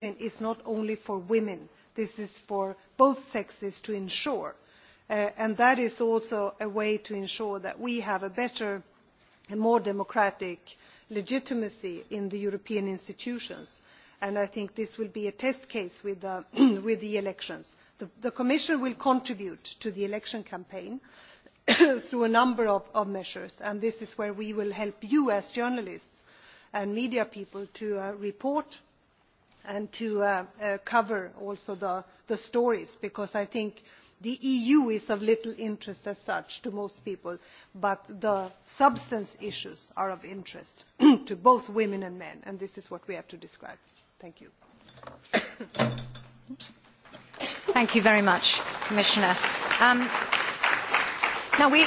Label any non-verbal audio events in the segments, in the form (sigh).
is not only for women this is for both sexes to ensure uh, and that is also a way to ensure that we have a better and more democratic legitimacy in the european institutions and i think this will be a test case with, (clears throat) with the elections. The, the commission will contribute to the election campaign (clears throat) through a number of, of measures and this is where we will help you as journalists and media people to uh, report and to uh, uh, cover also the, the stories because i think the eu is of little interest as such to most people but the substance issues are of interest (clears throat) to both women and men and this is what we have to describe. thank you. thank you very much commissioner. Um, now we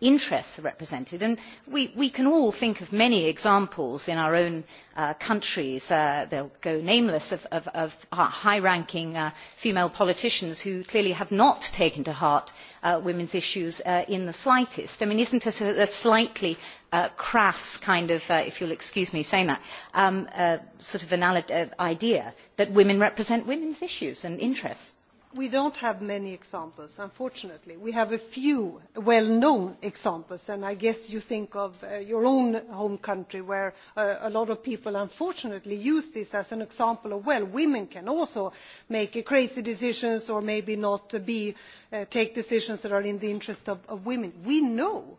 interests are represented. And we, can all think of many examples in our own uh, countries, they uh, they'll go nameless, of, high-ranking uh, female politicians who clearly have not taken to heart women's issues in the slightest. I mean, isn't it a, a slightly crass kind of, if if you'll excuse me saying that, um, sort of idea that women represent women's issues and interests? we do not have many examples unfortunately. we have a few well known examples and i guess you think of uh, your own home country where uh, a lot of people unfortunately use this as an example of well women can also make crazy decisions or maybe not uh, take decisions that are in the interest of women. we know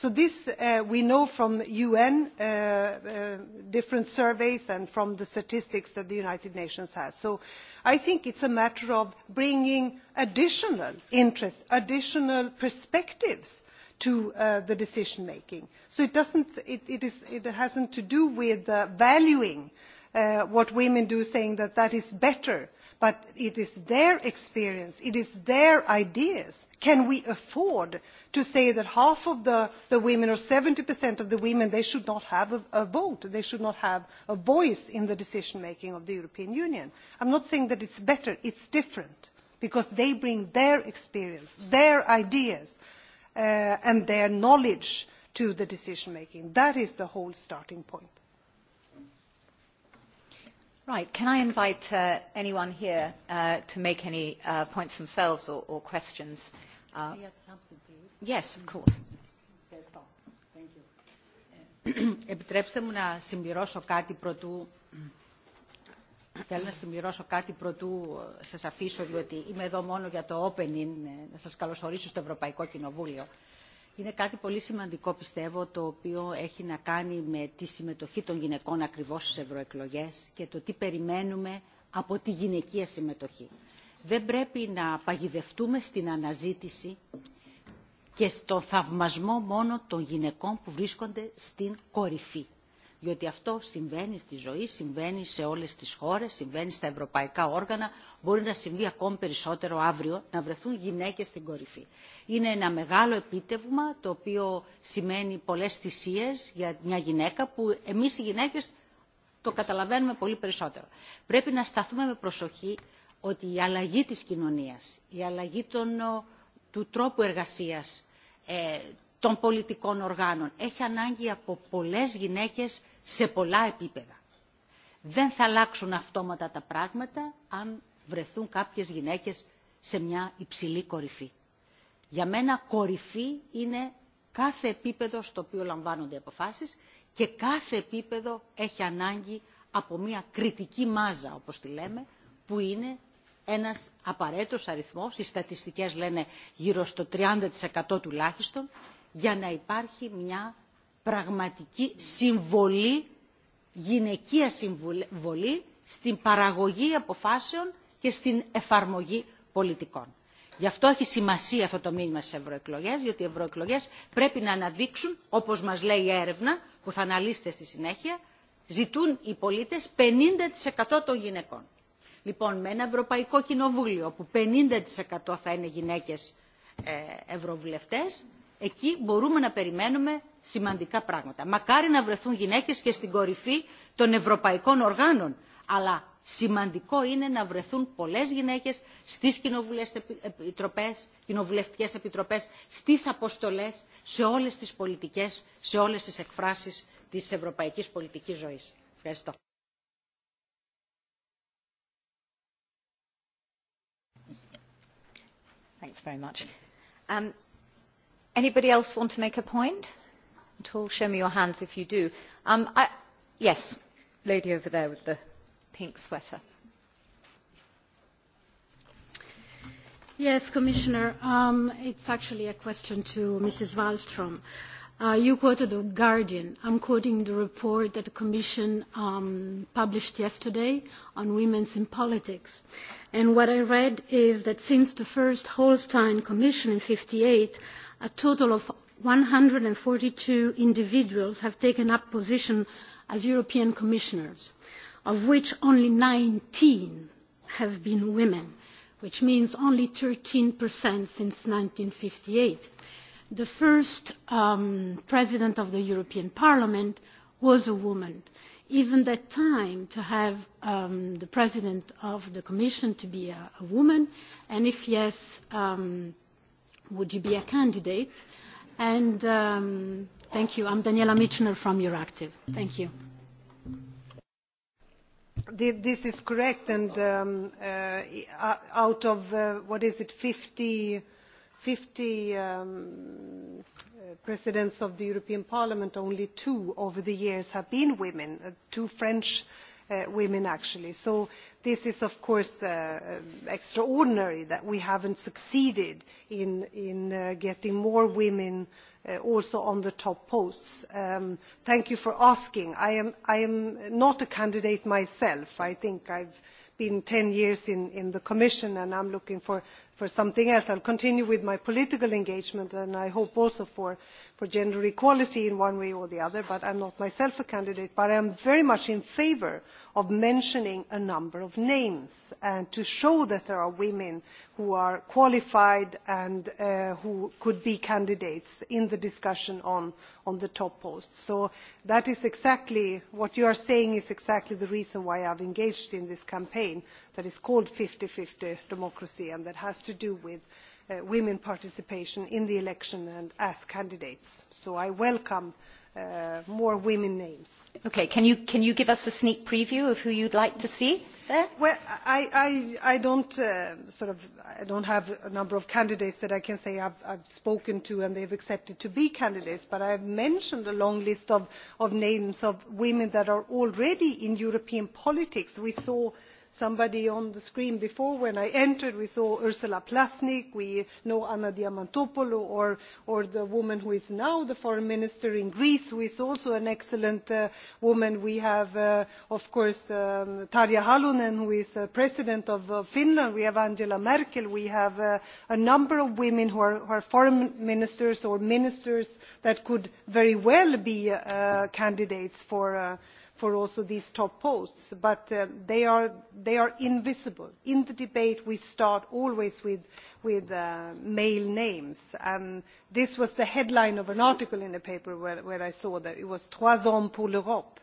so this uh, we know from un uh, uh, different surveys and from the statistics that the united nations has so i think it is a matter of bringing additional interests additional perspectives to uh, the decision making so it, it, it, is, it has nothing to do with uh, valuing uh, what women do saying that that is better but it is their experience it is their ideas. can we afford to say that half of the, women or seventy of the women they should not have a, vote they should not have a voice in the decision making of the european union? i am not saying that it is better it is different because they bring their experience their ideas uh, and their knowledge to the decision making. that is the whole starting point. Right. Can I invite uh, anyone here uh, to make any uh, points themselves or, or questions? Uh, Can I add something, please? Yes, of course. Thank you. Επιτρέψτε μου να συμπληρώσω κάτι προτού. Θέλω να συμπληρώσω κάτι προτού σας αφήσω, διότι είμαι εδώ μόνο για το opening, να σας καλωσορίσω στο Ευρωπαϊκό Κοινοβούλιο είναι κάτι πολύ σημαντικό πιστεύω το οποίο έχει να κάνει με τη συμμετοχή των γυναικών ακριβώς στις ευρωεκλογές και το τι περιμένουμε από τη γυναικεία συμμετοχή. Δεν πρέπει να παγιδευτούμε στην αναζήτηση και στον θαυμασμό μόνο των γυναικών που βρίσκονται στην κορυφή διότι αυτό συμβαίνει στη ζωή, συμβαίνει σε όλες τις χώρες, συμβαίνει στα ευρωπαϊκά όργανα, μπορεί να συμβεί ακόμη περισσότερο αύριο, να βρεθούν γυναίκες στην κορυφή. Είναι ένα μεγάλο επίτευγμα το οποίο σημαίνει πολλές θυσίες για μια γυναίκα που εμείς οι γυναίκες το καταλαβαίνουμε πολύ περισσότερο. Πρέπει να σταθούμε με προσοχή ότι η αλλαγή της κοινωνίας, η αλλαγή των, του τρόπου εργασίας, ε, των πολιτικών οργάνων έχει ανάγκη από πολλές γυναίκες σε πολλά επίπεδα. Δεν θα αλλάξουν αυτόματα τα πράγματα αν βρεθούν κάποιες γυναίκες σε μια υψηλή κορυφή. Για μένα κορυφή είναι κάθε επίπεδο στο οποίο λαμβάνονται αποφάσεις και κάθε επίπεδο έχει ανάγκη από μια κριτική μάζα, όπως τη λέμε, που είναι ένας απαραίτητος αριθμός, οι στατιστικές λένε γύρω στο 30% τουλάχιστον, για να υπάρχει μια πραγματική συμβολή, γυναικεία συμβολή στην παραγωγή αποφάσεων και στην εφαρμογή πολιτικών. Γι' αυτό έχει σημασία αυτό το μήνυμα στις ευρωεκλογέ, γιατί οι ευρωεκλογέ πρέπει να αναδείξουν, όπως μας λέει η έρευνα, που θα αναλύσετε στη συνέχεια, ζητούν οι πολίτες 50% των γυναικών. Λοιπόν, με ένα Ευρωπαϊκό Κοινοβούλιο, που 50% θα είναι γυναίκες ε, ευρωβουλευτές, εκεί μπορούμε να περιμένουμε σημαντικά πράγματα. Μακάρι να βρεθούν γυναίκες και στην κορυφή των ευρωπαϊκών οργάνων, αλλά σημαντικό είναι να βρεθούν πολλές γυναίκες στις επιτροπές, κοινοβουλευτικές επιτροπές, στις αποστολές, σε όλες τις πολιτικές, σε όλες τις εκφράσεις της ευρωπαϊκής πολιτικής ζωής. Ευχαριστώ. Thanks very much. Um, anybody else want to make a point at all? show me your hands if you do. yes um, the yes lady over there with the pink sweater. Yes, Commissioner, um, it's actually a question to Mrs. Wallström. Uh, you quoted The Guardian. I'm quoting the report that the Commission um, published yesterday on women in politics. And what I read is that since the first Holstein Commission in 58, a total of 142 individuals have taken up position as European commissioners, of which only 19 have been women, which means only 13% since 1958. The first um, president of the European Parliament was a woman. Even that time to have um, the president of the Commission to be a, a woman, and if yes, um, would you be a candidate? And um, thank you. I'm Daniela Michener from Euractiv. Thank you. This is correct, and um, uh, uh, out of, uh, what is it, 50, 50 um, uh, presidents of the European Parliament, only two over the years have been women, uh, two French Uh, women actually so this is of course uh, uh, extraordinary that we have not succeeded in getting more women also on the top posts. Um, thank you for asking. i am not a candidate myself i think i have been ten years in the commission and i am looking for something else. i will continue with my political engagement and i hope also for, gender equality in one way or the other but i am not myself a candidate but i am very much in favour of mentioning a number of names and to show that there are women who are qualified and uh, who could be candidates in the discussion on, the top posts. so that is exactly what you are saying is exactly the reason why i have engaged in this campaign that is called fifty fifty democracy and that has to do with uh, women's participation in the election and as candidates so i welcome uh, more women names. Okay, can you can you give us a sneak preview of who you'd like to see there? Well, I I, I don't uh, sort of I don't have a number of candidates that I can say I've, have spoken to and they've accepted to be candidates, but I have mentioned a long list of of names of women that are already in European politics. We saw somebody on the screen before when i entered we saw ursula plasnik we know anna diamantopoulou or, the woman who is now the foreign minister in greece who is also an excellent uh, woman we have uh, of course um, tarja halonen who is the uh, president of finland we have angela merkel we have a number of women who are, who are foreign ministers or ministers that could very well be candidates for for also these top posts but uh, they, are, invisible. in the debate we start always with, uh, male names and this was the headline of an article in a paper where, i saw that it was trois hommes pour l'europe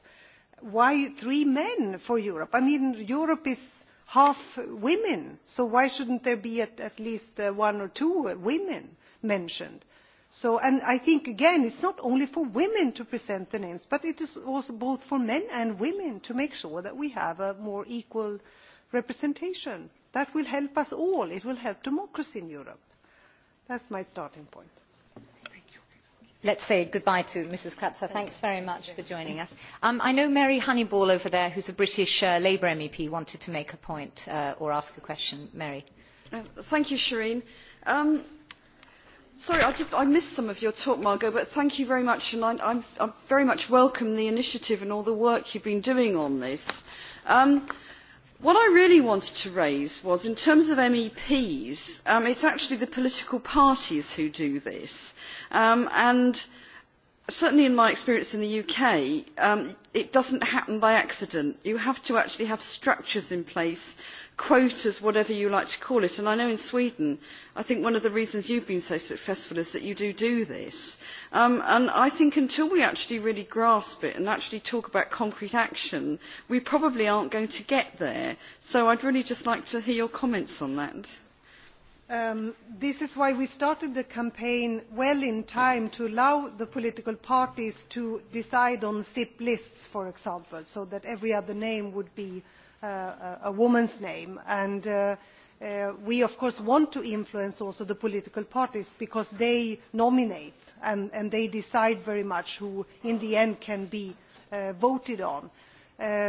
why three men for europe? i mean europe is half women so why should there not be at, least uh, one or two women mentioned? and i think again it is not only for women to present the names but it is also both for men and women to make sure that we have a more equal representation. that will help us all it will help democracy in europe. that is my starting point. let us say goodbye to mrs kratsa. thanks very much for joining us. Um, i know mary honeyball over there who is a british uh, labour mep wanted to make a point uh, or ask a question. mary. Uh, thank you shireen. Um, Sorry, I, just, I missed some of your talk, Margot, but thank you very much, and I, I'm, I very much welcome the initiative and all the work you've been doing on this. Um, what I really wanted to raise was, in terms of MEPs, um, it's actually the political parties who do this, um, and certainly in my experience in the UK, um, it doesn't happen by accident. You have to actually have structures in place quotas whatever you like to call it and i know in sweden i think one of the reasons you have been so successful is that you do do this um, and i think until we actually really grasp it and actually talk about concrete action we probably aren't going to get there so i'd really just like to hear your comments on that um, this is why we started the campaign well in time to allow the political parties to decide on SIP lists, for example, so that every other name would be uh, Uh, a woman's name and uh, uh, we of course want to influence also the political parties because they nominate and, they decide very much who in the end can be voted on.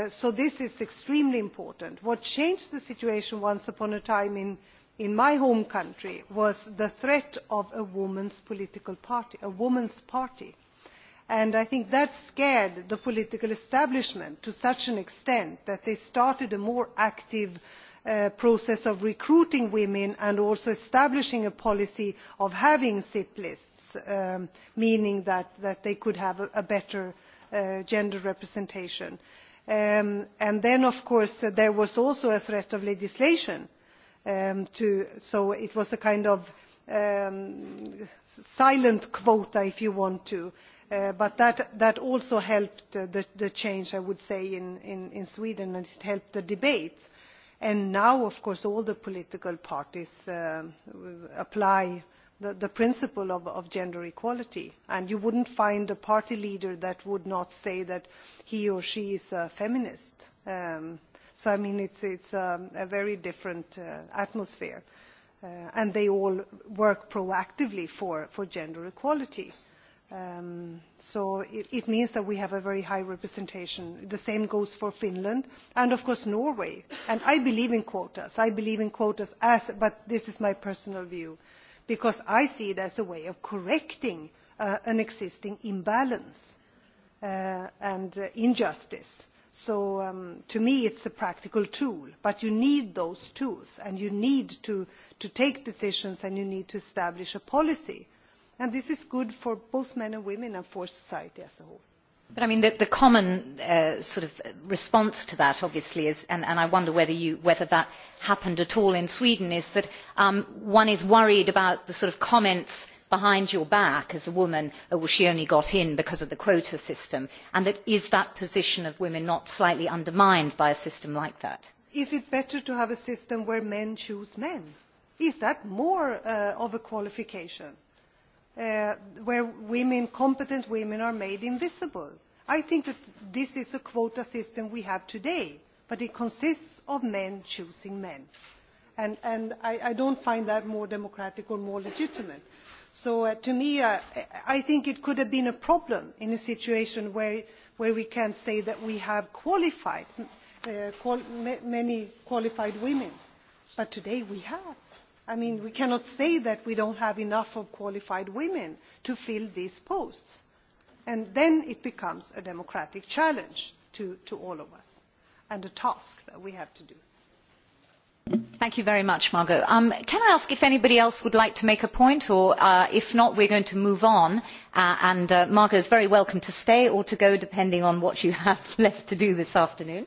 so this is extremely important. what changed the situation once upon a time in my home country was the threat of a woman's political party a woman's party and i think that scared the political establishment to such an extent that they started a more active uh, process of recruiting women and also establishing a policy of having sip lists um, meaning that they could have a better uh, gender representation. Um, then of course uh, there was also a threat of legislation um, so it was a kind of silent quota if you want Uh, but that, also helped the, change i would say in, sweden and it helped the debate and now of course all the political parties uh, apply the, principle of, gender equality and you would not find a party leader that would not say that he or she is a feminist. Um, so i mean it is um, a very different uh, atmosphere and they all work proactively for gender equality. Um, so it, it means that we have a very high representation. the same goes for finland and of course norway. And i believe in quotas i believe in quotas as, but this is my personal view because i see it as a way of correcting uh, an existing imbalance uh, and uh, injustice. so um, to me it is a practical tool but you need those tools and you need to, to take decisions and you need to establish a policy and this is good for both men and women and for society as a whole. But I mean, the, the common uh, sort of response to that, obviously, is, and, and I wonder whether, you, whether that happened at all in Sweden, is that um, one is worried about the sort of comments behind your back as a woman, oh, well, she only got in because of the quota system, and that is that position of women not slightly undermined by a system like that? Is it better to have a system where men choose men? Is that more uh, of a qualification? Uh, where women, competent women are made invisible. I think that this is a quota system we have today, but it consists of men choosing men. And, I, do don't find that more democratic or more legitimate. So uh, to me, uh, I think it could have been a problem in a situation where, we can say that we have qualified, many qualified women. But today we have I mean, we cannot say that we do not have enough qualified women to fill these posts and then it becomes a democratic challenge to, to all of us and a task that we have to do. Thank you very much, Margot. Um, can I ask if anybody else would like to make a point, or uh, if not, we're going to move on. Uh, and uh, Margot is very welcome to stay or to go, depending on what you have (laughs) left to do this afternoon.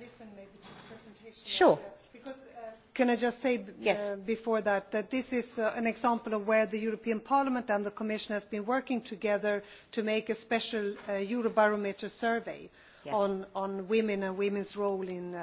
listen maybe to the presentation. Sure. Of can i just say uh, before that that this is uh, an example of where the european parliament and the commission have been working together to make a special uh, eurobarometer survey on women and women's role in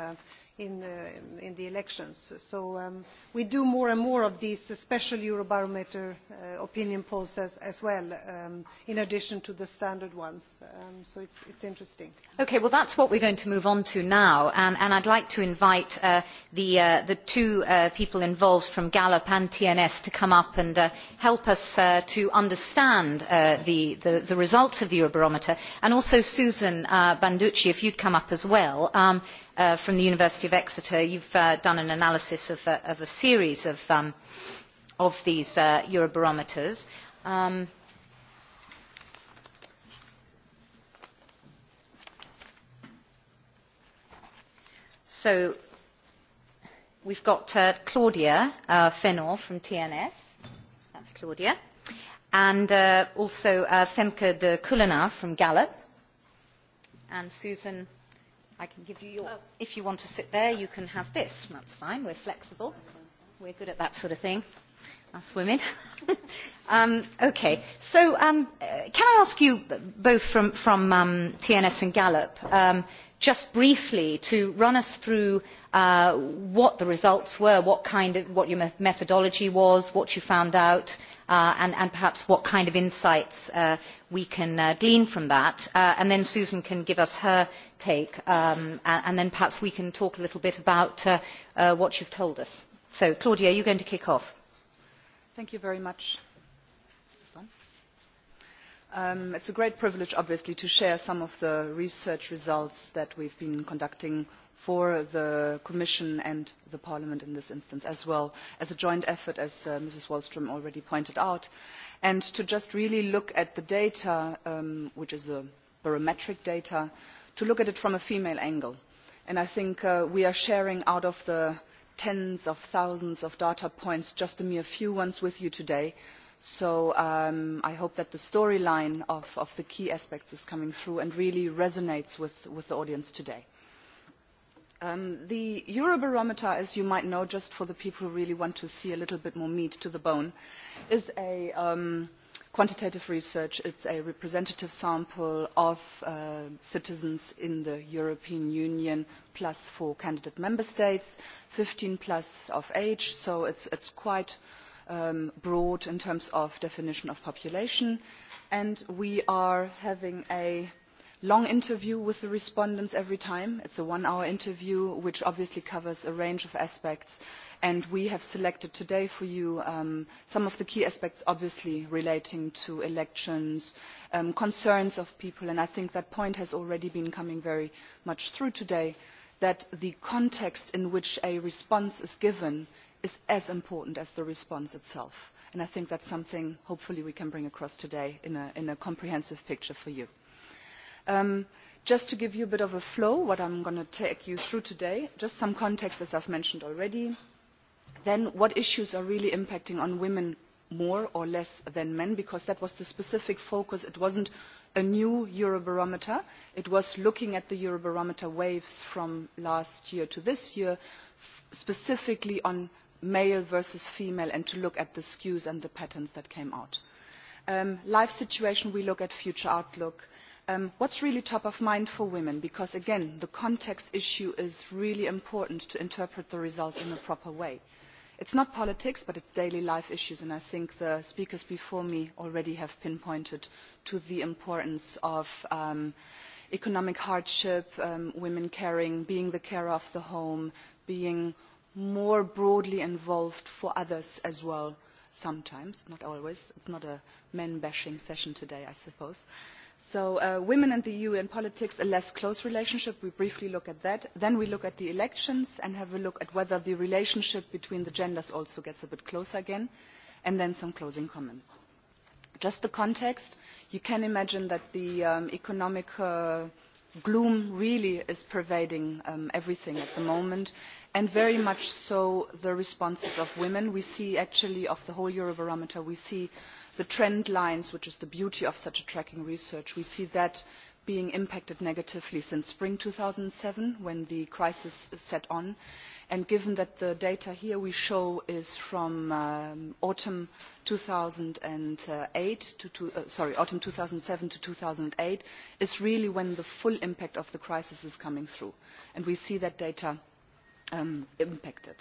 in, uh, in the elections. So um, we do more and more of these special Eurobarometer uh, opinion polls as, as well, um, in addition to the standard ones. Um, so it's, it's interesting. Okay, well that's what we're going to move on to now. And, and I'd like to invite uh, the, uh, the two uh, people involved from Gallup and TNS to come up and uh, help us uh, to understand uh, the, the, the results of the Eurobarometer. And also Susan uh, Banducci, if you'd come up as well. Um, Uh, from the University of Exeter, you've have uh, done an analysis of, uh, a series of, um, these Eurobarometers. so um, so we've got Claudia Fenor from TNS. That's Claudia. And also Femke de Kulina from Gallup. And Susan I can give you your... Oh. If you want to sit there, you can have this. That's fine. We're flexible. We're good at that sort of thing, us (laughs) women. um, okay. So um, uh, can I ask you both from, from um, TNS and Gallup... Um, just briefly to run us through uh, what the results were, what, kind of, what your methodology was, what you found out, uh, and, perhaps what kind of insights uh, we can glean from that. and then Susan can give us her take, um, and, then perhaps we can talk a little bit about what you what you've told us. So, Claudia, you going to kick off. Thank you very much. Um, it is a great privilege obviously to share some of the research results that we have been conducting for the commission and the parliament in this instance as well as a joint effort as uh, mrs wallstrm already pointed out and to just really look at the data um, which is barometric data to look at it from a female angle and i think uh, we are sharing out of the tens of thousands of data points just a mere few ones with you today so um, i hope that the storyline of, the key aspects is coming through and really resonates with, the audience today. Um, the eurobarometer as you might know just for the people who really want to see a little bit more meat to the bone is a um, quantitative research it is a representative sample of uh, citizens in the european union plus four candidate member states fifteen plus of age so it is quite um, broad in terms of definition of population and we are having a long interview with the respondents every time. It's a one-hour interview which obviously covers a range of aspects and we have selected today for you um, some of the key aspects obviously relating to elections, um, concerns of people and I think that point has already been coming very much through today that the context in which a response is given is as important as the response itself and i think that is something hopefully we can bring across today in a, in a comprehensive picture for you. Um, just to give you a bit of a flow of what i am going to take you through today just some context as i have mentioned already then what issues are really impacting on women more or less than men because that was the specific focus it was not a new eurobarometer it was looking at the eurobarometer waves from last year to this year specifically on male versus female and to look at the skews and the patterns that came out. Um, life situation, we look at future outlook. Um, what's really top of mind for women? Because again, the context issue is really important to interpret the results in a proper way. It's not politics, but it's daily life issues, and I think the speakers before me already have pinpointed to the importance of um, economic hardship, um, women caring, being the carer of the home, being more broadly involved for others as well sometimes not always it is not a men bashing session today i suppose. so uh, women and the eu in politics a less close relationship we briefly look at that then we look at the elections and have a look at whether the relationship between the genders also gets a bit closer again and then some closing comments. just the context you can imagine that the um, economic uh, gloom really is pervading um, everything at the moment and very much so the responses of women. we see actually of the whole eurobarometer we see the trend lines which is the beauty of such a tracking research we see that being impacted negatively since spring two thousand and seven when the crisis set in and given that the data here we show is from um, autumn two thousand and eight to uh, sorry autumn two thousand and seven to two thousand and eight is really when the full impact of the crisis is coming through and we see that data Um, impacted.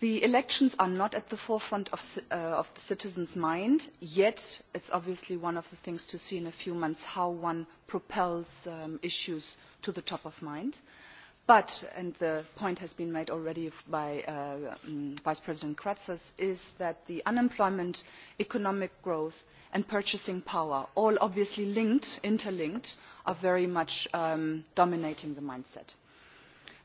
The elections are not at the forefront uh, of, the citizen's mind, yet it's obviously one of the things to see in a few months how one propels um, issues to the top of mind. But, and the point has been made already by uh, um, Vice President kratsas is that the unemployment, economic growth and purchasing power, all obviously linked, interlinked, are very much dominating the mindset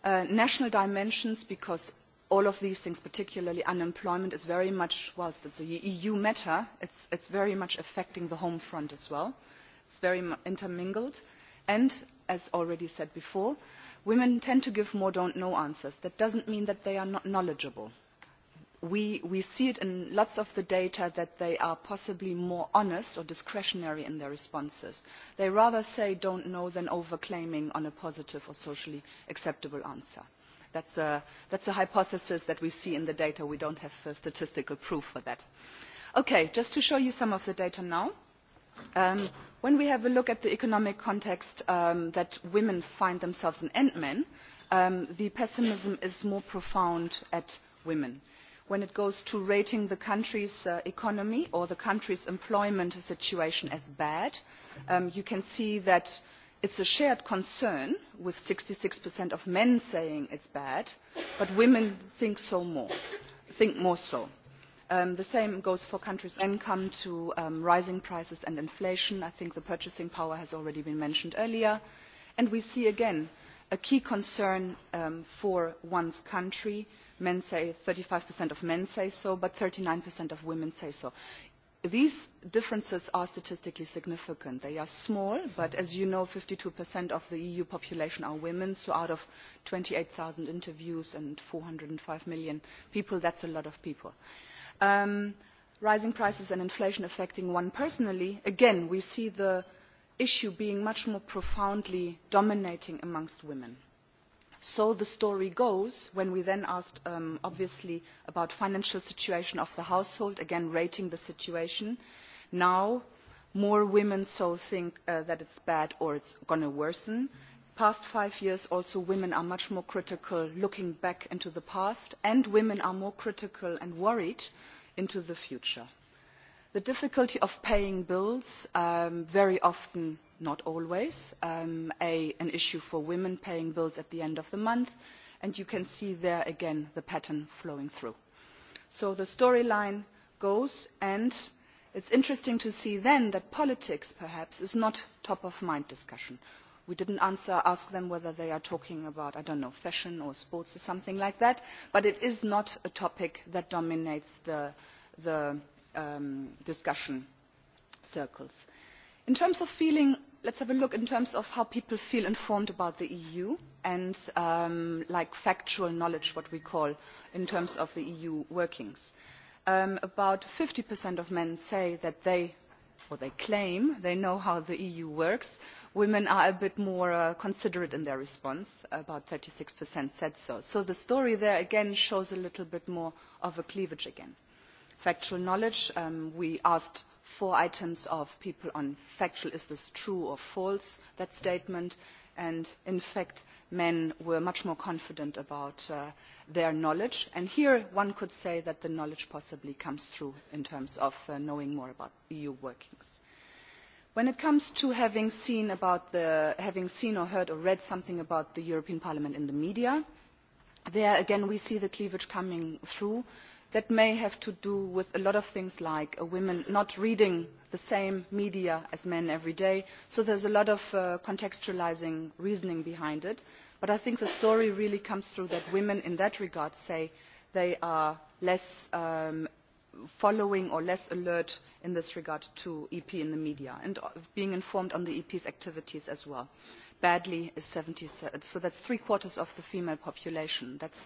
Uh, national dimensions because all of these things particularly unemployment is very much whilst it is an eu matter it is very much affecting the home front as well it is very intermingled and as already said before women tend to give more don't know' answers. that does not mean that they are not knowledgeable we, see it in lots of the data that they are possibly more honest or discretionary in their responses. They rather say don't know than overclaiming on a positive or socially acceptable answer. That's a, a hypothesis that we see in the data. We don't have statistical proof for that. Okay, just to show you some of the data now. Um, when we have a look at the economic context um, that women find themselves in and men, um, the pessimism is more profound at women when it comes to rating the country's uh, economy or the country's employment situation as bad um, you can see that it is a shared concern with sixty six of men saying it is bad but women think, so more, think more so. Um, the same goes for countries' income to um, rising prices and inflation. i think the purchasing power has already been mentioned earlier and we see again a key concern for one's country men say thirty five of men say so, but thirty nine of women say so. These differences are statistically significant. They are small, but as you know, fifty two of the EU population are women, so out of twenty eight zero interviews and four hundred and five million people, that is a lot of people. Um, rising prices and inflation affecting one personally, again, we see the issue being much more profoundly dominating amongst women so the story goes when we then asked um, obviously about the financial situation of the household again rating the situation now more women so think uh, that it is bad or it is going to worsen. past five years also women are much more critical looking back into the past and women are more critical and worried into the future the difficulty of paying bills um, very often not always um, an issue for women paying bills at the end of the month and you can see there again the pattern flowing through. so the storyline goes and it is interesting to see then that politics perhaps is not a top of mind discussion. we did not ask them whether they are talking about i do not know fashion or sports or something like that but it is not a topic that dominates the um, discussion circles. in terms of feeling let us have a look in terms of how people feel informed about the eu and um, like factual knowledge what we call in terms of the eu workings. Um, about fifty of men say that they or they claim they know how the eu works. women are a bit more uh, considerate in their response about thirty six said so. so the story there again shows a little bit more of a cleavage again factual knowledge. Um, we asked four items of people on factual, is this true or false, that statement. And in fact, men were much more confident about uh, their knowledge. And here one could say that the knowledge possibly comes through in terms of uh, knowing more about EU workings when it comes to having seen, the, having seen or heard or read something about the european parliament in the media there again we see the cleavage coming through that may have to do with a lot of things like uh, women not reading the same media as men every day so there is a lot of uh, contextualising reasoning behind it but i think the story really comes through that women in that regard say they are less um, following or less alert in this regard to ep in the media and uh, being informed on the ep's activities as well badly is seventy so that is three quarters of the female population that is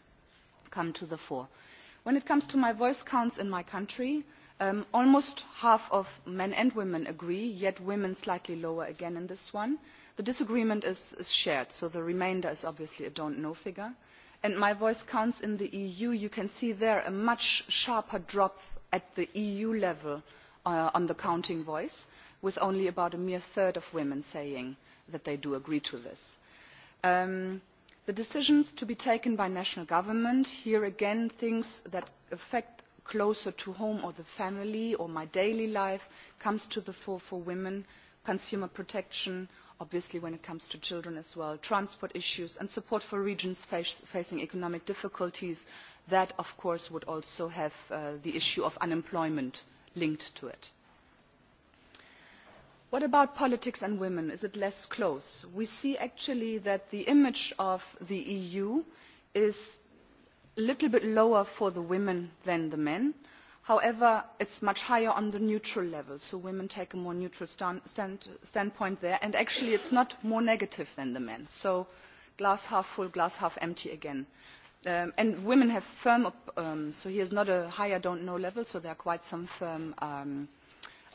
come to the fore. when it comes to my voice counts in my country um, almost half of men and women agree yet women slightly lower again in this one. the disagreement is, is shared so the remainder is obviously a don't know figure and my voice counts in the eu you can see there a much sharper drop at the eu level uh, on the counting voice with only about a mere third of women saying that they do agree to this. Um, the decisions to be taken by national government here again things that affect closer to home or the family or my daily life come to the fore for women consumer protection obviously when it comes to children as well transport issues and support for regions facing economic difficulties that of course would also have uh, the issue of unemployment linked to it what about politics and women? is it less close? we see actually that the image of the eu is a little bit lower for the women than the men. however it is much higher on the neutral level so women take a more neutral standpoint there and actually it is not more negative than the men so glass half full glass half empty again. Um, and women have firm um, so here is not a high i do not know level so there are quite some firm um,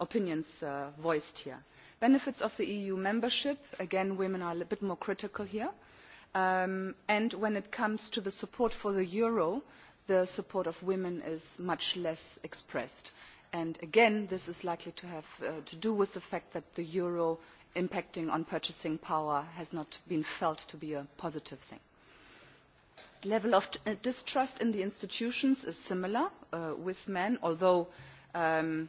opinions uh, voiced here. benefits of the eu membership again women are a bit more critical here um, and when it comes to the support for the euro the support of women is much less expressed and again this is likely to have uh, to do with the fact that the euro impacting on purchasing power has not been felt to be a positive thing. level of uh, distrust in the institutions is similar with men although um,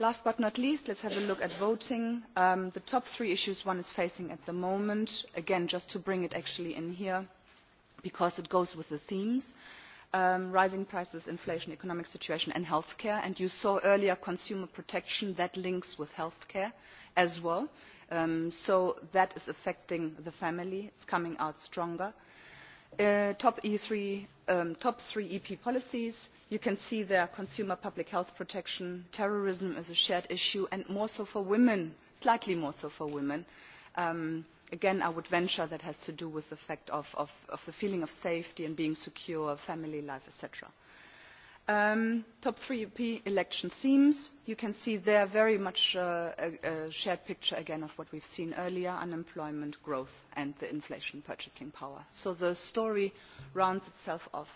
last but not least let us have a look at voting. Um, the top three issues one is facing at the moment again just to bring it actually in here because it goes with the themes um, rising prices inflation economic situation and healthcare and you saw earlier consumer protection that links with healthcare as well um, so that is affecting the family it is coming out stronger. Uh, top three ep policies you can see there consumer public health protection terrorism is a shared issue and more so for women slightly more so for women um, again i would venture that has to do with the fact of, the feeling of safety and being secure family life etc. Um, top three european election themes you can see there very much uh, a, a shared picture again of what we have seen earlier unemployment growth and the inflation purchasing power so the story rounds itself off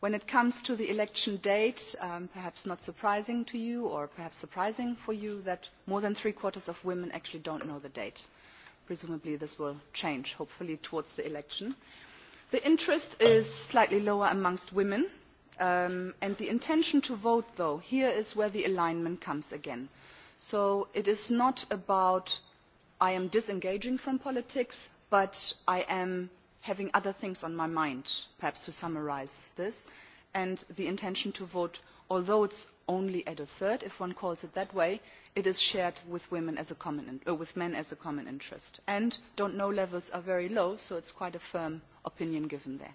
when it comes to the election date um, perhaps not surprising to you or perhaps surprising for you that more than three quarters of women actually do not know the date. presumably this will change hopefully towards the election. the interest is slightly lower amongst women um, and the intention to vote though here is where the alignment comes again. so it is not about i am disengaging from politics but i am having other things on my mind perhaps to summarise this and the intention to vote although it is only at a third if one calls it that way it is shared with, as common, uh, with men as a common interest and don't know' levels are very low so it is quite a firm opinion given there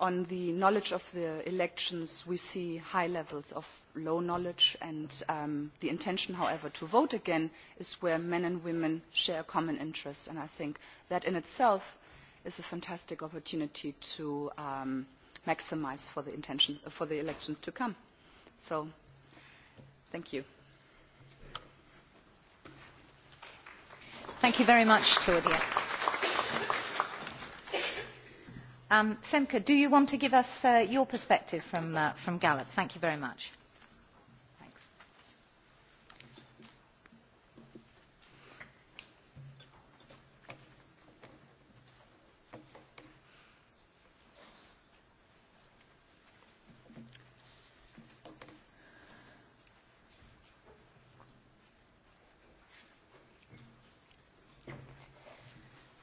on the knowledge of the elections, we see high levels of low knowledge, and um, the intention, however, to vote again is where men and women share common interest. And I think that in itself is a fantastic opportunity to um, maximise for the intentions for the elections to come. So, thank you. Thank you very much, Claudia. Um, Semke, do you want to give us uh, your perspective uh, from, Gallup? Thank you very much.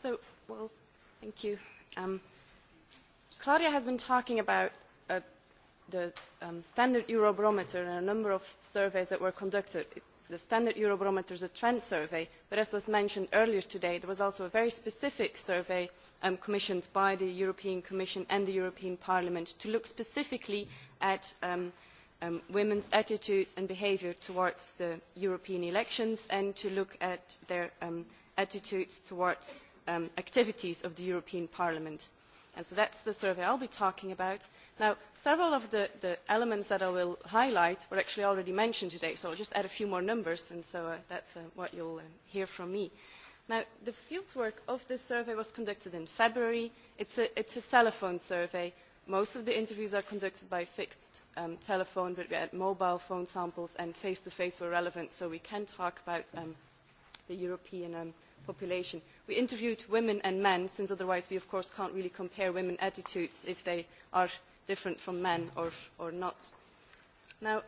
So, well, thank you claudia has been talking about uh, the um, standard eurobarometer and a number of surveys that were conducted. the standard eurobarometer is a trend survey but as was mentioned earlier today there was also a very specific survey um, commissioned by the european commission and the european parliament to look specifically at um, women's attitudes and behaviour towards the european elections and to look at their attitudes towards activities of the european parliament and so that is the survey i will be talking about. several of the, elements that i will highlight were actually already mentioned today so i will just add a few more numbers and so uh, that is uh, what you will um, hear from me. the fieldwork of this survey was conducted in february. it is a telephone survey. most of the interviews are conducted by fixed um, telephone but we uh, had mobile phone samples and face to face were relevant so we can talk about um, the european um, population. we interviewed women and men since otherwise we of course cannot really compare women's attitudes if they are different from men or, not. Now,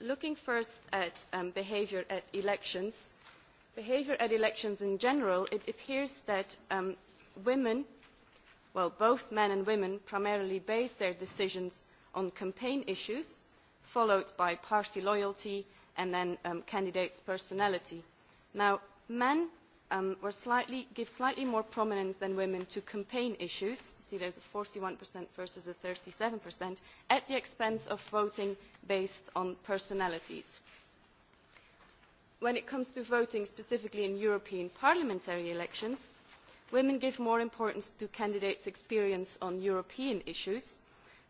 looking first at um, behaviour at elections behaviour at elections in general it appears that um, women well both men and women primarily base their decisions on campaign issues followed by party loyalty and then um, candidates' personality. now men Um, give slightly more prominence than women to campaign issues. See, there's a 41% versus a 37% at the expense of voting based on personalities. When it comes to voting specifically in European parliamentary elections, women give more importance to candidates' experience on European issues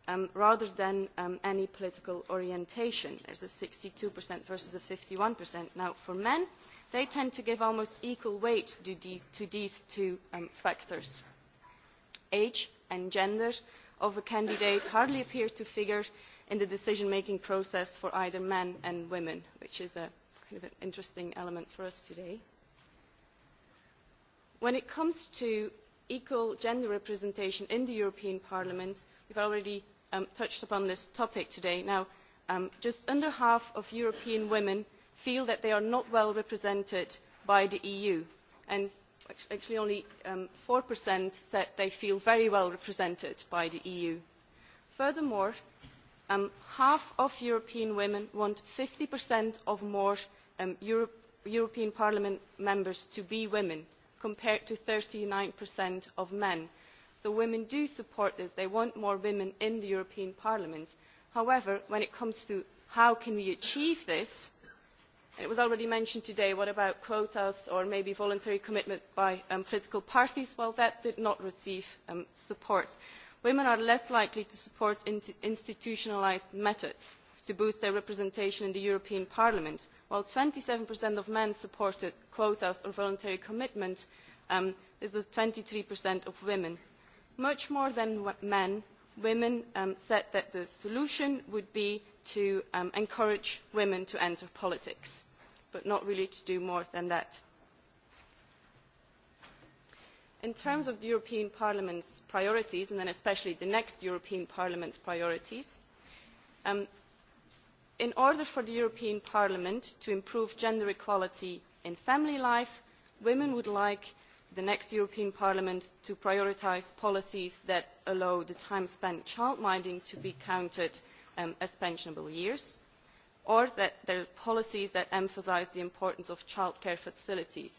um, rather than um, any political orientation. There's a 62% versus a 51%. Now, for men, they tend to give almost equal weight to these two um, factors. age and gender of a candidate hardly appear to figure in the decision making process for either men and women which is a, kind of an interesting element for us today. when it comes to equal gender representation in the european parliament we have already um, touched upon this topic today. Now, um, just under half of european women feel that they are not well represented by the eu and actually only um, four said they feel very well represented by the eu. furthermore um, half of european women want fifty or more um, european parliament members to be women compared to thirty nine of men so women do support this they want more women in the european parliament. however when it comes to how can we achieve this it was already mentioned today what about quotas or maybe voluntary commitment by um, political parties? well that did not receive um, support. women are less likely to support institutionalised methods to boost their representation in the european parliament while twenty seven of men supported quotas or voluntary commitment it um, this was twenty three of women. much more than men women said that the solution would be to encourage women to enter politics but not really to do more than that. in terms of the european parliament's priorities and then especially the next european parliament's priorities um, in order for the european parliament to improve gender equality in family life women would like the next european parliament to prioritise policies that allow the time spent childminding to be counted um, as pensionable years or that there are policies that emphasise the importance of childcare facilities.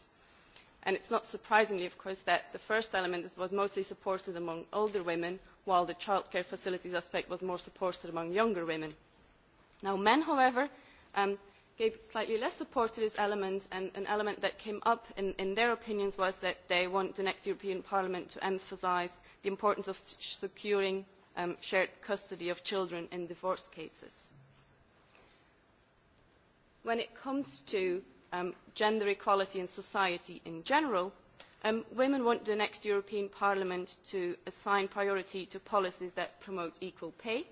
And it's not surprisingly, of course, that the first element was mostly supported among older women, while the childcare facilities aspect was more supported among younger women. Now, men, however, um, gave slightly less support to this element, and an element that came up in, their opinions was that they want the next European Parliament to emphasise the importance of securing um, shared custody of children in divorce cases when it comes to um, gender equality in society in general, um, women want the next European Parliament to assign priority to policies that promote equal pay.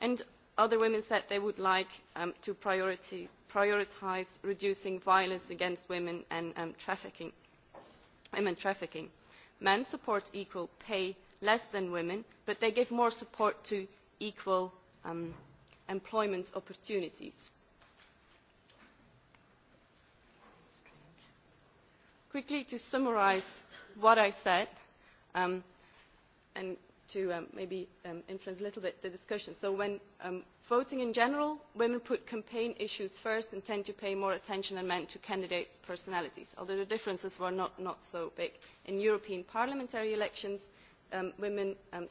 And other women said they would like um, to prioritise reducing violence against women and trafficking. Men support equal pay less than women, but they give more support to equal employment opportunities quickly to summarise what I said um, and to um, maybe um, influence a little bit the discussion. So when um, voting in general, women put campaign issues first and tend to pay more attention than men to candidates' personalities, although the differences were not, not so big. In European parliamentary elections, um, women um,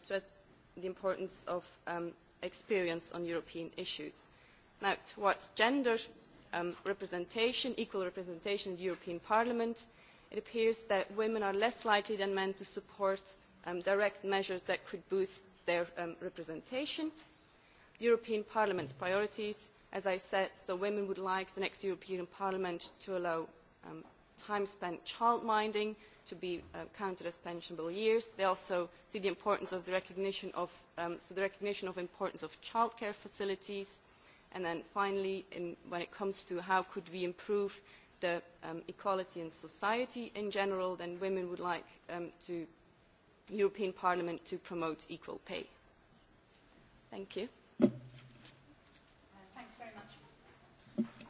the importance of um, experience on European issues. Now, towards gender um, representation, equal representation in the European Parliament, it appears that women are less likely than men to support um, direct measures that could boost their um, representation. the european parliament's priorities as i said so women would like the next european parliament to allow um, time spent childminding to be uh, counted as pensionable years. they also see the importance of the recognition of the recognition of importance of childcare facilities and then finally when it comes to how could we improve the um, equality in society in general, then women would like um, to European Parliament to promote equal pay. Thank you.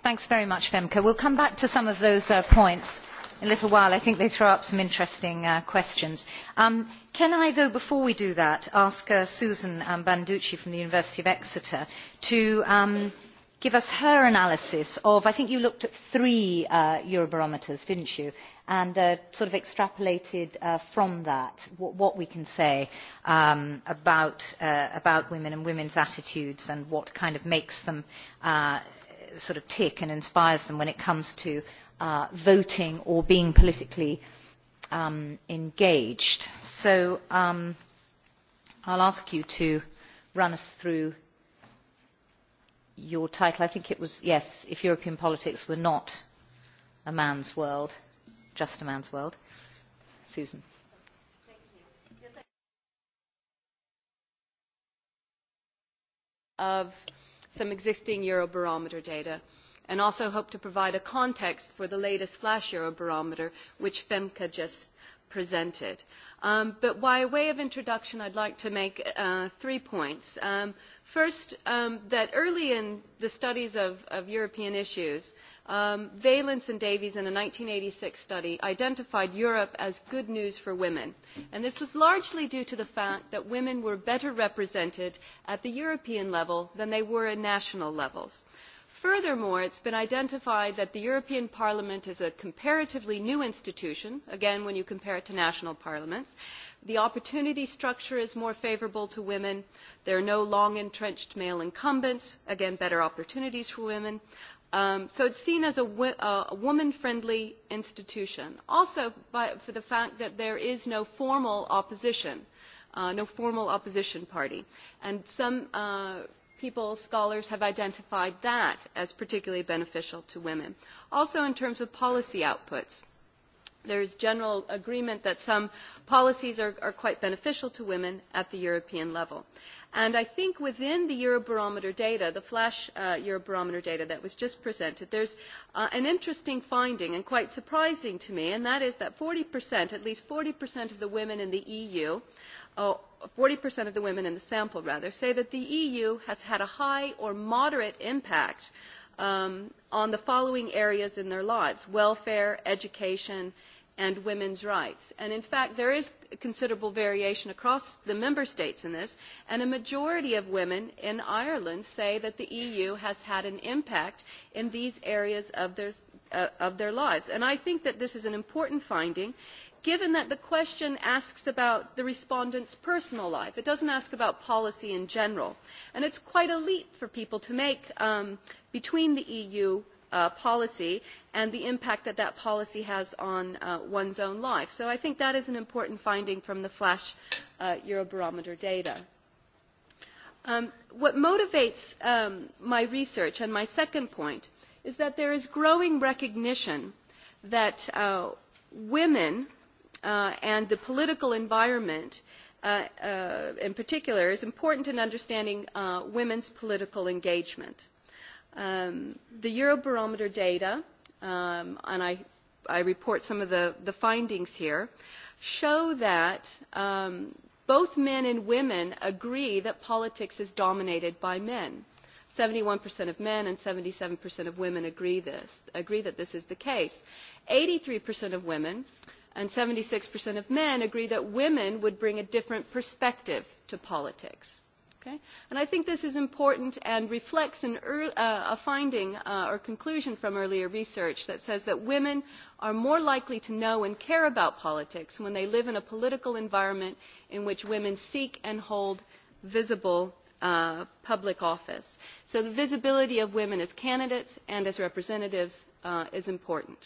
thanks very much. Femke. We'll come back to some of those uh, points in a little while. I think they throw up some interesting uh, questions. Um, can I, though, before we do that, ask uh, Susan um, Banducci from the University of Exeter to... Um, give us her analysis of, I think you looked at three uh, Eurobarometers, didn't you? And uh, sort of extrapolated uh, from that what, what we can say um, about, uh, about women and women's attitudes and what kind of makes them uh, sort of tick and inspires them when it comes to uh, voting or being politically um, engaged. So um, I'll ask you to run us through your title, I think it was, yes, if European politics were not a man's world, just a man's world. Susan. of some existing Eurobarometer data and also hope to provide a context for the latest Flash Eurobarometer, which FEMCA just presented. Um, but by way of introduction, I'd like to make uh, three points. Um, first, um, that early in the studies of, of European issues, um, Valence and Davies in a 1986 study identified Europe as good news for women. And this was largely due to the fact that women were better represented at the European level than they were at national levels furthermore it has been identified that the european parliament is a comparatively new institution again when you compare it to national parliaments the opportunity structure is more favourable to women there are no long entrenched male incumbents again better opportunities for women um, so it's seen as a, wo uh, a woman-friendly institution also by, for the fact that there is no formal opposition uh, no formal opposition party and some uh, people, scholars have identified that as particularly beneficial to women. Also in terms of policy outputs, there is general agreement that some policies are, are quite beneficial to women at the European level. And I think within the Eurobarometer data, the flash uh, Eurobarometer data that was just presented, there's uh, an interesting finding and quite surprising to me, and that is that 40%, at least 40% of the women in the EU Oh, forty oh, of the women in the sample rather say that the eu has had a high or moderate impact um, on the following areas in their lives welfare education and women's rights. And in fact, there is considerable variation across the member states in this, and a majority of women in Ireland say that the EU has had an impact in these areas of their, uh, of their lives. And I think that this is an important finding given that the question asks about the respondent's personal life. It doesn't ask about policy in general. And it's quite a leap for people to make um, between the EU uh, policy and the impact that that policy has on uh, one's own life. So I think that is an important finding from the Flash uh, Eurobarometer data. Um, what motivates um, my research and my second point is that there is growing recognition that uh, women uh, and the political environment uh, uh, in particular is important in understanding uh, women's political engagement. Um, the Eurobarometer data, um, and I, I report some of the, the findings here, show that um, both men and women agree that politics is dominated by men. 71% of men and 77% of women agree, this, agree that this is the case. 83% of women and seventy six of men agree that women would bring a different perspective to politics. Okay? And I think this is important and reflects an early, uh, a finding uh, or conclusion from earlier research that says that women are more likely to know and care about politics when they live in a political environment in which women seek and hold visible uh, public office. So the visibility of women as candidates and as representatives uh, is important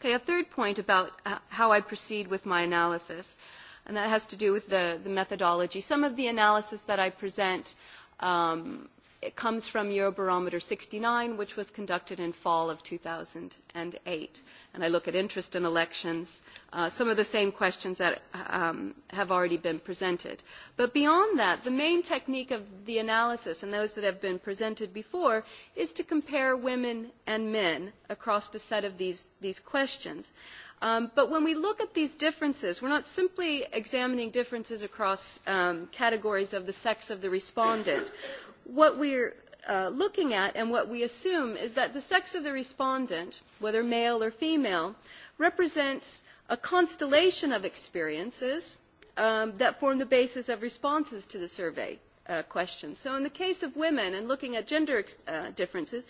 Okay, a third point about uh, how I proceed with my analysis, and that has to do with the, the methodology. Some of the analysis that I present um, it comes from Eurobarometer 69, which was conducted in fall of 2008. And I look at interest in elections, uh, some of the same questions that um, have already been presented. But beyond that, the main technique of the analysis, and those that have been presented before, is to compare women and men across a set of these, these questions. Um, but when we look at these differences, we're not simply examining differences across um, categories of the sex of the respondent what we're uh, looking at and what we assume is that the sex of the respondent, whether male or female, represents a constellation of experiences um, that form the basis of responses to the survey uh, questions. So in the case of women and looking at gender uh, differences,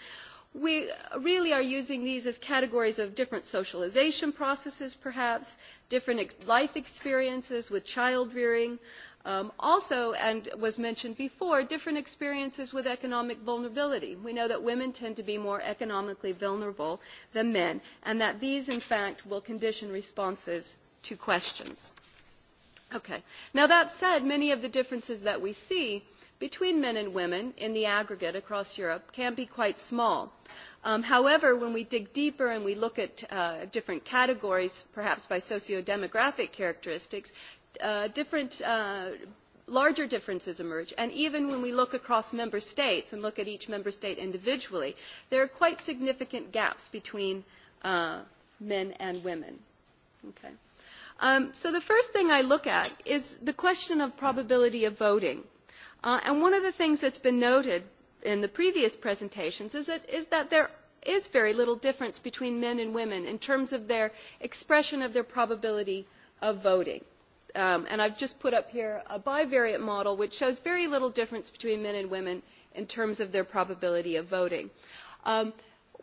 we really are using these as categories of different socialization processes perhaps, different ex life experiences with child rearing, Um, also, and was mentioned before, different experiences with economic vulnerability. We know that women tend to be more economically vulnerable than men, and that these, in fact, will condition responses to questions. Okay. Now, that said, many of the differences that we see between men and women in the aggregate across Europe can be quite small. Um, however, when we dig deeper and we look at uh, different categories, perhaps by socio-demographic characteristics, Uh, different uh, larger differences emerge. And even when we look across member states and look at each member state individually, there are quite significant gaps between uh, men and women. Okay. Um, so the first thing I look at is the question of probability of voting. Uh, and one of the things that's been noted in the previous presentations is that, is that there is very little difference between men and women in terms of their expression of their probability of voting. Um, and I've just put up here a bivariate model which shows very little difference between men and women in terms of their probability of voting. Um,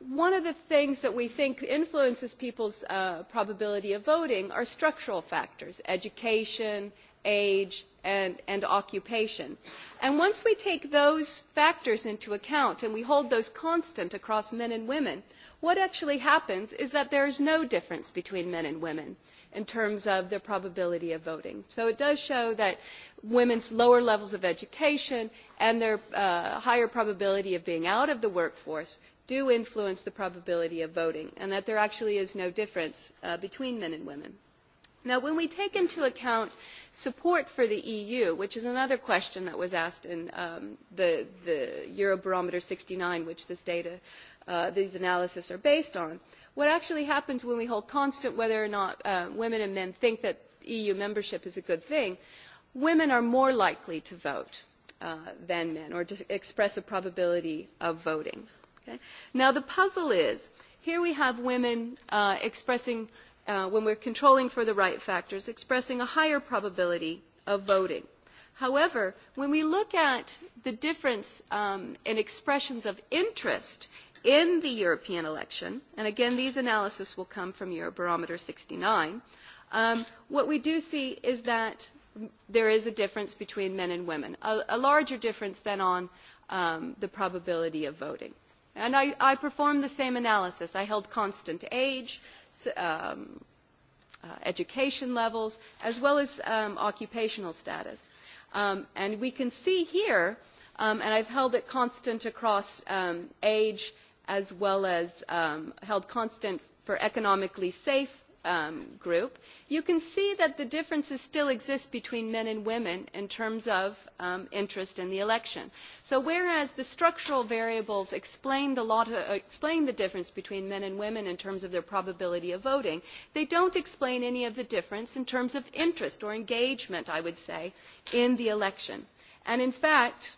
one of the things that we think influences people's uh, probability of voting are structural factors, education, age, and, and occupation. And once we take those factors into account and we hold those constant across men and women, what actually happens is that there is no difference between men and women in terms of their probability of voting. So it does show that women's lower levels of education and their uh, higher probability of being out of the workforce do influence the probability of voting and that there actually is no difference uh, between men and women. Now, when we take into account support for the EU, which is another question that was asked in um, the, the Eurobarometer 69, which this data, uh, these analyses are based on, what actually happens when we hold constant whether or not uh, women and men think that eu membership is a good thing women are more likely to vote uh, than men or to express a probability of voting. now the puzzle is here we have women uh, expressing when we are controlling for the right factors expressing a higher probability of voting. However, when we look at the difference um, in expressions of interest in the European election, and again, these analysis will come from Eurobarometer 69, um, what we do see is that there is a difference between men and women, a, a larger difference than on um, the probability of voting. And I, I performed the same analysis. I held constant age, um, uh, education levels, as well as um, occupational status. Um, and we can see here, um, and I've held it constant across um, age as well as um, held constant for economically safe um, group, you can see that the differences still exist between men and women in terms of um, interest in the election. So whereas the structural variables explain the, lot of, uh, explain the difference between men and women in terms of their probability of voting, they don't explain any of the difference in terms of interest or engagement, I would say, in the election. And in fact,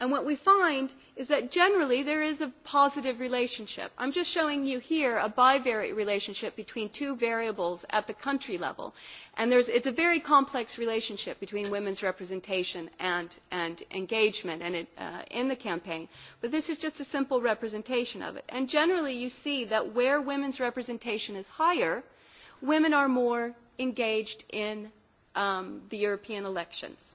And what we find is that generally there is a positive relationship. I'm just showing you here a bivariate relationship between two variables at the country level. And there's, it's a very complex relationship between women's representation and, and engagement and it, uh, in the campaign. But this is just a simple representation of it. And generally you see that where women's representation is higher, women are more engaged in um, the European elections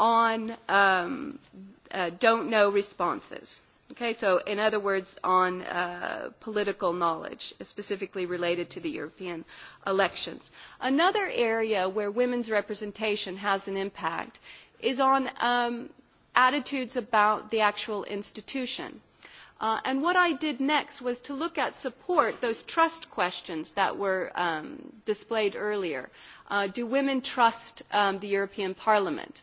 on um, uh, don't know responses. Okay, so in other words, on uh, political knowledge, specifically related to the European elections. Another area where women's representation has an impact is on um, attitudes about the actual institution. Uh, and what I did next was to look at support, those trust questions that were um, displayed earlier. Uh, do women trust um, the European Parliament?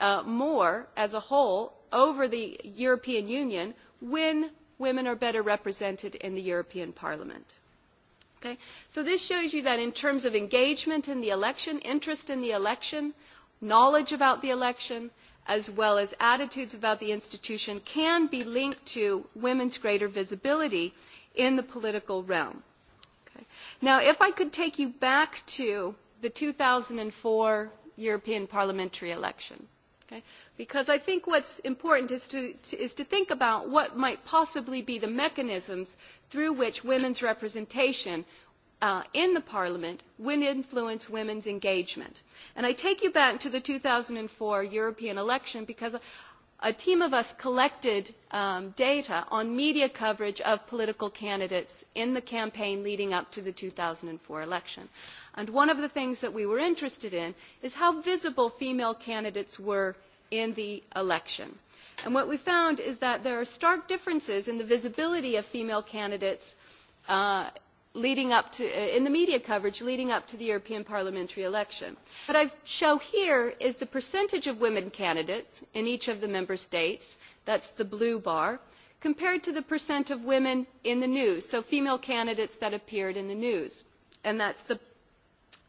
Uh, more as a whole over the European Union when women are better represented in the European Parliament. So this shows you that in terms of engagement in the election, interest in the election, knowledge about the election, as well as attitudes about the institution can be linked to women's greater visibility in the political realm. Now, if I could take you back to the 2004 European parliamentary election. Okay? Because I think what's important is to, to, is to think about what might possibly be the mechanisms through which women's representation uh, in the parliament would influence women's engagement. And I take you back to the 2004 European election because a team of us collected um, data on media coverage of political candidates in the campaign leading up to the 2004 election. And one of the things that we were interested in is how visible female candidates were in the election. And what we found is that there are stark differences in the visibility of female candidates uh, leading up to, uh, in the media coverage leading up to the European parliamentary election. What I show here is the percentage of women candidates in each of the member states, that's the blue bar, compared to the percent of women in the news, so female candidates that appeared in the news, and that's the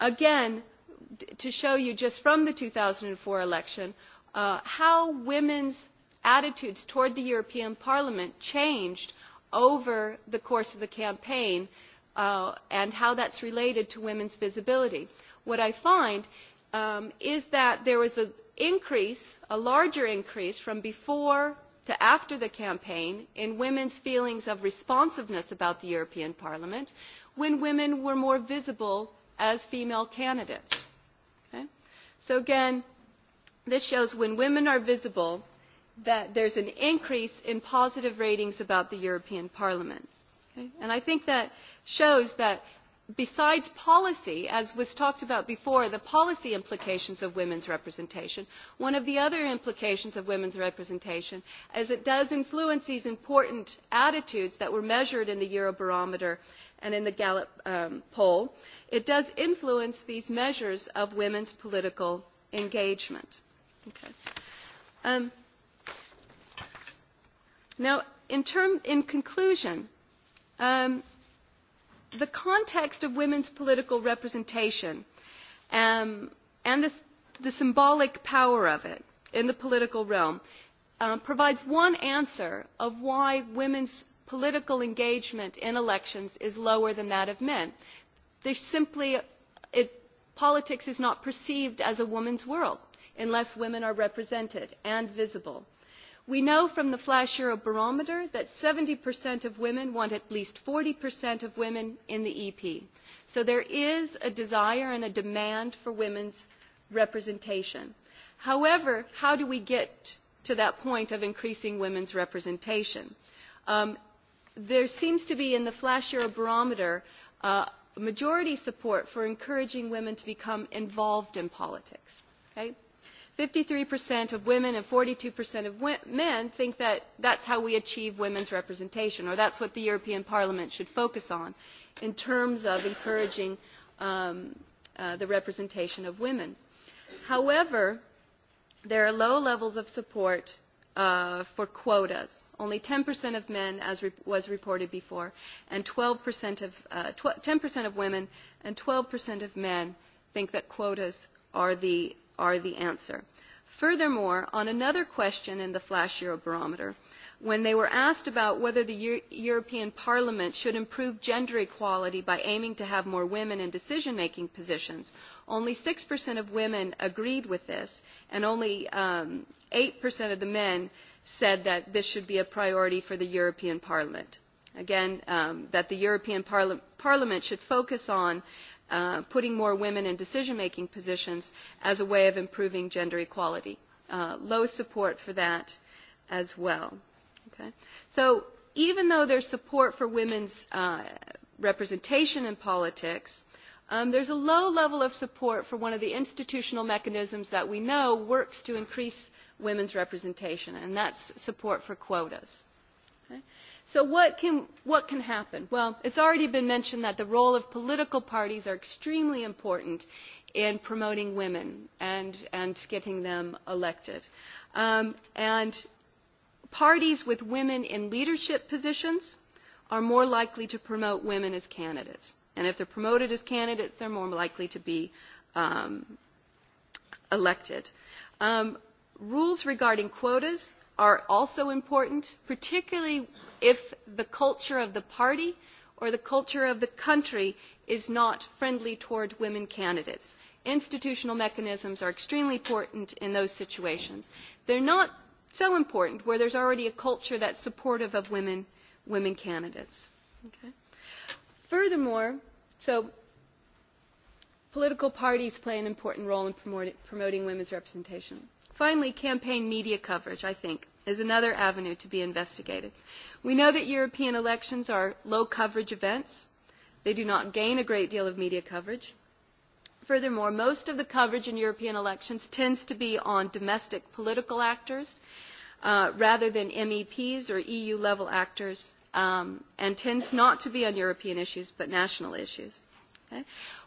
again to show you just from the two thousand and four election uh, how women's attitudes toward the european parliament changed over the course of the campaign uh, and how that's related to women's visibility. what i find um, is that there was an increase a larger increase from before to after the campaign in women's feelings of responsiveness about the european parliament when women were more visible as female candidates. Okay? So again, this shows when women are visible that there's an increase in positive ratings about the European Parliament. Okay? And I think that shows that besides policy, as was talked about before, the policy implications of women's representation, one of the other implications of women's representation is it does influence these important attitudes that were measured in the Eurobarometer and in the Gallup um, poll. It does influence these measures of women's political engagement. Okay. Um, now, in, term, in conclusion, um, the context of women's political representation um, and this, the symbolic power of it in the political realm uh, provides one answer of why women's political engagement in elections is lower than that of men. There's simply, it, politics is not perceived as a woman's world unless women are represented and visible. We know from the Flash Eurobarometer that 70% of women want at least 40% of women in the EP. So there is a desire and a demand for women's representation. However, how do we get to that point of increasing women's representation? Um, there seems to be in the Flash Eurobarometer uh, majority support for encouraging women to become involved in politics. Okay? 53% of women and 42% of men think that that's how we achieve women's representation, or that's what the European Parliament should focus on in terms of encouraging um, uh, the representation of women. However, there are low levels of support uh, for quotas. Only 10% of men, as re was reported before, and 12% of, uh, 10% of women and 12% of men think that quotas are the are the answer. Furthermore, on another question in the Flash Eurobarometer, when they were asked about whether the Euro European Parliament should improve gender equality by aiming to have more women in decision-making positions, only 6% of women agreed with this, and only um, 8% of the men said that this should be a priority for the European Parliament. Again, um, that the European Parli Parliament should focus on Uh, putting more women in decision-making positions as a way of improving gender equality. Uh, low support for that as well. Okay? So even though there's support for women's uh, representation in politics, um, there's a low level of support for one of the institutional mechanisms that we know works to increase women's representation, and that's support for quotas. Okay? so what can, what can happen? well it has already been mentioned that the role of political parties is extremely important in promoting women and, and getting them elected. Um, and parties with women in leadership positions are more likely to promote women as candidates. And if they're promoted as candidates, they're more likely to be um, elected. Um, rules regarding quotas are also important, particularly if the culture of the party or the culture of the country is not friendly toward women candidates. Institutional mechanisms are extremely important in those situations. They're not so important where there's already a culture that's supportive of women, women candidates. Okay. Furthermore, so political parties play an important role in promoting women's representation Finally, campaign media coverage, I think, is another avenue to be investigated. We know that European elections are low coverage events. They do not gain a great deal of media coverage. Furthermore, most of the coverage in European elections tends to be on domestic political actors uh, rather than MEPs or EU level actors um, and tends not to be on European issues but national issues.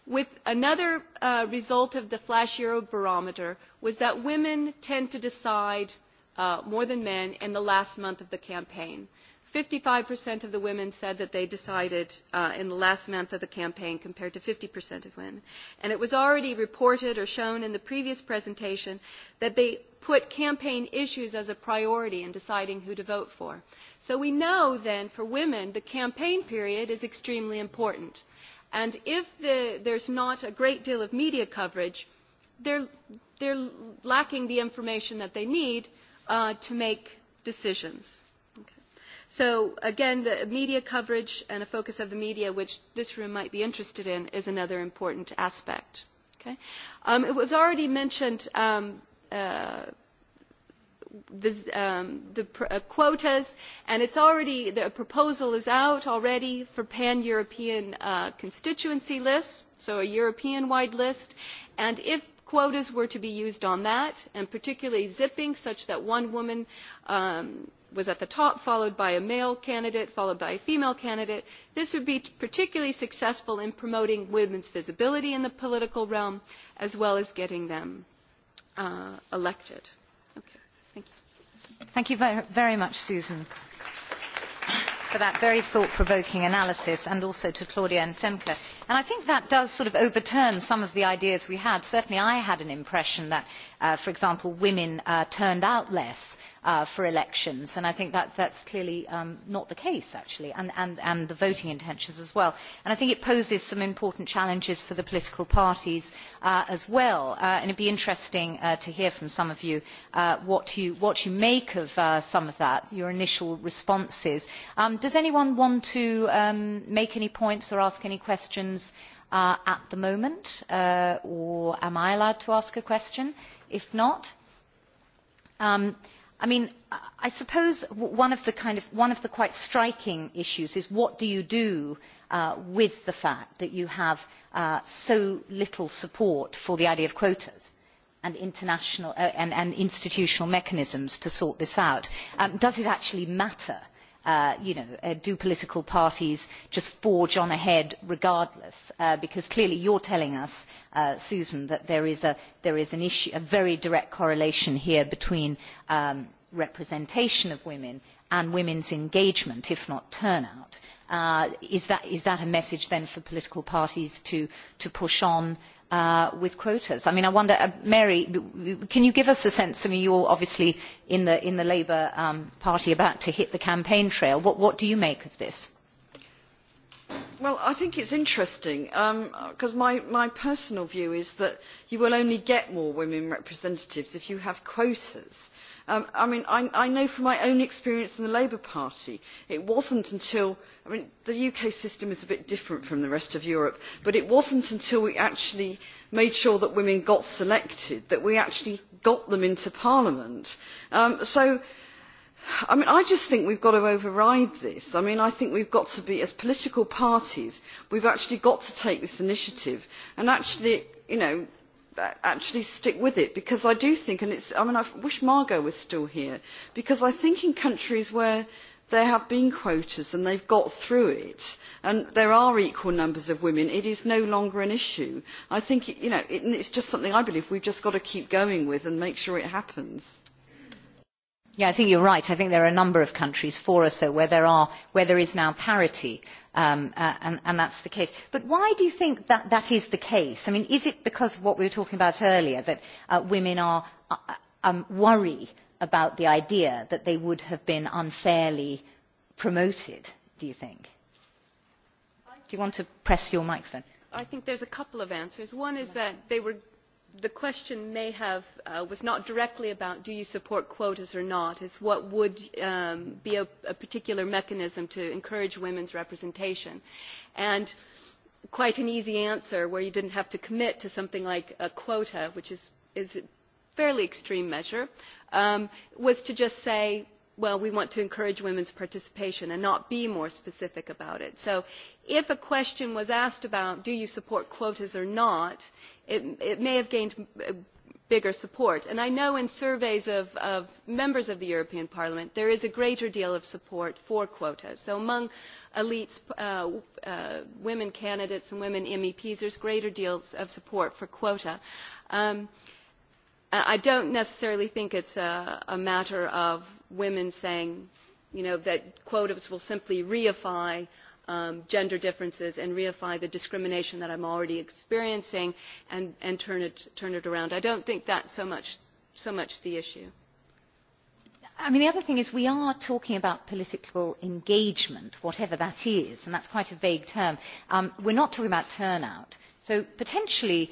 With another uh, result of the Flash Eurobarometer was that women tend to decide uh, more than men in the last month of the campaign. 55% of the women said that they decided uh, in the last month of the campaign compared to 50% of women. And it was already reported or shown in the previous presentation that they put campaign issues as a priority in deciding who to vote for. So we know then for women the campaign period is extremely important and if the, there's not a great deal of media coverage, they're, they're lacking the information that they need uh, to make decisions. Okay. So again, the media coverage and a focus of the media, which this room might be interested in, is another important aspect. Okay? Um, it was already mentioned um, uh, um, the pr uh, quotas, and it's already the proposal is out already for pan-European uh, constituency lists, so a European-wide list, and if quotas were to be used on that, and particularly zipping, such that one woman um, was at the top, followed by a male candidate, followed by a female candidate. This would be particularly successful in promoting women's visibility in the political realm, as well as getting them uh, elected. Thank you very much, Susan, for that very thought-provoking analysis, and also to Claudia and Femke. And I think that does sort of overturn some of the ideas we had. Certainly I had an impression that, uh, for example, women uh, turned out less Uh, for elections. And I think that, that's clearly um, not the case, actually, and, and, and the voting intentions as well. And I think it poses some important challenges for the political parties uh, as well. Uh, and it would be interesting to hear from some of you what you, what you make of some of that, your initial responses. Um, does anyone want to um, make any points or ask any questions? at the moment, or am I allowed to ask a question? If not, I, suppose one of, the quite striking issues is what do you do uh, with the fact that you have uh, so little support for the idea of quotas and, uh, institutional mechanisms to sort this out? Um, does it actually matter Uh, you know, uh, do political parties just forge on ahead regardless? Uh, because clearly you're telling us, uh, Susan, that there is, a, there is an issue, a very direct correlation here between um, representation of women and women's engagement, if not turnout. Uh, is that, is, that, a message then for political parties to, to push on Uh, with quotas. I mean, I wonder, uh, Mary, can you give us a sense? I mean, you're obviously in the, Labour um, Party about to hit the campaign trail. What, do you make of this? Well, I think it's interesting because um, my, my personal view is that you will only get more women representatives if you have quotas. Um, I, mean, I, know from my own experience in the Labour Party, it wasn't until, I mean, the UK system is a bit different from the rest of Europe, but it wasn't until we actually made sure that women got selected that we actually got them into Parliament. Um, so, I mean, I just think we've got to override this. I mean, I think we've got to be, as political parties, we've actually got to take this initiative and actually, you know, Uh, actually stick with it because I do think, and it's, I mean, I wish Margot was still here, because I think in countries where there have been quotas and they've got through it and there are equal numbers of women it is no longer an issue i think you know it, it's just something i believe we've just got to keep going with and make sure it happens Yeah, I think you're right. I think there are a number of countries, four or so, where there, are, where there is now parity, um, uh, and, and that's the case. But why do you think that that is the case? I mean, is it because of what we were talking about earlier, that uh, women are, uh, uh um, worry about the idea that they would have been unfairly promoted, do you think? Do you want to press your microphone? I think there's a couple of answers. One is that they were the question may have uh, was not directly about do you support quotas or not is what would um, be a, a particular mechanism to encourage women's representation and quite an easy answer where you didn't have to commit to something like a quota which is is a fairly extreme measure um, was to just say well we want to encourage women's participation and not be more specific about it. so if a question was asked about do you support quotas or not it, may have gained uh, bigger support and i know in surveys of, members of the european parliament there is a greater deal of support for quotas so among elites uh, uh, women candidates and women meps there is greater deals of support for quota. Um, i do not necessarily think it is a, a matter of women saying you know, that quotas will simply reify um, gender differences and reify the discrimination that I'm already experiencing and, and turn, it, turn it around. I don't think that's so much, so much the issue. I mean, the other thing is we are talking about political engagement, whatever that is, and that's quite a vague term. Um, we're not talking about turnout. So potentially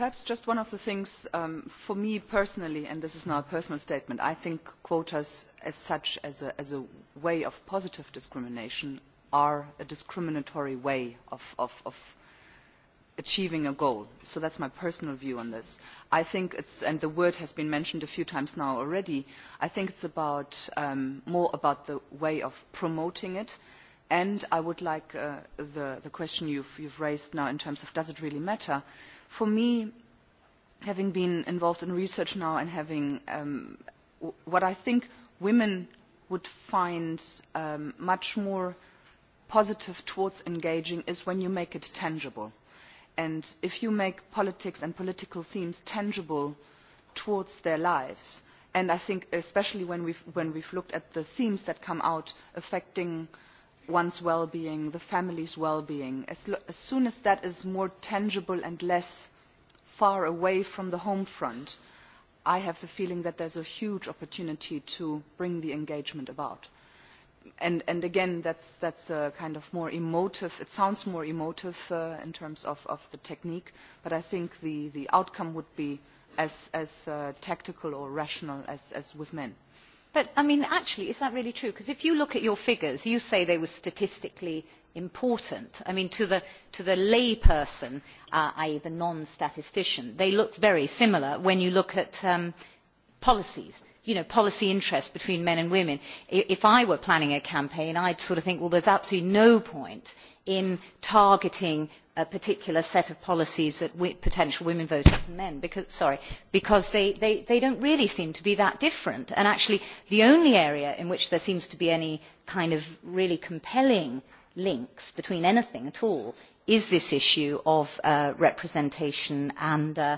perhaps just one of the things um, for me personally and this is now a personal statement i think quotas as such as a, way of positive discrimination are a discriminatory way of, achieving a goal so that is my personal view on this. i think it is and the word has been mentioned a few times now already i think it is um, more about the way of promoting it and and i would like uh, the, the question you have raised now in terms of does it really matter for me having been involved in research now and having um, what i think women would find um, much more positive towards engaging is when you make it tangible and if you make politics and political themes tangible towards their lives and i think especially when we have looked at the themes that come out affecting one's well-being, the family's well-being, as, soon as that is more tangible and less far away from the home front, I have the feeling that there is a huge opportunity to bring the engagement about. And, again, that's, is a kind of more emotive, it sounds more emotive uh, in terms of, the technique, but I think the, outcome would be as, uh, tactical or rational as with men. But, I mean, actually, is that really true? Because if you look at your figures, you say they were statistically important. I mean, to the, to the layperson, uh, i.e. the non-statistician, they look very similar when you look at um, policies you know, policy interests between men and women. If I were planning a campaign, I'd sort of think, well, there's absolutely no point in targeting a particular set of policies at potential women voters and men because, they, do not don't really seem to be that different. And actually, the only area in which there seems to be any kind of really compelling links between anything at all is this issue of uh, representation and uh,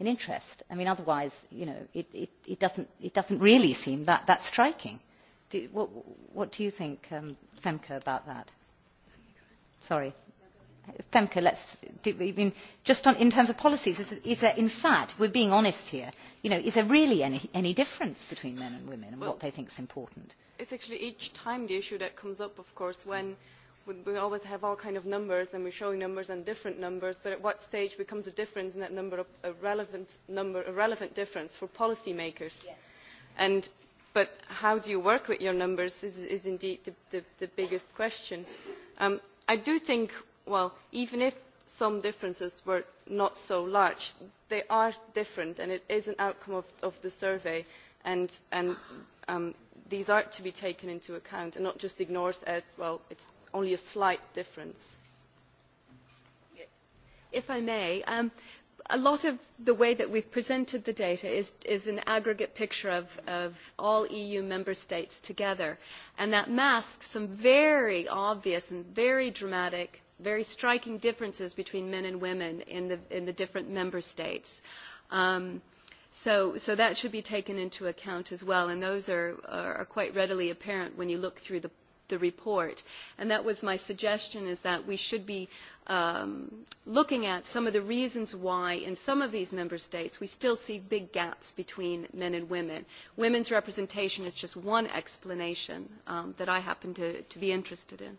in interest. I mean, otherwise, you know, it, it, it, doesn't, it doesn't really seem that, that striking. Do, what, what do you think, um, Femke, about that? Sorry. Femke, let's, do, I mean, just on, in terms of policies, is, is there, in fact, we're being honest here, you know, is there really any, any difference between men and women and well, what they think is important? It's actually each time the issue that comes up, of course, when we always have all kinds of numbers and we are showing numbers and different numbers but at what stage becomes a difference in that number a relevant number a relevant difference for policy makers yes. and but how do you work with your numbers is, is indeed the, the, the biggest question um, i do think well even if some differences were not so large they are different and it is an outcome of, of the survey and, and um, these are to be taken into account and not just ignored as well it's only a slight difference. If I may, um, a lot of the way that we've presented the data is, is an aggregate picture of, of all EU member states together, and that masks some very obvious and very dramatic, very striking differences between men and women in the, in the different member states. Um, So, so that should be taken into account as well, and those are, are, are quite readily apparent when you look through the, the report. And that was my suggestion is that we should be um, looking at some of the reasons why in some of these member states we still see big gaps between men and women. Women's representation is just one explanation um, that I happen to, to be interested in.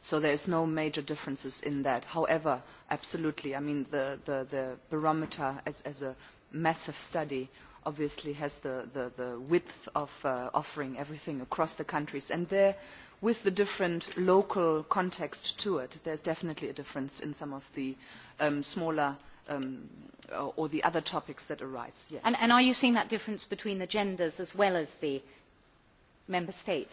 so there are no major differences in that. however absolutely I mean, the, the, the barometer as, as a massive study obviously has the, the, the width of uh, offering everything across the countries and there with the different local context to it there is definitely a difference in some of the um, smaller um, or the other topics that arise. Yes. And, and are you seeing that difference between the genders as well as the member states?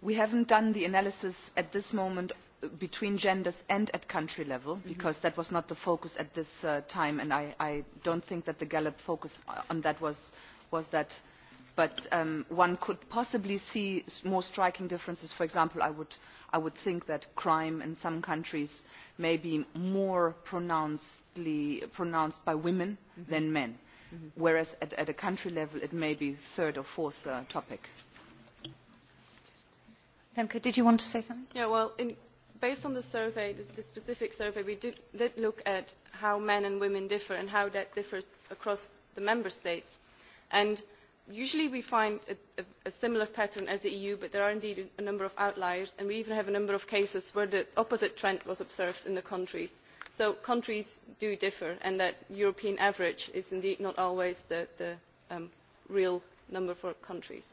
we have not done the analysis at this moment uh, between genders and at country level mm -hmm. because that was not the focus at this uh, time and i, I do not think that the gallup focus uh, on that was, was that but um, one could possibly see more striking differences for example I would, i would think that crime in some countries may be more pronounced by women mm -hmm. than men mm -hmm. whereas at, at a country level it may be third or fourth uh, topic. Femke, did you want to say something? Yeah, well, in, based on the survey, the, the specific survey, we did, did look at how men and women differ and how that differs across the member states. And usually we find a, a, a similar pattern as the EU, but there are indeed a number of outliers, and we even have a number of cases where the opposite trend was observed in the countries. So countries do differ, and that European average is indeed not always the, the um, real number for countries.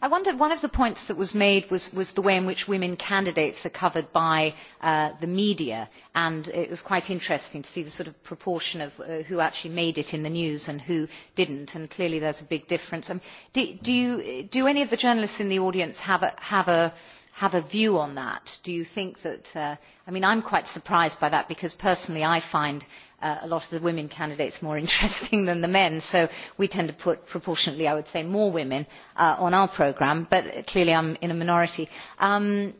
I wonder, one of the points that was made was, was the way in which women candidates are covered by uh, the media, and it was quite interesting to see the sort of proportion of uh, who actually made it in the news and who didn't, and clearly there's a big difference. Um, do, do, you, do any of the journalists in the audience have a, have a have a view on that? Do you think that, uh, I mean, I'm quite surprised by that because personally I find Uh, a lot of the women candidates more (laughs) interesting than the men so we tend to put proportionately i would say more women uh, on our programme but clearly i am in a minority. Um,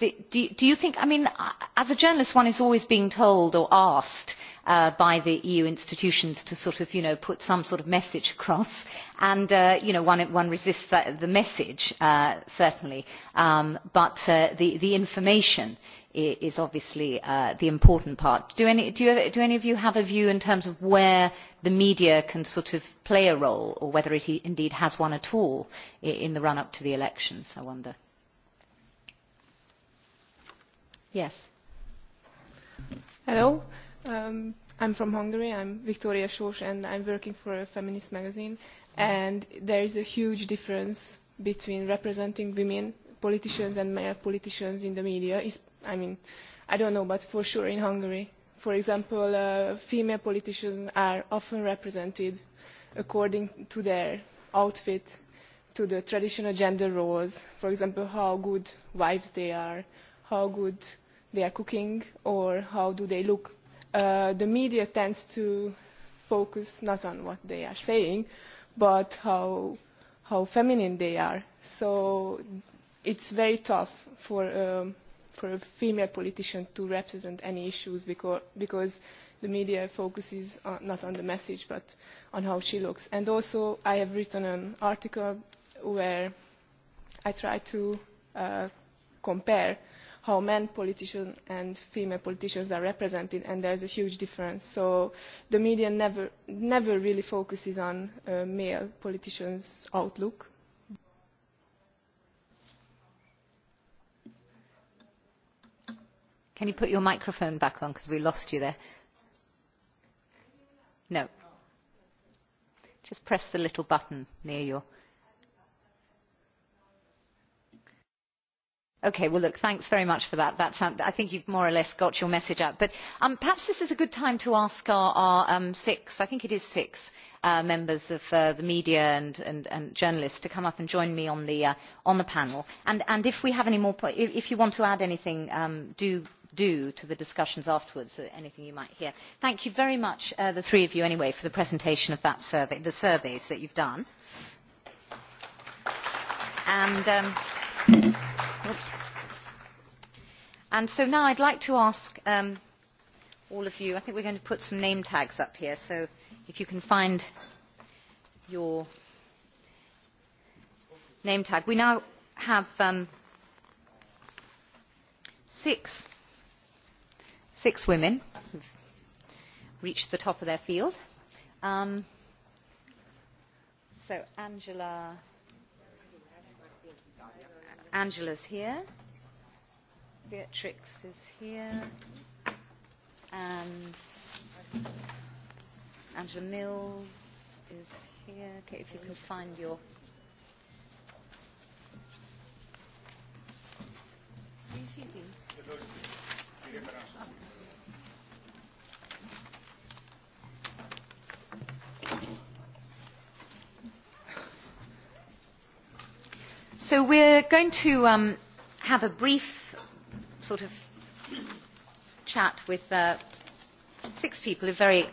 do you think i mean uh, as a journalist one is always being told or asked Uh, by the EU institutions to sort of, you know, put some sort of message across. And, uh, you know, one, one resists that, the message, uh, certainly. Um, but uh, the, the information is obviously uh, the important part. Do any, do, you, do any of you have a view in terms of where the media can sort of play a role or whether it indeed has one at all in the run-up to the elections, I wonder? Yes. Hello. Um, I'm from Hungary. I'm Victoria Sors, and I'm working for a feminist magazine. And there is a huge difference between representing women politicians and male politicians in the media. It's, I mean, I don't know, but for sure in Hungary, for example, uh, female politicians are often represented according to their outfit, to the traditional gender roles. For example, how good wives they are, how good they are cooking, or how do they look Uh, the media tends to focus not on what they are saying, but how how feminine they are. So it's very tough for um, for a female politician to represent any issues because because the media focuses on, not on the message but on how she looks. And also, I have written an article where I try to uh, compare how men politicians and female politicians are represented and there is a huge difference. so the media never, never really focuses on uh, male politicians' outlook. Can you put your microphone back on because we lost you there? No. Just press the little button near your Okay, well, look, thanks very much for that. That's, um, I think you've more or less got your message out. But um, perhaps this is a good time to ask our, our um, six, I think it is six, uh, members of uh, the media and, and, and journalists to come up and join me on the, uh, on the panel. And, and if we have any more, if, if you want to add anything, um, do do to the discussions afterwards uh, anything you might hear. Thank you very much, uh, the three of you anyway, for the presentation of that survey, the surveys that you've done. And um, And so now I'd like to ask um, all of you, I think we're going to put some name tags up here, so if you can find your name tag. We now have um, six, six women who've reached the top of their field. Um, so Angela, Angela's here. Beatrix is here. And Angela Mills is here. Okay, if you can find your. Thank you. So we're going to um, have a brief sort of chat with uh, six people who are very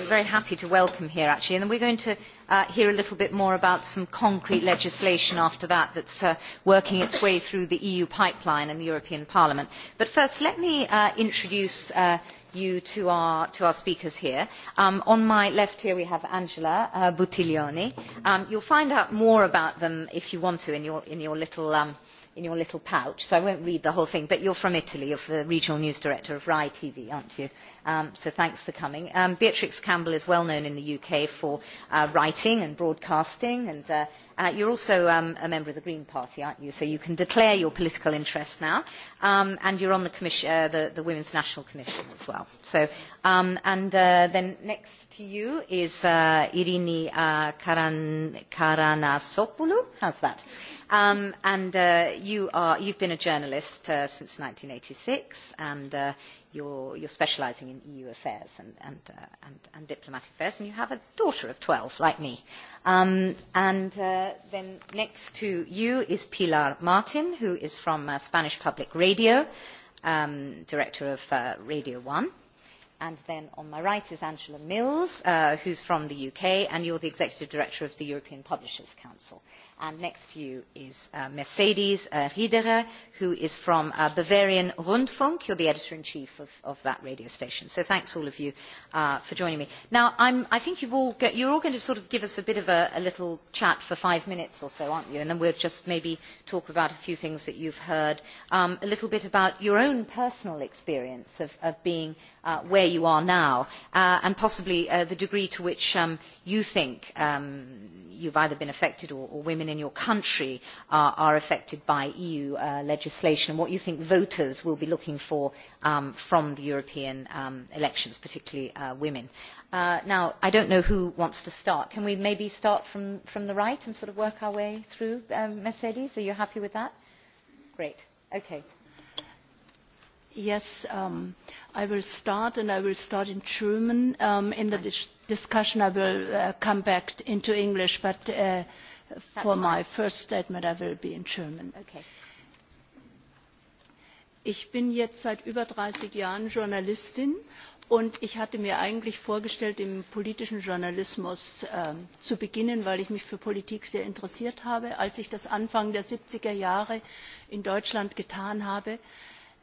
we're very happy to welcome here actually and we're going to uh, hear a little bit more about some concrete legislation after that that's uh, working its way through the EU pipeline and the European Parliament. But first let me uh, introduce uh, you to our, to our speakers here. Um, on my left here we have Angela uh, Buttiglione. Um, you'll find out more about them if you want to in your, in your little um, in your little pouch, so I won't read the whole thing, but you're from Italy, you're the regional news director of RAI TV, aren't you? Um, so thanks for coming. Um, Beatrix Campbell is well known in the UK for uh, writing and broadcasting, and uh, uh, you're also um, a member of the Green Party, aren't you? So you can declare your political interest now, um, and you're on the, commission, uh, the, the Women's National Commission as well. So, um, and uh, then next to you is uh, Irini uh, Karan Karanasopoulou. How's that? Um, and uh, you have you've been a journalist thousand uh, since 1986, uh, and and you're, are specialising in EU affairs and, diplomatic affairs, and you have a daughter of 12, like me. Um, and then next to you is Pilar Martin, who is from Spanish Public Radio, um, director of Radio 1 and then on my right is Angela Mills, who who's from the UK, and you're the Executive Director of the European Publishers Council. And next to you is uh, Mercedes uh, Riederer, who is from uh, Bavarian Rundfunk. You're the editor-in-chief of, of that radio station. So thanks all of you uh, for joining me. Now, I'm, I think you've all got, you're all going to sort of give us a bit of a, a little chat for five minutes or so, aren't you? And then we'll just maybe talk about a few things that you've heard, um, a little bit about your own personal experience of, of being uh, where you are now, uh, and possibly uh, the degree to which um, you think um, you've either been affected or, or women women in your country are, uh, are affected by EU uh, legislation and what you think voters will be looking for um, from the European um, elections, particularly uh, women. Uh, now, I don't know who wants to start. Can we maybe start from, from the right and sort of work our way through? Um, Mercedes, are you happy with that? Great. Okay. Yes, um, I will start, and I will start in German. Um, in the dis discussion, I will uh, come back into English, but uh, for my first statement I will be in German. Ich bin jetzt seit über dreißig Jahren Journalistin und ich hatte mir eigentlich vorgestellt, im politischen Journalismus ähm, zu beginnen, weil ich mich für Politik sehr interessiert habe. Als ich das Anfang der siebzig er Jahre in Deutschland getan habe,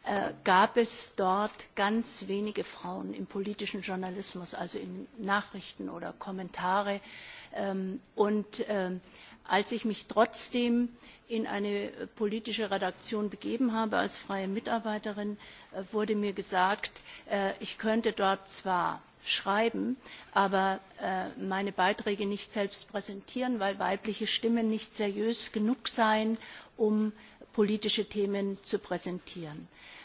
äh, gab es dort ganz wenige Frauen im politischen Journalismus, also in Nachrichten oder Kommentare. Ähm, und ähm, als ich mich trotzdem in eine politische redaktion begeben habe als freie mitarbeiterin äh, wurde mir gesagt äh, ich könnte dort zwar schreiben aber äh, meine beiträge nicht selbst präsentieren weil weibliche stimmen nicht seriös genug seien um politische themen zu präsentieren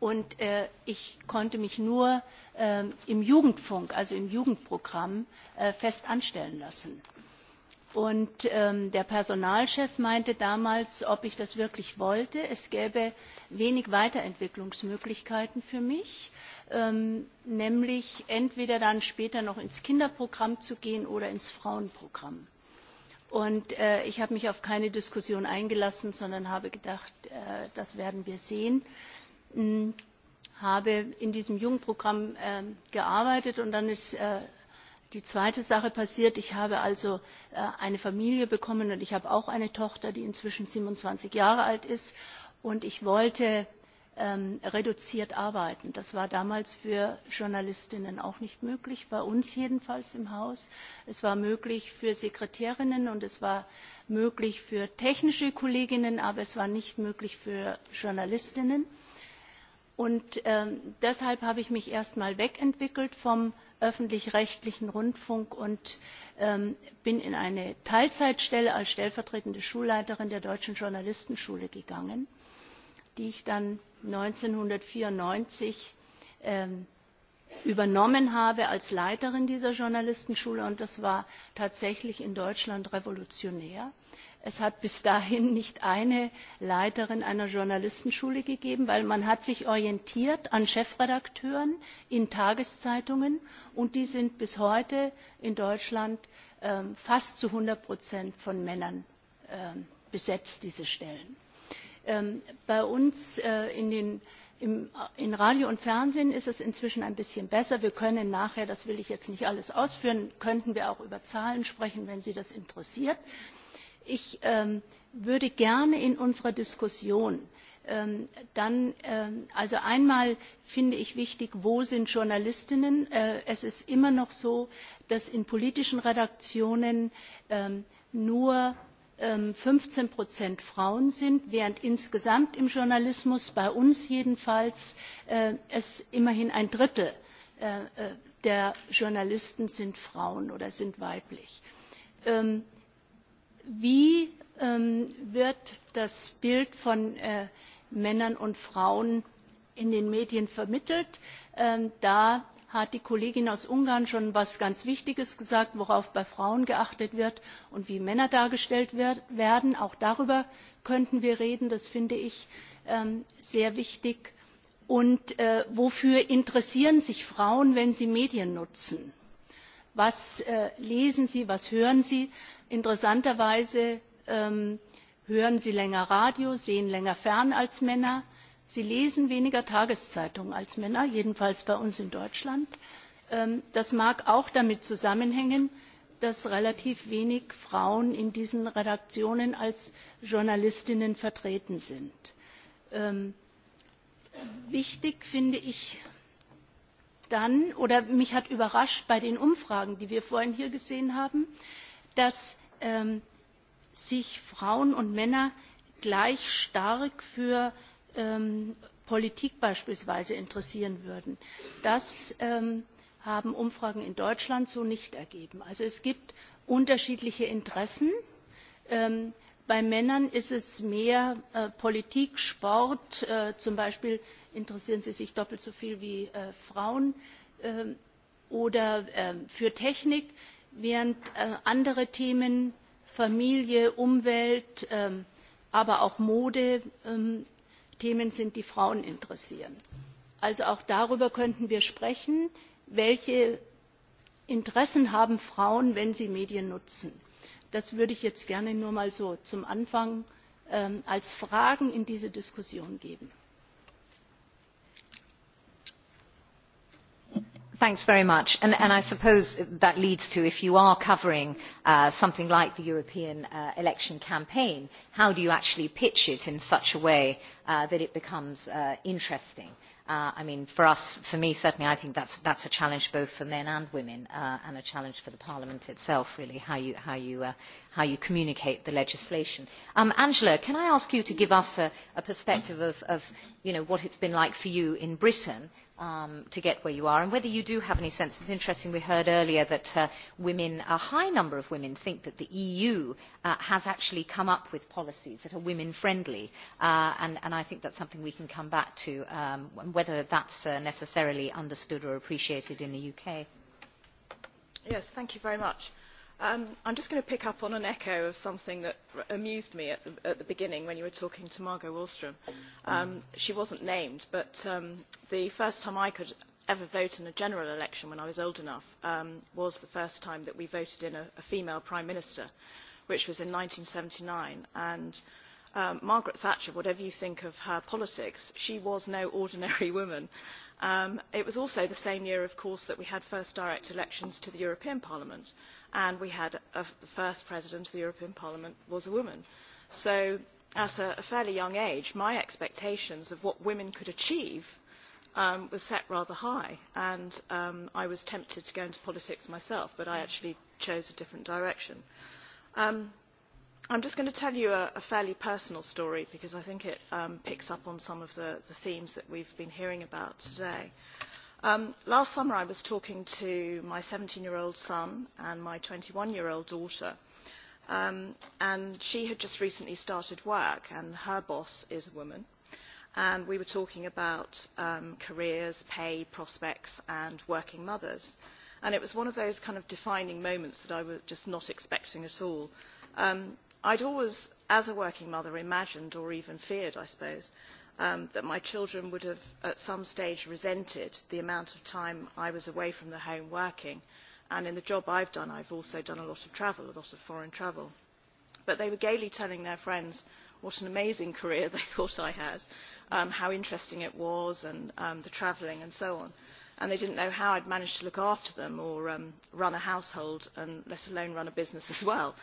Und äh, ich konnte mich nur äh, im Jugendfunk, also im Jugendprogramm, äh, fest anstellen lassen. Ähm, der Personalchef meinte damals, ob ich das wirklich wollte. Es gäbe wenig Weiterentwicklungsmöglichkeiten für mich, ähm, nämlich entweder dann später noch ins Kinderprogramm zu gehen oder ins Frauenprogramm. ich habe mich auf keine Diskussion eingelassen, sondern habe gedacht, das werden wir sehen. Äh, habe in diesem Jugendprogramm äh, gearbeitet und dann ist äh, die zweite Sache passiert. Ich habe also eine Familie bekommen und ich habe auch eine Tochter, die inzwischen siebenundzwanzig Jahre alt ist und ich wollte ähm, reduziert arbeiten. Das war damals für Journalistinnen auch nicht möglich, bei uns jedenfalls im Haus. Es war möglich für Sekretärinnen und es war möglich für technische Kolleginnen, aber es war nicht möglich für Journalistinnen und ähm, deshalb habe ich mich erst einmal wegentwickelt vom öffentlich rechtlichen rundfunk und ähm, bin in eine teilzeitstelle als stellvertretende schulleiterin der deutschen journalistenschule gegangen die ich dann eintausendneunhundertvierundneunzig ähm, übernommen habe als leiterin dieser journalistenschule und das war tatsächlich in deutschland revolutionär es hat bis dahin nicht eine leiterin einer journalistenschule gegeben weil man sich orientiert an chefredakteuren in tageszeitungen und die sind bis heute in deutschland ähm, fast zu einhundert Prozent von Männern ähm, besetzt diese Stellen. Ähm, bei uns äh, in in radio und fernsehen ist es inzwischen ein bisschen besser. wir können nachher das will ich jetzt nicht alles ausführen könnten wir auch über zahlen sprechen wenn sie das interessiert ich ähm, würde gerne in unserer diskussion ähm, dann ähm, also einmal finde ich wichtig wo sind journalistinnen? Äh, es ist immer noch so dass in politischen redaktionen nur fünfzehn frauen sind während es insgesamt im journalismus bei uns jedenfalls äh, immerhin ein drittel äh, der journalisten sind frauen oder sind weiblich wie ähm, wird das bild von äh, männern und frauen in den medien vermittelt? Ähm, da hat die kollegin aus ungarn schon etwas ganz wichtiges gesagt worauf bei frauen geachtet wird und wie männer dargestellt werden. auch darüber könnten wir reden das finde ich ähm, sehr wichtig. und äh, wofür interessieren sich frauen wenn sie medien nutzen? was äh, lesen sie was hören sie? interessanterweise ähm, hören sie länger radio sehen länger fern als männer sie lesen weniger tageszeitungen als männer jedenfalls bei uns in deutschland. Ähm, das mag auch damit zusammenhängen dass relativ wenig frauen in diesen redaktionen als journalistinnen vertreten sind. Ähm, wichtig finde ich dann oder mich hat überrascht bei den umfragen die wir vorhin hier gesehen haben dass ähm, sich Frauen und Männer gleich stark für ähm, Politik beispielsweise interessieren würden. Das ähm, haben Umfragen in Deutschland so nicht ergeben. Also es gibt unterschiedliche Interessen. Ähm, bei Männern ist es mehr äh, Politik, Sport, äh, zum Beispiel interessieren sie sich doppelt so viel wie äh, Frauen ähm, oder ähm, für Technik während äh, andere Themen Familie, Umwelt, ähm, aber auch Mode ähm, Themen sind, die Frauen interessieren. Also auch darüber könnten wir sprechen, welche Interessen haben Frauen, wenn sie Medien nutzen. Das würde ich jetzt gerne nur mal so zum Anfang ähm, als Fragen in diese Diskussion geben. Thanks very much. And, and I suppose that leads to if you are covering uh, something like the European uh, election campaign, how do you actually pitch it in such a way uh, that it becomes uh, interesting? Uh, I mean, for us, for me, certainly, I think that's, that's a challenge both for men and women, uh, and a challenge for the Parliament itself, really, how you, how you, uh, how you communicate the legislation. Um, Angela, can I ask you to give us a, a perspective of, of you know, what it's been like for you in Britain? um, to get where you are and whether you do have any sense. It's interesting, we heard earlier that uh, women, a high number of women think that the EU uh, has actually come up with policies that are women friendly uh, and, and I think that's something we can come back to um, whether that's uh, necessarily understood or appreciated in the UK. Yes, thank you very much. Um, I'm just going to pick up on an echo of something that amused me at the, at the beginning when you were talking to Margot Wallström. Um, she wasn't named, but um, the first time I could ever vote in a general election when I was old enough um, was the first time that we voted in a, a female prime minister, which was in 1979. And um, Margaret Thatcher, whatever you think of her politics, she was no ordinary (laughs) woman. Um, it was also the same year, of course, that we had first direct elections to the European Parliament and we had the first president of the European Parliament was a woman. So at a, fairly young age, my expectations of what women could achieve were um, was set rather high, and um, I was tempted to go into politics myself, but I actually chose a different direction. i um, I'm just going to tell you a, fairly personal story because I think it picks up on some of the, themes that we've been hearing about today. Um, last summer i was talking to my seventeen year old son and my twenty one year old daughter um, and she had just recently started work and her boss is a woman and we were talking about um, careers pay prospects and working mothers and it was one of those kind of defining moments that i was just not expecting at all. i had always as a working mother imagined or even feared i suppose um, that my children would have at some stage resented the amount of time I was away from the home working. And in the job I've done, I've also done a lot of travel, a lot of foreign travel. But they were gaily telling their friends what an amazing career (laughs) they thought I had, um, how interesting it was, and um, the travelling and so on and they did not know how i had managed to look after them or um, run a household and let alone run a business (laughs) as well.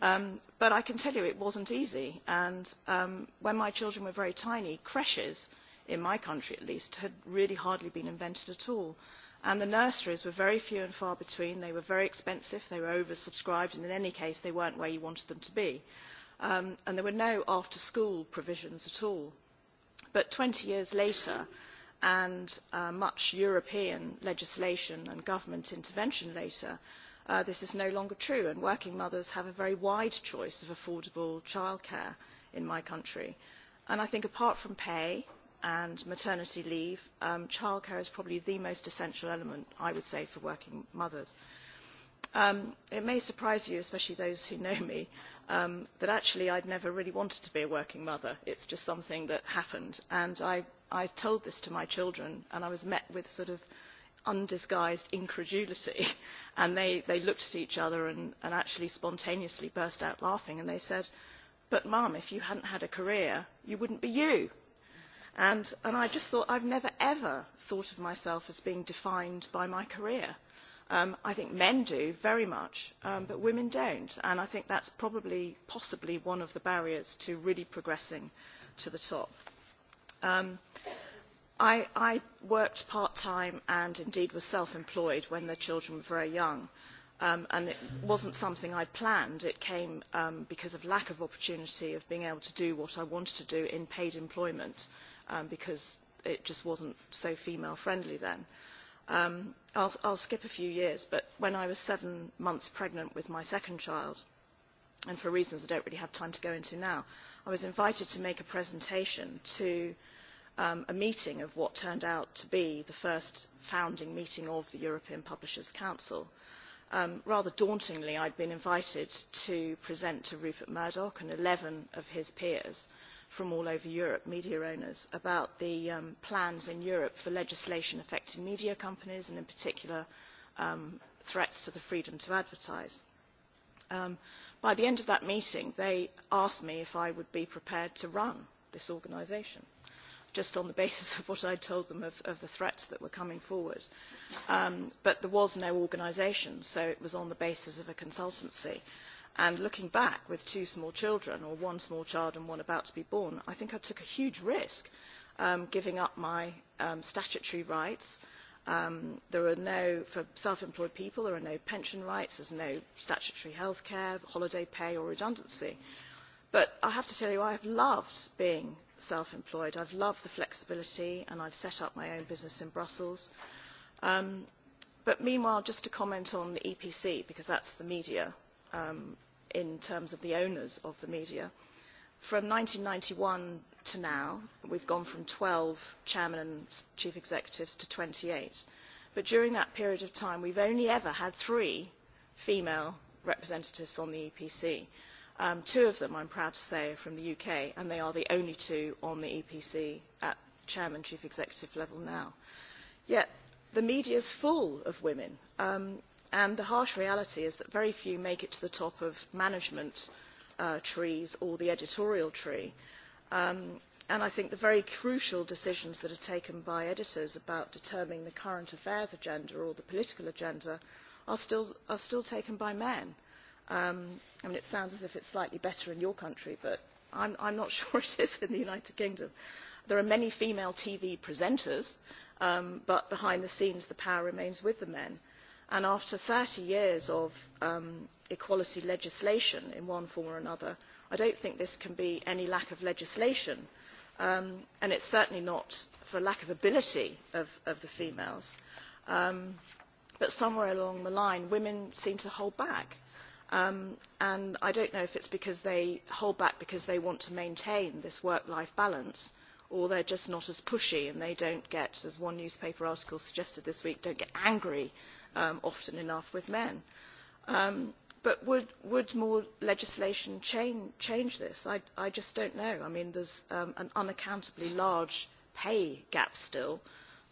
Um, but i can tell you it was not easy and um, when my children were very tiny creches in my country at least had really hardly been invented at all and the nurseries were very few and far between they were very expensive they were oversubscribed and in any case they were not where you wanted them to be and there were no after school provisions at all. but twenty years later and uh, much European legislation and government intervention later, uh, this is no longer true, and working mothers have a very wide choice of affordable childcare in my country. And I think apart from pay and maternity leave, um, childcare is probably the most essential element, I would say, for working mothers. Um, it may surprise you, especially those who know me, Um, that actually I'd never really wanted to be a working mother. It's just something that happened. And I, I told this to my children, and I was met with sort of undisguised incredulity. (laughs) And they, they looked at each other and, and actually spontaneously burst out laughing. And they said, but mum, if you hadn't had a career, you wouldn't be you. And, and I just thought, I've never ever thought of myself as being defined by my career Um, I think men do very much, um, but women don't. And I think that's probably, possibly one of the barriers to really progressing to the top. Um, I, worked part-time and indeed was self-employed when the children were very young. and it wasn't something I planned. It came because of lack of opportunity of being able to do what I wanted to do in paid employment because it just wasn't so female-friendly then. Um, I'll, I'll skip a few years, but when I was seven months pregnant with my second child, and for reasons I don't really have time to go into now, I was invited to make a presentation to um, a meeting of what turned out to be the first founding meeting of the European Publishers Council. Um, rather dauntingly, I'd been invited to present to Rupert Murdoch and 11 of his peers – from all over Europe, media owners, about the um, plans in Europe for legislation affecting media companies and in particular um, threats to the freedom to advertise. Um, by the end of that meeting, they asked me if I would be prepared to run this organisation, just on the (laughs) basis of what I told them of, of the threats that were coming forward. Um, but there was no organisation, so it was on the basis of a consultancy and looking back with two small children or one small child and one about to be born i think i took a huge risk um, giving up my um, statutory rights um, there are no for self-employed people there are no pension rights there's no statutory health care holiday pay or redundancy but i have to tell you i have loved being self-employed i've loved the flexibility and i've set up my own business in brussels um, but meanwhile just to comment on the epc because that's the media um, in terms of the owners of the media. From 1991 to now, we've gone from 12 chairmen and chief executives to 28. But during that period of time, we've only ever had three female representatives on the EPC. Um, two of them, I'm proud to say, are from the UK, and they are the only two on the EPC at chairman, chief executive level now. Yet the media is full of women. Um, and the harsh reality is that very few make it to the top of management uh, trees or the editorial tree. Um, and I think the very crucial decisions that are taken by editors about determining the current affairs agenda or the political agenda are still, taken by men. Um, I mean, it sounds as if it's slightly better in your country, but I'm, am not (laughs) sure it is in the United Kingdom. There are many female TV presenters, um, but behind the scenes the power remains with the men and after thirty years of um, equality legislation in one form or another i do not think this can be any lack of legislation um, and it is certainly not for lack of ability of, of the females um, but somewhere along the line women seem to hold back um, and i do not know if it is because they hold back because they want to maintain this work life balance or they are just not as pushy and they do not get as one newspaper article suggested this week angry um, often enough with men. Um, but would, would more legislation change, change this? I, I just don't know. I mean, there's um, an unaccountably large pay gap still,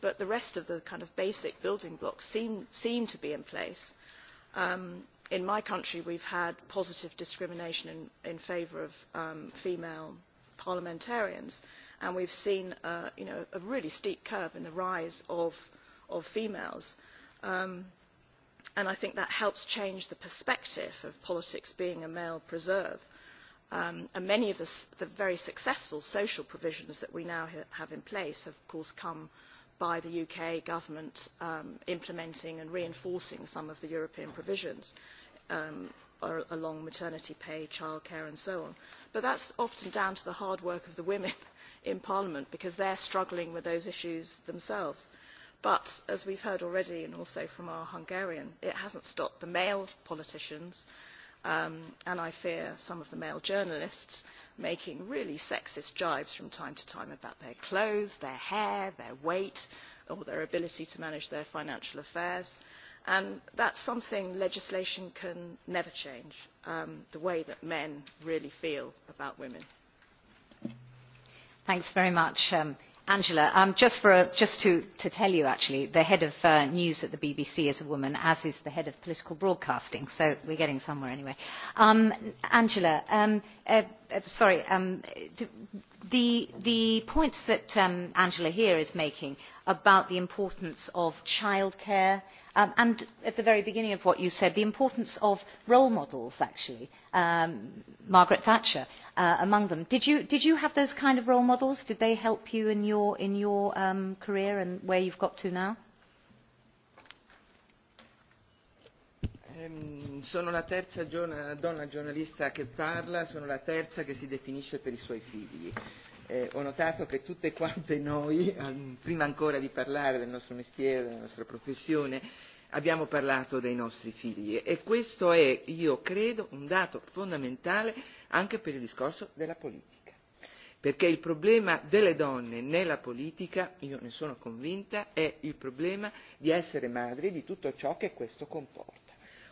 but the rest of the kind of basic building blocks seem, seem to be in place. Um, in my country, we've had positive discrimination in, in favour of um, female parliamentarians, and we've seen uh, you know, a really steep curve in the rise of, of females. Um, and I think that helps change the perspective of politics being a male preserve. Um, and many of the, the very successful social provisions that we now ha have in place have, of course, come by the UK government um, implementing and reinforcing some of the European provisions um, along maternity pay, childcare and so on. But that's often down to the hard work of the women (laughs) in Parliament because they're struggling with those issues themselves but as we have heard already and also from our hungarian it has not stopped the male politicians um, and i fear some of the male journalists making really sexist jibes from time to time about their clothes their hair their weight or their ability to manage their financial affairs and that is something legislation can never change um, the way that men really feel about women. Thanks very much. Um, Angela, um, just, to, tell you, actually, the head of uh, news at the BBC is a woman, as is the head of political broadcasting, so we're getting somewhere anyway. Um, Angela, um, uh, Uh, sorry, um, the, the points that um, Angela here is making about the importance of childcare um, and at the very beginning of what you said, the importance of role models, actually, um, Margaret Thatcher uh, among them. Did you, did you have those kind of role models? Did they help you in your, in your um, career and where you've got to now? Ehm, sono la terza donna giornalista che parla, sono la terza che si definisce per i suoi figli. Eh, ho notato che tutte quante noi, ehm, prima ancora di parlare del nostro mestiere, della nostra professione, abbiamo parlato dei nostri figli e questo è, io credo, un dato fondamentale anche per il discorso della politica. Perché il problema delle donne nella politica, io ne sono convinta, è il problema di essere madri di tutto ciò che questo comporta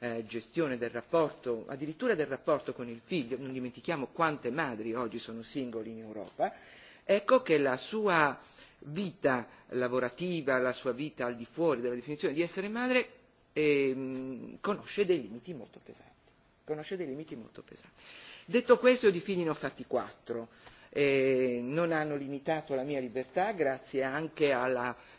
Eh, gestione del rapporto, addirittura del rapporto con il figlio, non dimentichiamo quante madri oggi sono singoli in Europa, ecco che la sua vita lavorativa, la sua vita al di fuori della definizione di essere madre eh, conosce dei limiti molto pesanti. Conosce dei limiti molto pesanti. Detto questo, io di figli ne ho fatti quattro. Eh, non hanno limitato la mia libertà grazie anche alla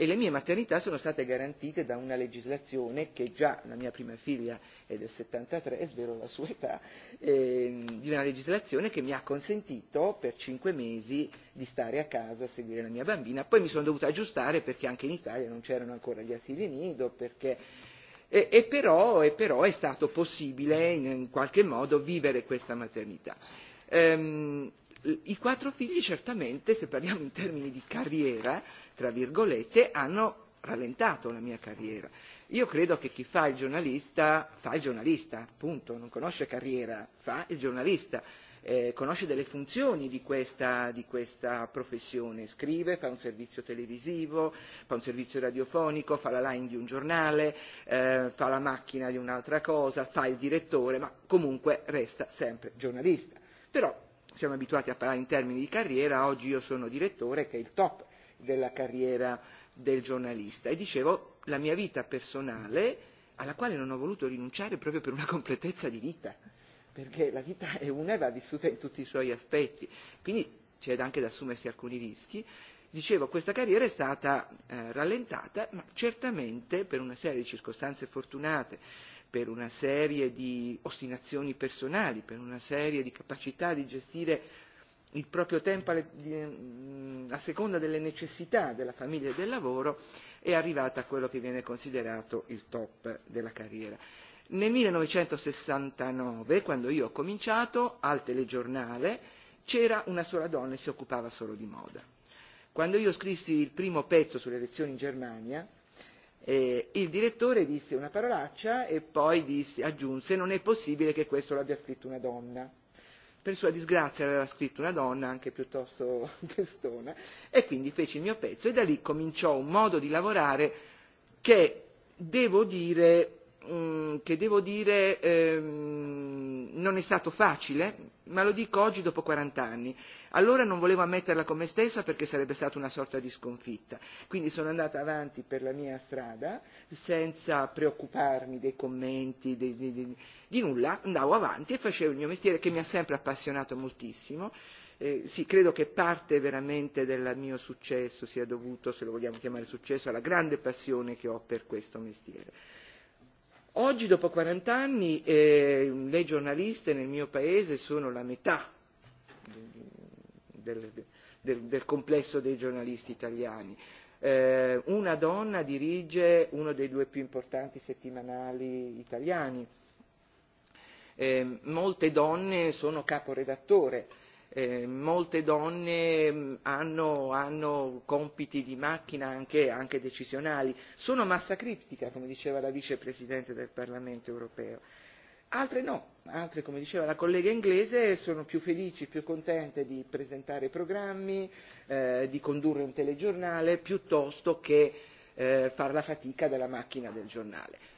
e le mie maternità sono state garantite da una legislazione che già la mia prima figlia è del 73, è svero la sua età, ehm, di una legislazione che mi ha consentito per cinque mesi di stare a casa a seguire la mia bambina. Poi mi sono dovuta aggiustare perché anche in Italia non c'erano ancora gli asili nido, perché e, e, però, e però è stato possibile in, in qualche modo vivere questa maternità. Ehm, I quattro figli certamente, se parliamo in termini di carriera, tra virgolette, hanno rallentato la mia carriera. Io credo che chi fa il giornalista fa il giornalista, punto, non conosce carriera, fa il giornalista, eh, conosce delle funzioni di questa, di questa professione, scrive, fa un servizio televisivo, fa un servizio radiofonico, fa la line di un giornale, eh, fa la macchina di un'altra cosa, fa il direttore, ma comunque resta sempre giornalista. Però siamo abituati a parlare in termini di carriera, oggi io sono direttore che è il top della carriera del giornalista. E dicevo, la mia vita personale, alla quale non ho voluto rinunciare proprio per una completezza di vita, perché la vita è una e va vissuta in tutti i suoi aspetti, quindi c'è anche da assumersi alcuni rischi. Dicevo, questa carriera è stata eh, rallentata, ma certamente per una serie di circostanze fortunate, per una serie di ostinazioni personali, per una serie di capacità di gestire il proprio tempo mm, a seconda delle necessità della famiglia e del lavoro è arrivata a quello che viene considerato il top della carriera. Nel 1969, quando io ho cominciato, al telegiornale c'era una sola donna e si occupava solo di moda. Quando io scrissi il primo pezzo sulle elezioni in Germania, eh, il direttore disse una parolaccia e poi disse, aggiunse non è possibile che questo l'abbia scritto una donna per sua disgrazia l'aveva scritto una donna anche piuttosto (laughs) testona e quindi feci il mio pezzo e da lì cominciò un modo di lavorare che devo dire Mm, che devo dire ehm, non è stato facile, ma lo dico oggi dopo 40 anni. Allora non volevo ammetterla con me stessa perché sarebbe stata una sorta di sconfitta. Quindi sono andata avanti per la mia strada senza preoccuparmi dei commenti, di, di, di, di nulla, andavo avanti e facevo il mio mestiere che mi ha sempre appassionato moltissimo. Eh, sì, credo che parte veramente del mio successo sia dovuto, se lo vogliamo chiamare successo, alla grande passione che ho per questo mestiere Oggi, dopo 40 anni, eh, le giornaliste nel mio paese sono la metà del, del, del complesso dei giornalisti italiani. Eh, una donna dirige uno dei due più importanti settimanali italiani. Eh, molte donne sono caporedattore Eh, molte donne mm, hanno, hanno compiti di macchina anche, anche decisionali, sono massa critica, come diceva la vicepresidente del Parlamento europeo. Altre no, altre come diceva la collega inglese sono più felici, più contente di presentare programmi, eh, di condurre un telegiornale piuttosto che eh, far la fatica della macchina del giornale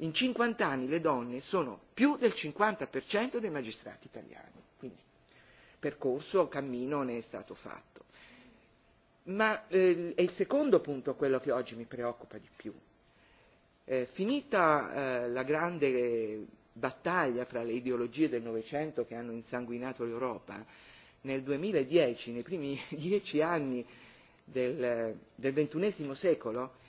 in 50 anni le donne sono più del 50% dei magistrati italiani. Quindi percorso, cammino ne è stato fatto. Ma eh, è il secondo punto quello che oggi mi preoccupa di più. Eh, finita eh, la grande eh, battaglia fra le ideologie del Novecento che hanno insanguinato l'Europa, nel 2010, nei primi (laughs) dieci anni del, del ventunesimo secolo,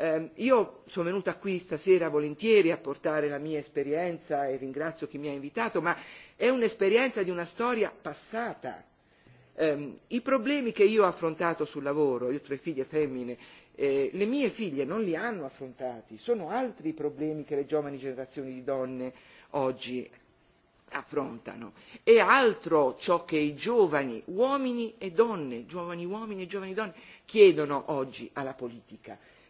Ehm, io sono venuta qui stasera volentieri a portare la mia esperienza e ringrazio chi mi ha invitato, ma è un'esperienza di una storia passata. Ehm, I problemi che io ho affrontato sul lavoro, io ho tre figlie femmine, eh, le mie figlie non li hanno affrontati, sono altri i problemi che le giovani generazioni di donne oggi affrontano. È altro ciò che i giovani uomini e donne, giovani uomini e giovani donne, chiedono oggi alla politica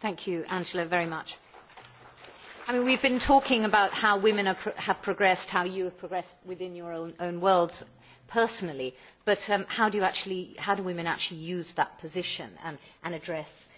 Thank you, Angela, very much. I mean, we've been talking about how women have progressed, how you have progressed within your own, worlds personally, but um, how, do you actually, how do women actually use that position and, and address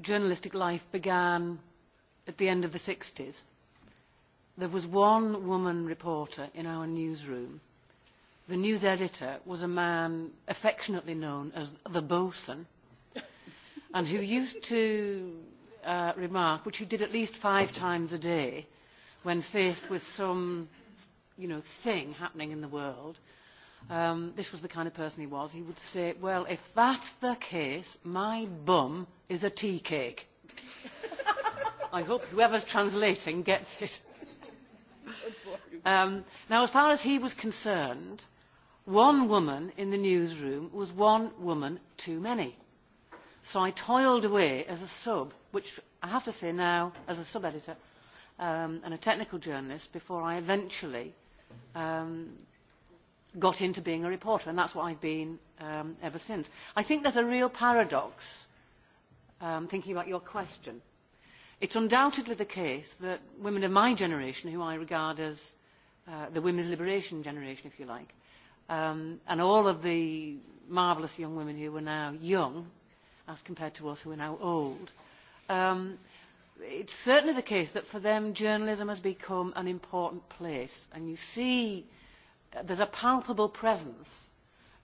journalistic life began at the end of the 60s. There was one woman reporter in our newsroom. The news editor was a man affectionately known as the bosun, and who used to uh, remark, which he did at least five times a day, when faced with some you know, thing happening in the world, um, this was the kind of person he was, he would say, well, if that's the case, my bum is a tea cake. (laughs) I hope whoever's translating gets it. (laughs) Um, now, as far as he was concerned, one woman in the newsroom was one woman too many. So I toiled away as a sub, which I have to say now, as a sub-editor um, and a technical journalist, before I eventually um, got into being a reporter, and that's what I've been um, ever since. I think there's a real paradox, um, thinking about your question. It's undoubtedly the case that women of my generation, who I regard as uh, the women's liberation generation, if you like, um, and all of the marvellous young women who are now young, as compared to us who are now old, um, it's certainly the case that for them journalism has become an important place. And you see there's a palpable presence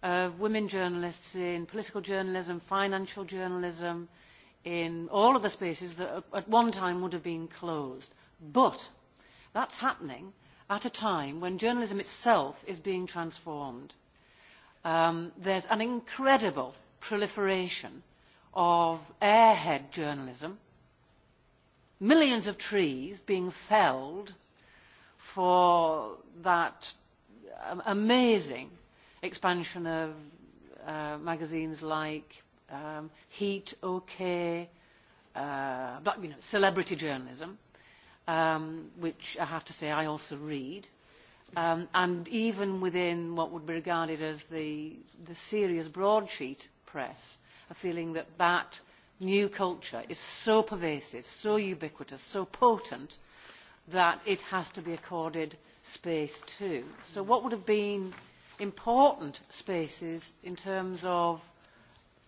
of women journalists in political journalism, financial journalism, in all of the spaces that at one time would have been closed. But that's happening at a time when journalism itself is being transformed. Um, there's an incredible proliferation of airhead journalism, millions of trees being felled for that Um, amazing expansion of uh, magazines like um, Heat, OK, uh, but, you know, celebrity journalism, um, which I have to say I also read. Um, and even within what would be regarded as the, the serious broadsheet press, a feeling that that new culture is so pervasive, so ubiquitous, so potent, that it has to be accorded space too. So what would have been important spaces in terms of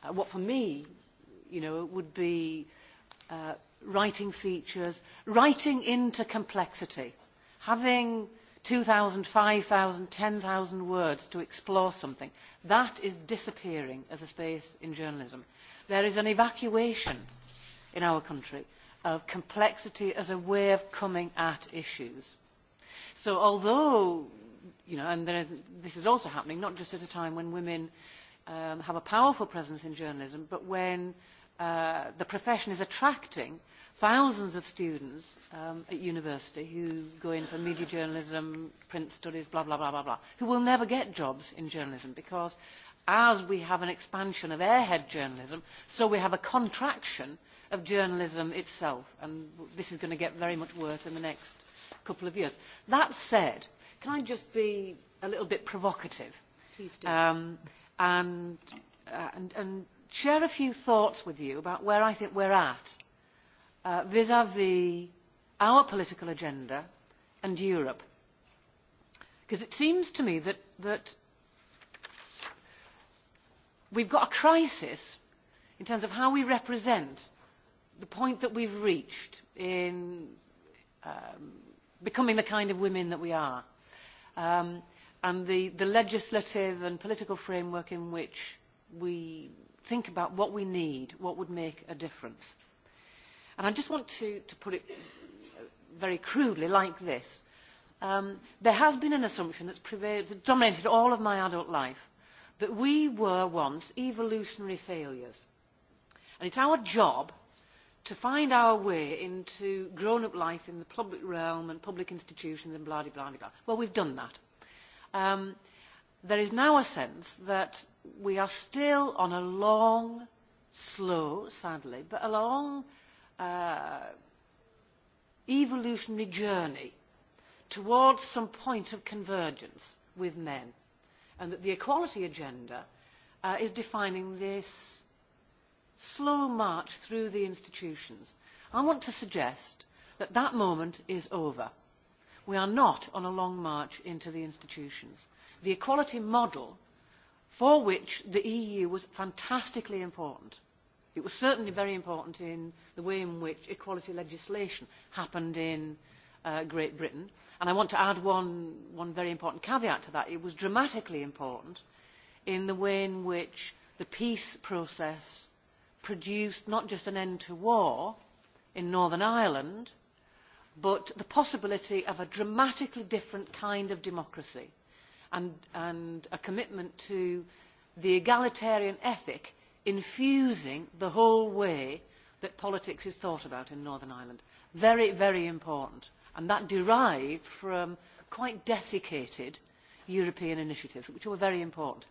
uh, what for me, you know, would be uh, writing features, writing into complexity, having 2,000, 5,000, 10,000 words to explore something. That is disappearing as a space in journalism. There is an evacuation in our country of complexity as a way of coming at issues So although, you know, and there, this is also happening not just at a time when women um, have a powerful presence in journalism, but when uh, the profession is attracting thousands of students um, at university who go in for media journalism, print studies, blah, blah, blah, blah, blah, who will never get jobs in journalism because as we have an expansion of airhead journalism, so we have a contraction of journalism itself. And this is going to get very much worse in the next couple of years. That said, can I just be a little bit provocative? Please do. Um, and, uh, and, and share a few thoughts with you about where I think we're at vis-à-vis uh, -vis our political agenda and Europe. Because it seems to me that, that we've got a crisis in terms of how we represent the point that we've reached in um, becoming the kind of women that we are. Um, and the, the legislative and political framework in which we think about what we need, what would make a difference. And I just want to, to put it very crudely like this. Um, there has been an assumption that's prevailed, that dominated all of my adult life that we were once evolutionary failures. And it's our job to find our way into grown-up life in the public realm and public institutions and blah, blah, blah, blah. Well, we've done that. Um, there is now a sense that we are still on a long, slow, sadly, but a long uh, evolutionary journey towards some point of convergence with men and that the equality agenda uh, is defining this slow march through the institutions. I want to suggest that that moment is over. We are not on a long march into the institutions. The equality model for which the EU was fantastically important. It was certainly very important in the way in which equality legislation happened in uh, Great Britain. And I want to add one, one very important caveat to that. It was dramatically important in the way in which the peace process produced not just an end to war in Northern Ireland, but the possibility of a dramatically different kind of democracy and, and a commitment to the egalitarian ethic infusing the whole way that politics is thought about in Northern Ireland. Very, very important. And that derived from quite desiccated European initiatives, which were very important.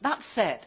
That said,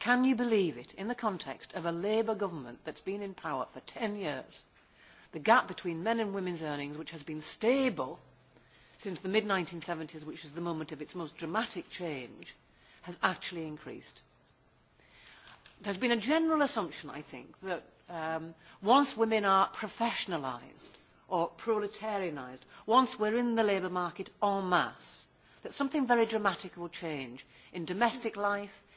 can you believe it in the context of a labour government that has been in power for ten years the gap between men and women's earnings which has been stable since the mid 1970s which was the moment of its most dramatic change has actually increased there's been a general assumption i think that um, once women are professionalised or proletarianised once we're in the labour market en masse that something very dramatic will change in domestic life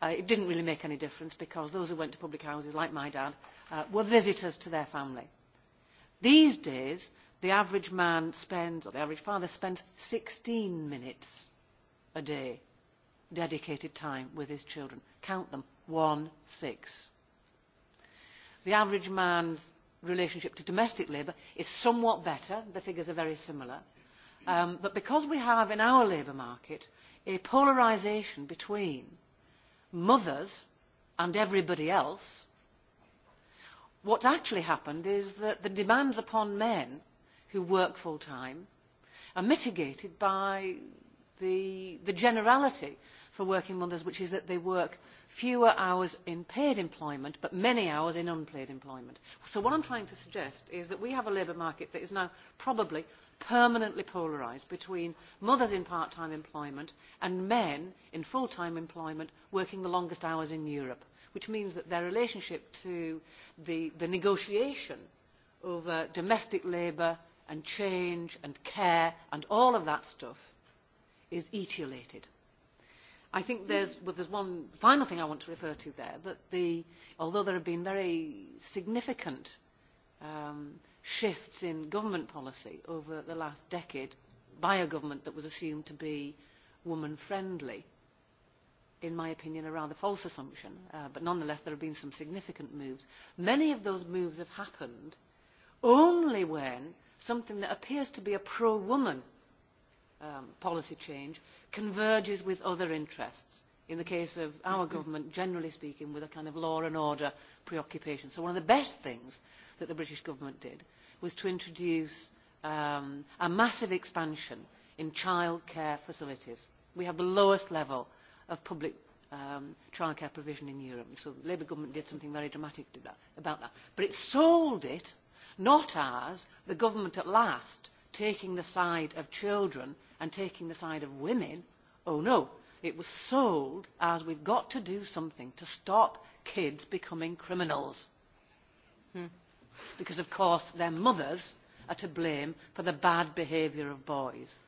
Uh, it did not really make any difference because those who went to public houses like my dad uh, were visitors to their family. these days the average man spends or the average father spends sixteen minutes a day dedicated time with his children count them one six. the average man's relationship to domestic labour is somewhat better the figures are very similar um, but because we have in our labour market a polarisation between mothers and everybody else, what actually happened is that the demands upon men who work full time are mitigated by the, the generality for working mothers, which is that they work fewer hours in paid employment but many hours in unpaid employment. So what I'm trying to suggest is that we have a labour market that is now probably permanently polarised between mothers in part-time employment and men in full-time employment working the longest hours in Europe, which means that their relationship to the, the negotiation over domestic labour and change and care and all of that stuff is etiolated. I think there's, well, there's one final thing I want to refer to there, that the, although there have been very significant um, shifts in government policy over the last decade by a government that was assumed to be woman friendly. In my opinion, a rather false assumption, uh, but nonetheless there have been some significant moves. Many of those moves have happened only when something that appears to be a pro-woman um, policy change converges with other interests. In the case of our mm-hmm. government, generally speaking, with a kind of law and order preoccupation. So one of the best things that the British government did was to introduce um, a massive expansion in childcare facilities. We have the lowest level of public um, childcare provision in Europe. So the Labour government did something very dramatic to that, about that. But it sold it not as the government at last taking the side of children and taking the side of women. Oh no, it was sold as we've got to do something to stop kids becoming criminals. Hmm because of course their mothers are to blame for the bad behaviour of boys.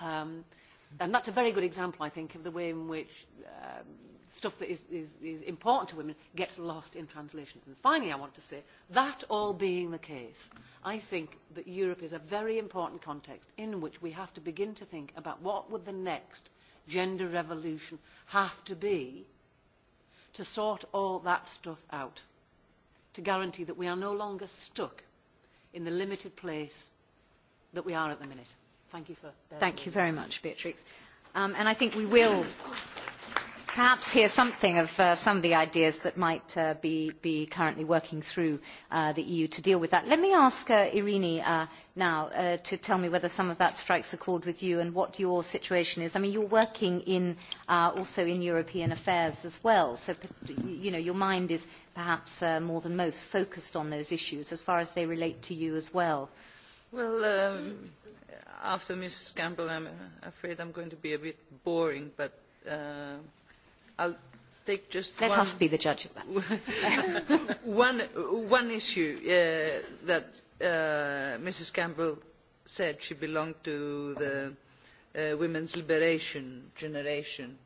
Um, and that's a very good example, I think, of the way in which um, stuff that is, is, is important to women gets lost in translation. And finally, I want to say, that all being the case, I think that Europe is a very important context in which we have to begin to think about what would the next gender revolution have to be to sort all that stuff out to guarantee that we are no longer stuck in the limited place that we are at the minute. Thank you for Thank you very much, Beatrix. Um, and I think we will perhaps hear something of uh, some of the ideas that might uh, be, currently working through uh, the EU to deal with that. Let me ask Irini now to tell me whether some of that strikes a chord with you and what your situation is. I mean, you are working also in European affairs as well, so you know, your mind is perhaps more than most focused on those issues as far as they relate to you as well. Well, um, after Mrs. Campbell, I'm afraid I'm going to be a bit boring, but... Uh Let one, us be the judge of that. (laughs) one, one issue uh, that uh, Mrs. Campbell said she belonged to the uh, women's liberation generation.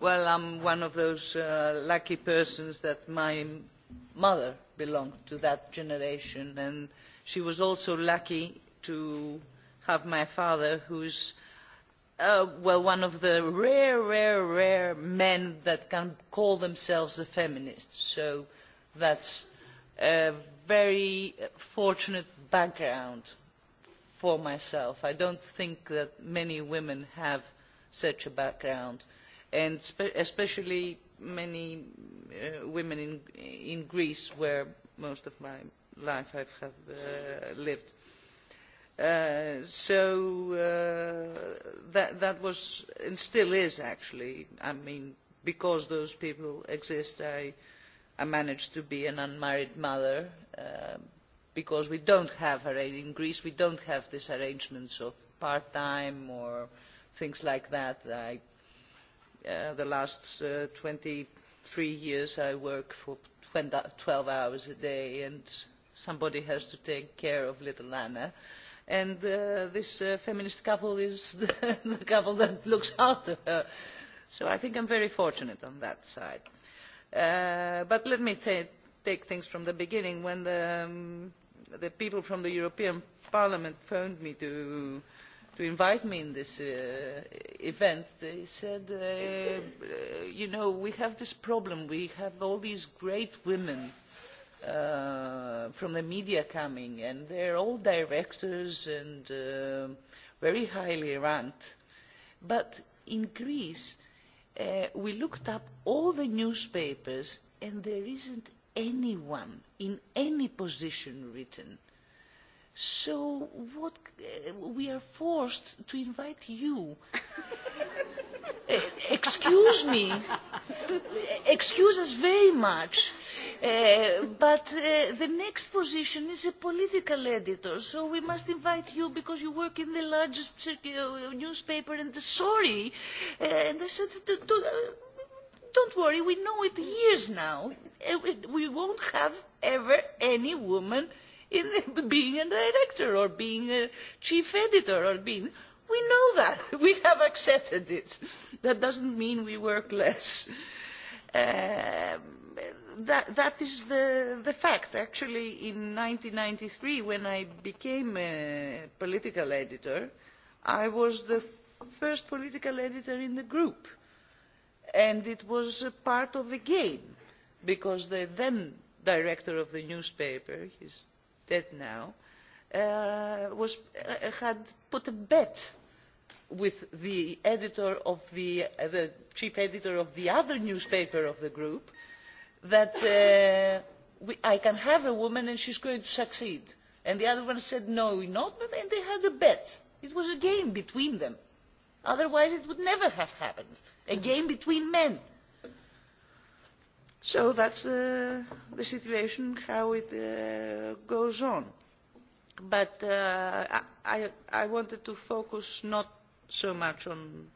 Well, I'm one of those uh, lucky persons that my mother belonged to that generation, and she was also lucky to have my father, who's uh, Uh, well, one of the rare, rare, rare men that can call themselves a feminist. So that's a very fortunate background for myself. I don't think that many women have such a background, and especially many uh, women in, in Greece, where most of my life I have uh, lived Uh, so uh, that, was and still is actually i mean because those people exist i, I managed to be an unmarried mother uh, because we do not have in greece we do not have these arrangements of part time or things like that. the last twenty three years i work for twelve hours a day and somebody has to take care of little anna and uh, this uh, feminist couple is (laughs) the, the couple that looks after her. So I think I'm very fortunate on that side. Uh, but let me take things from the beginning. When the, um, the people from the European Parliament phoned me to, to invite me in this uh, event, they said, uh, uh you know, we have this problem. We have all these great women uh, from the media coming, and they're all directors and uh, very highly ranked. But in Greece, uh, we looked up all the newspapers, and there isn't anyone in any position written. So what, uh, we are forced to invite you. uh, (laughs) excuse me. Excuse us very much Uh, but uh, the next position is a political editor, so we must invite you because you work in the largest uh, newspaper. And sorry, uh, and I said, don't worry, we know it years now. Uh, we won't have ever any woman in the, (laughs) being a director or being a chief editor or being. We know that. (laughs) We have accepted it. That doesn't mean we work less. Um, that, is the, the fact. Actually, in 1993, when I became a political editor, I was the first political editor in the group. And it was a part of a game, because the then director of the newspaper, he's dead now, uh, was, uh, had put a bet with the editor of the, uh, the chief editor of the other newspaper of the group that uh, we, I can have a woman and she's going to succeed. And the other one said, no, not, And then they had a bet. It was a game between them. Otherwise it would never have happened. A mm-hmm. game between men. So that's uh, the situation, how it uh, goes on. But uh, I, I wanted to focus not so much on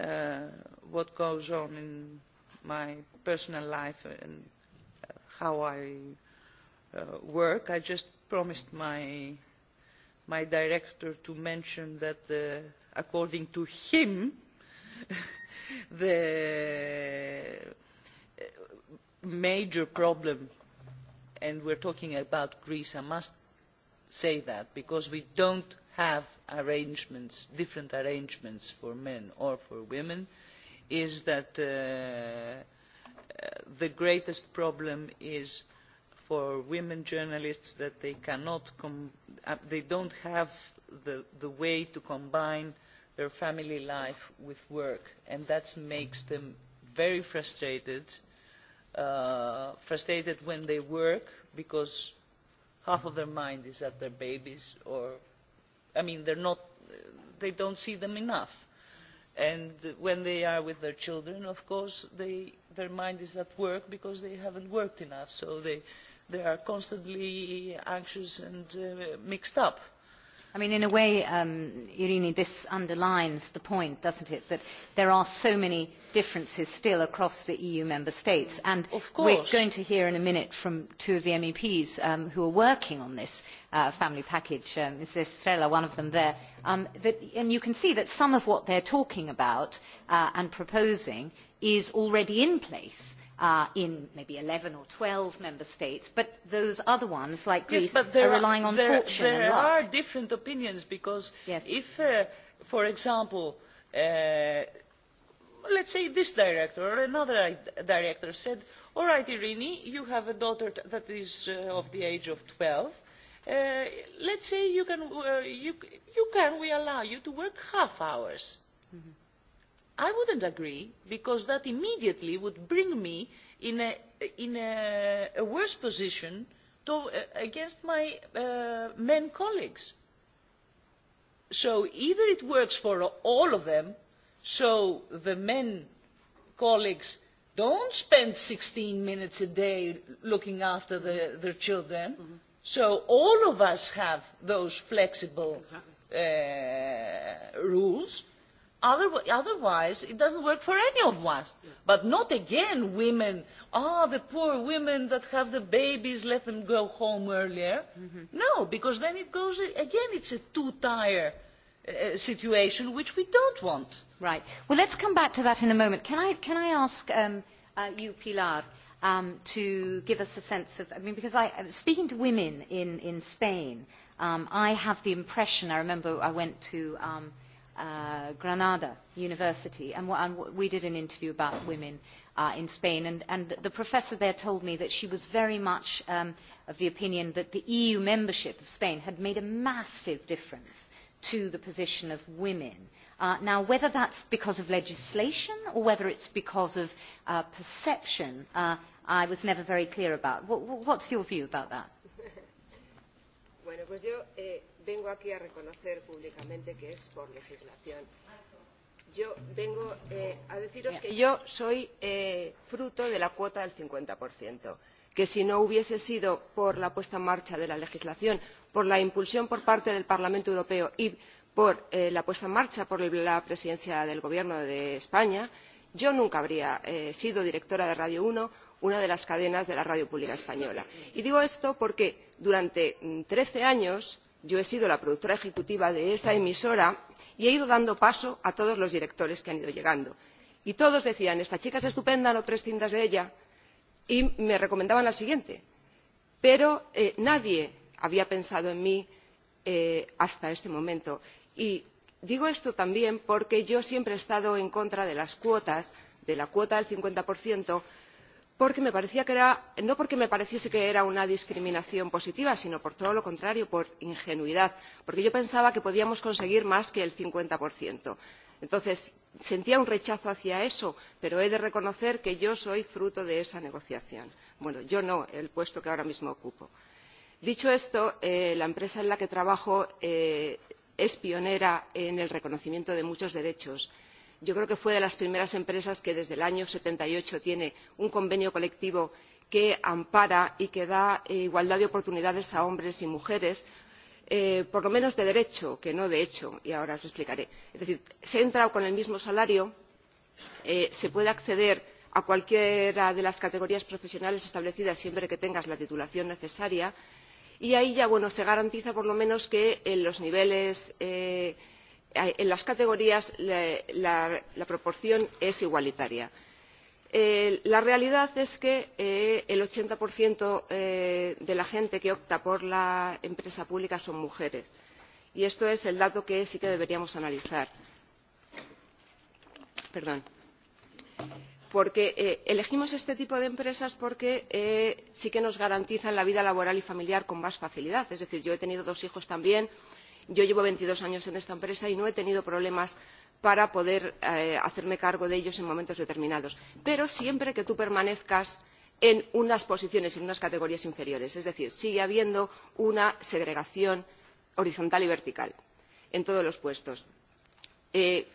uh, what goes on in my personal life and uh, how I uh, work. I just promised my, my director to mention that uh, according to him, (laughs) the uh, major problem, and we're talking about Greece, I must say that, because we don't have arrangements, different arrangements for men or for women, is that uh, Uh, the greatest problem is for women journalists that they do not uh, don't have the, way to combine their family life with work and that makes them very frustrated uh, frustrated when they work because half of their mind is at their babies or I mean not they don't see them enough and when they are with their children of course they, their mind is at work because they have not worked enough so they, they are constantly anxious and uh, mixed up in a way, um, Irini, this underlines the point, doesn't it, that there are so many differences still across the EU member states. And we're going to hear in a minute from two of the MEPs um, who are working on this uh, family package, uh, Ms. estrela one of them there. Um, and you can see that some of what they're talking about uh, and proposing is already in place uh, in maybe 11 or 12 member states, but those other ones, like Greece, yes, are relying on there, fortune there and luck. There are different opinions because yes. if, uh, for example, uh, let's say this director or another director said, all right, Irini, you have a daughter that is uh, of the age of 12, uh, let's say you can, uh, you, you can, we allow you to work half hours. Mm -hmm i would not agree because that immediately would bring me in a, in a, a worse position to, uh, against my uh, men colleagues. so either it works for all of them so the men colleagues do not spend sixteen minutes a day looking after the, mm-hmm. their children mm -hmm. so all of us have those flexible exactly. uh, rules otherwise it doesn't work for any of us but not again women ah oh, the poor women that have the babies let them go home earlier mm -hmm. no because then it goes again it's a too tired uh, uh, situation which we don't want right well let's come back to that in a moment can i can i ask um, uh, you pilar um, to give us a sense of i mean because i speaking to women in in spain um, i have the impression i remember i went to um, uh, Granada University, and, and we did an interview about women uh, in Spain, and, and the professor there told me that she was very much um, of the opinion that the EU membership of Spain had made a massive difference to the position of women. Uh, now, whether that's because of legislation or whether it's because of uh, perception, uh, I was never very clear about. What, what's your view about that? (laughs) bueno, pues yo, eh, vengo aquí a reconocer públicamente que es por legislación. Yo vengo eh, a deciros que yo soy eh, fruto de la cuota del 50%, que si no hubiese sido por la puesta en marcha de la legislación, por la impulsión por parte del Parlamento Europeo y por eh, la puesta en marcha por la presidencia del Gobierno de España, yo nunca habría eh, sido directora de Radio 1 una de las cadenas de la radio pública española. Y digo esto porque durante 13 mm, años yo he sido la productora ejecutiva de esa emisora y he ido dando paso a todos los directores que han ido llegando y todos decían esta chica es estupenda no prescindas de ella y me recomendaban la siguiente pero eh, nadie había pensado en mí eh, hasta este momento y digo esto también porque yo siempre he estado en contra de las cuotas de la cuota del cincuenta no porque me pareciese que era una discriminación positiva sino por todo lo contrario por ingenuidad porque yo pensaba que podíamos conseguir más que el cincuenta entonces sentía un rechazo hacia eso pero he de reconocer que yo soy fruto de esa negociación bueno yo no el puesto que ahora mismo ocupo. dicho esto eh, la empresa en la que trabajo eh, es pionera en el reconocimiento de muchos derechos yo creo que fue de las primeras empresas que desde el año mil novecientos setenta y ocho tiene un convenio colectivo que ampara y que da eh, igualdad de oportunidades a hombres y mujeres eh, por lo menos de derecho que no de hecho y ahora os explicaré. es decir se entra con el mismo salario eh, se puede acceder a cualquiera de las categorías profesionales establecidas siempre que tengas la titulación necesaria y ahí ya se garantiza por lo menos que los niveles eh, en las categorías la, proporción es igualitaria. Eh, la realidad es que eh, el ochenta eh, de la gente que opta por la empresa pública son mujeres y esto es el dato que sí que deberíamos analizar. Porque elegimos este tipo de empresas porque sí que nos garantizan la vida laboral y familiar con más facilidad. Es decir, yo he tenido dos hijos también, yo llevo veintidós años en esta empresa y no he tenido problemas para poder eh, hacerme cargo de ellos en momentos determinados pero siempre que tú permanezcas en unas posiciones en unas categorías inferiores es decir sigue habiendo una segregación horizontal y vertical en todos los puestos. Eh,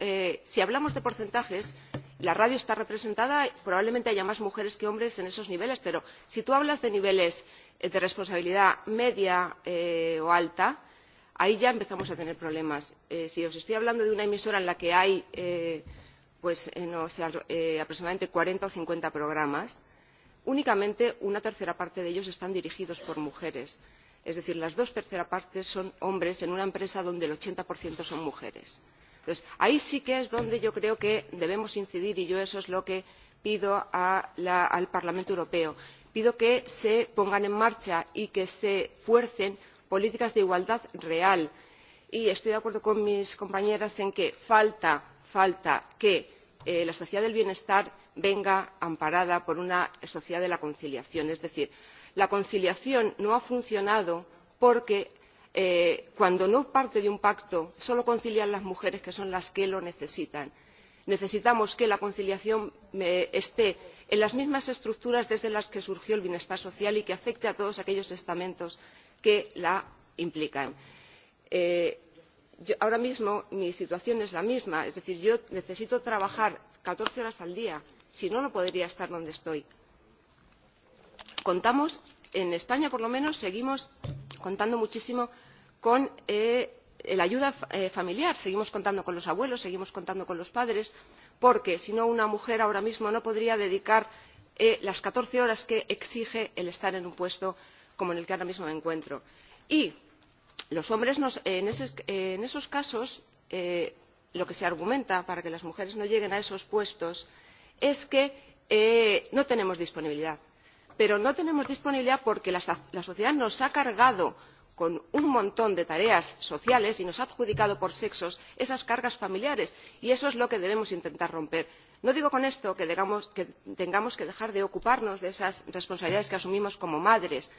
eh, si hablamos de porcentajes la radio está representada probablemente haya más mujeres que hombres en esos niveles pero si tú hablas de niveles de responsabilidad media o alta ahí ya empezamos a tener problemas. Eh, si os estoy hablando de una emisora en la que hay eh, pues, eh, no, o sea, eh, aproximadamente cuarenta o cincuenta programas únicamente una tercera parte de ellos están dirigidos por mujeres es decir las dos terceras partes son hombres en una empresa donde el ochenta son mujeres. Entonces, ahí sí que es donde yo creo que debemos incidir y yo eso es lo que pido la, al parlamento europeo pido que se pongan en marcha y que se fuercen políticas de igualdad real y estoy de acuerdo con mis compañeras en que falta, falta que eh, la sociedad del bienestar venga amparada por una sociedad de la conciliación. Es decir, la conciliación no ha funcionado porque eh, cuando no parte de un pacto solo concilian las mujeres que son las que lo necesitan. Necesitamos que la conciliación eh, esté en las mismas estructuras desde las que surgió el bienestar social y que afecte a todos aquellos estamentos que la implican. Eh, ahora mismo mi situación es la misma, es decir, yo necesito trabajar catorce horas al día, si no, no podría estar donde estoy. en España por lo menos, seguimos contando muchísimo con eh, la ayuda eh, familiar, seguimos contando con los abuelos, seguimos contando con los padres, porque si no una mujer ahora mismo no podría dedicar las catorce horas que exige el estar en un puesto como en el que ahora mismo me encuentro. y los hombres nos, en, esos, en esos casos eh, lo que se argumenta para que las mujeres no lleguen a esos puestos es que eh, no tenemos disponibilidad pero no tenemos disponibilidad porque la, la sociedad nos ha cargado con un montón de tareas sociales y nos ha adjudicado por sexos esas cargas familiares y eso es lo que debemos intentar romper. no digo con esto que, digamos, que tengamos que dejar de ocuparnos de esas responsabilidades que asumimos como madres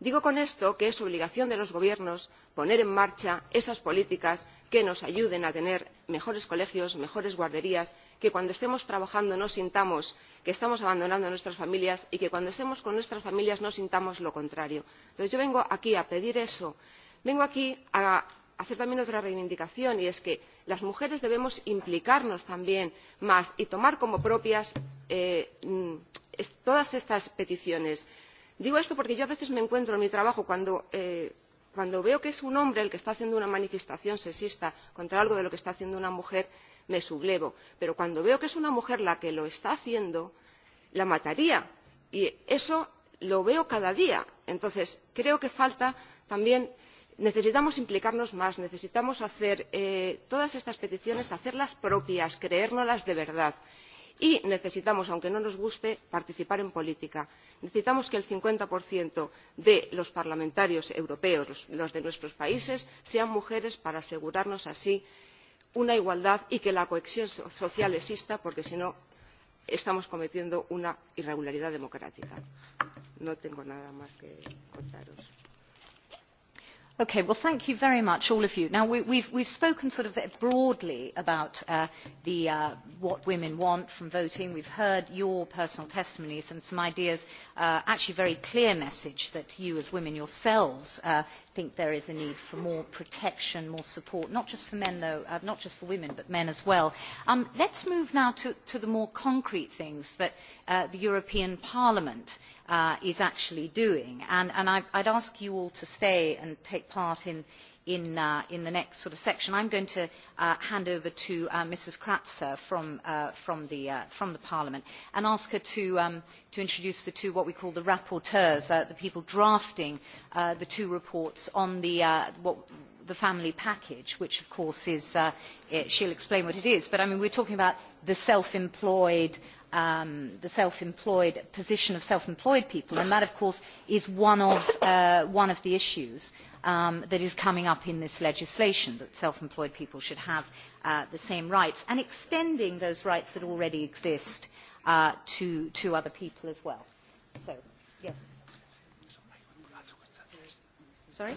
digo con esto que es obligación de los gobiernos poner en marcha esas políticas que nos ayuden a tener mejores colegios mejores guarderías que cuando estemos trabajando no sintamos que estamos abandonando a nuestras familias y que cuando estemos con nuestras familias no sintamos lo contrario. entonces yo vengo aquí a pedir eso. vengo aquí a hacer también otra reivindicación y es que las mujeres debemos implicarnos también más y tomar como propias eh, mm, todas estas peticiones digo esto porque yo a veces me encuentro en mi trabajo eh, cuando, veo que es un hombre el que está haciendo una manifestación sexista contra algo de lo que está haciendo una mujer me sublevo pero cuando veo que es una mujer la que lo está haciendo la mataría y eso lo veo cada día. entonces creo que falta también necesitamos implicarnos más necesitamos hacer eh, todas estas peticiones hacerlas propias creérnoslas de verdad y necesitamos aunque no nos guste participar en política. necesitamos que el cincuenta de los parlamentarios europeos los de nuestros países sean mujeres para asegurarnos así una igualdad y que la cohesión social exista porque si no estamos cometiendo una irregularidad democrática. no tengo nada más que contaros. Okay, well, thank you very much, all of you. Now, we, we've, we've spoken sort of broadly about uh, the, uh, what women want from voting. We've heard your personal testimonies and some ideas, uh, actually very clear message that you as women yourselves uh, think there is a need for more protection, more support, not just for men, though, uh, not just for women, but men as well. Um, let's move now to, to, the more concrete things that uh, the European Parliament uh, is actually doing. And, and I, I'd ask you all to stay and take part in, Uh, in, the next sort of section. I'm going to uh, hand over to uh, Mrs. Kratzer from, uh, from, the, uh, from the Parliament and ask her to, um, to introduce the two, what we call the rapporteurs, uh, the people drafting uh, the two reports on the, uh, what the family package which of course is uh, eh, she will explain what it is but I mean, we are talking about the self employed um, position of self employed people and that of course is one of, uh, the issues um, that is coming up in this legislation that self employed people should have uh, the same rights and extending those rights that already exist to, to other people as well. So, yes. Sorry?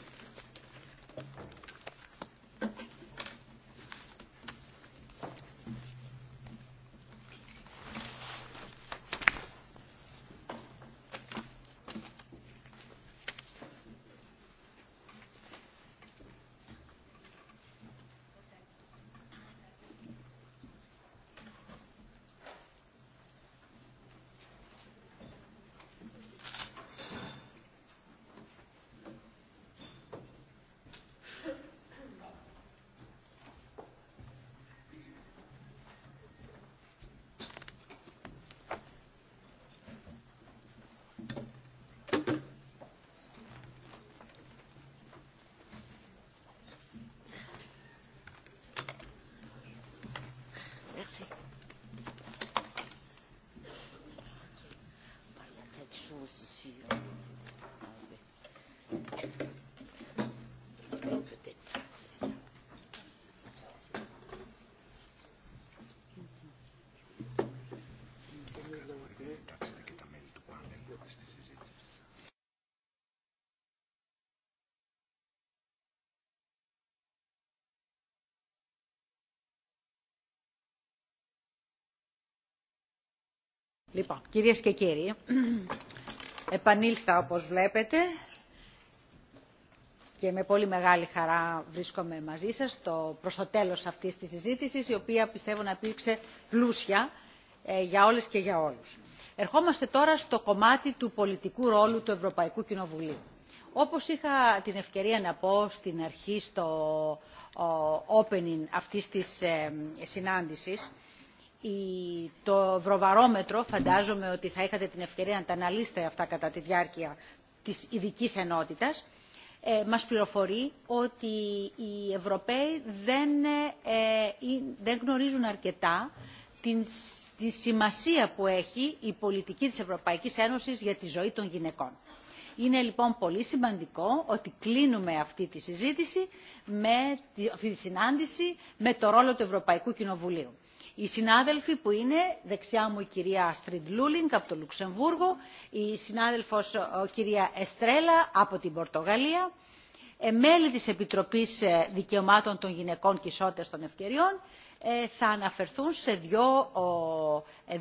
κυρίες και κύριοι, επανήλθα όπως βλέπετε και με πολύ μεγάλη χαρά βρίσκομαι μαζί σας το, προς το τέλος αυτής της συζήτησης, η οποία πιστεύω να υπήρξε πλούσια ε, για όλες και για όλους. Ερχόμαστε τώρα στο κομμάτι του πολιτικού ρόλου του Ευρωπαϊκού Κοινοβουλίου. Όπως είχα την ευκαιρία να πω στην αρχή στο ο, opening αυτής της ε, συνάντησης, το Ευρωβαρόμετρο, φαντάζομαι ότι θα είχατε την ευκαιρία να τα αναλύσετε αυτά κατά τη διάρκεια της ειδική ενότητας, ε, μας πληροφορεί ότι οι Ευρωπαίοι δεν, ε, ε, δεν γνωρίζουν αρκετά την, τη σημασία που έχει η πολιτική της Ευρωπαϊκής Ένωσης για τη ζωή των γυναικών. Είναι λοιπόν πολύ σημαντικό ότι κλείνουμε αυτή τη συζήτηση, με, τη, αυτή τη συνάντηση, με το ρόλο του Ευρωπαϊκού Κοινοβουλίου οι συνάδελφοι που είναι δεξιά μου η κυρία Αστριντ Λούλινγκ από το Λουξεμβούργο, η συνάδελφος ο, κυρία Εστρέλα από την Πορτογαλία, μέλη της Επιτροπής Δικαιωμάτων των Γυναικών και Ισότητας των Ευκαιριών, θα αναφερθούν σε δύο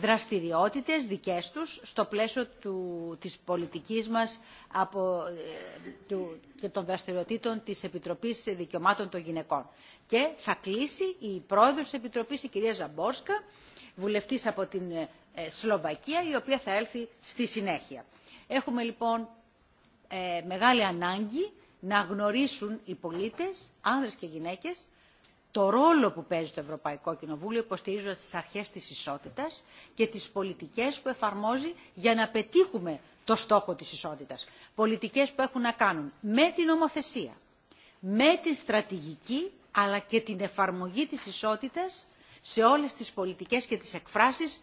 δραστηριότητες δικές τους στο πλαίσιο του, της πολιτικής μας από, του, και των δραστηριοτήτων της Επιτροπής Δικαιωμάτων των Γυναικών και θα κλείσει η πρόεδρος της Επιτροπής, η κυρία Ζαμπόρσκα, βουλευτής από την Σλοβακία, η οποία θα έλθει στη συνέχεια. Έχουμε λοιπόν ε, μεγάλη ανάγκη να γνωρίσουν οι πολίτες, άνδρες και γυναίκες, το ρόλο που παίζει το Ευρωπαϊκό Κοινοβούλιο υποστηρίζοντας τις αρχές της ισότητας και τις πολιτικές που εφαρμόζει για να πετύχουμε το στόχο της ισότητας. Πολιτικές που έχουν να κάνουν με την ομοθεσία, με την στρατηγική αλλά και την εφαρμογή της ισότητας σε όλες τις πολιτικές και τις εκφράσεις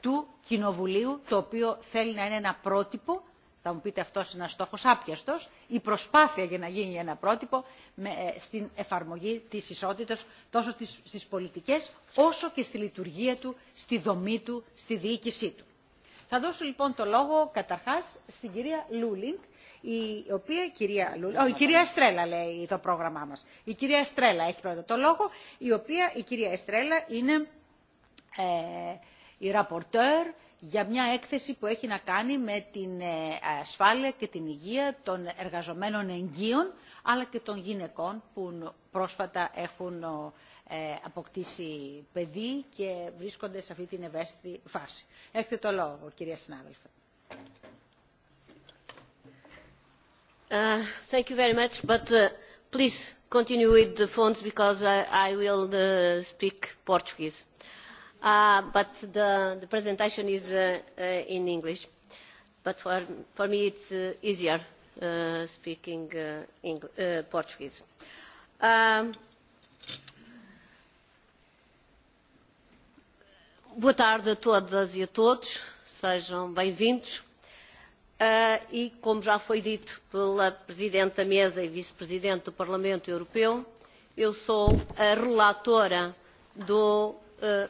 του Κοινοβουλίου, το οποίο θέλει να είναι ένα πρότυπο, θα μου πείτε αυτός είναι ένας στόχος άπιαστος, η προσπάθεια για να γίνει ένα πρότυπο με, ε, στην εφαρμογή της ισότητας τόσο στις, στις πολιτικές όσο και στη λειτουργία του, στη δομή του, στη διοίκησή του. Θα δώσω λοιπόν το λόγο καταρχάς στην κυρία Λούλινγκ, η οποία κυρία Λούλα, oh, η κυρία Στρέλα λέει το πρόγραμμά μας. Η κυρία Στρέλα έχει πρώτα το λόγο, η οποία η κυρία Στρέλα είναι ε, η ραπορτέρ για μια έκθεση που έχει να κάνει με την ασφάλεια και την υγεία των εργαζομένων εγγύων αλλά και των γυναικών που πρόσφατα έχουν αποκτήσει παιδί και βρίσκονται σε αυτή την ευαίσθητη φάση. Έχετε το λόγο, κυρία συνάδελφε. Uh, thank you very much, but uh, please continue with the phones because I, will uh, speak Portuguese. but the, presentation is in English. But for, me it's uh, easier speaking Portuguese. Uh, boa tarde a todas e a todos. Sejam bem-vindos Ah, e, como já foi dito pela Presidente da Mesa e Vice-Presidente do Parlamento Europeu, eu sou a relatora do. Ah,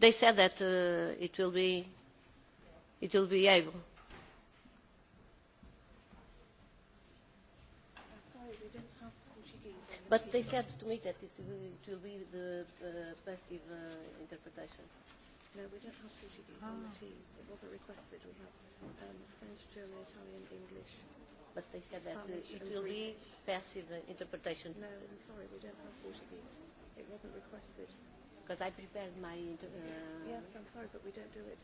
they said that ah, it will be it will be able. But they said to me that it will, it will be the uh, passive uh, interpretation. No, we don't have Portuguese ah. on the ah. team. It wasn't requested. We have um, French, German, Italian, English. But they said Spanish that uh, it will Greek. be passive uh, interpretation. No, I'm sorry, we don't have Portuguese. It wasn't requested. Because I prepared my... Uh, yes, I'm sorry, but we don't do it.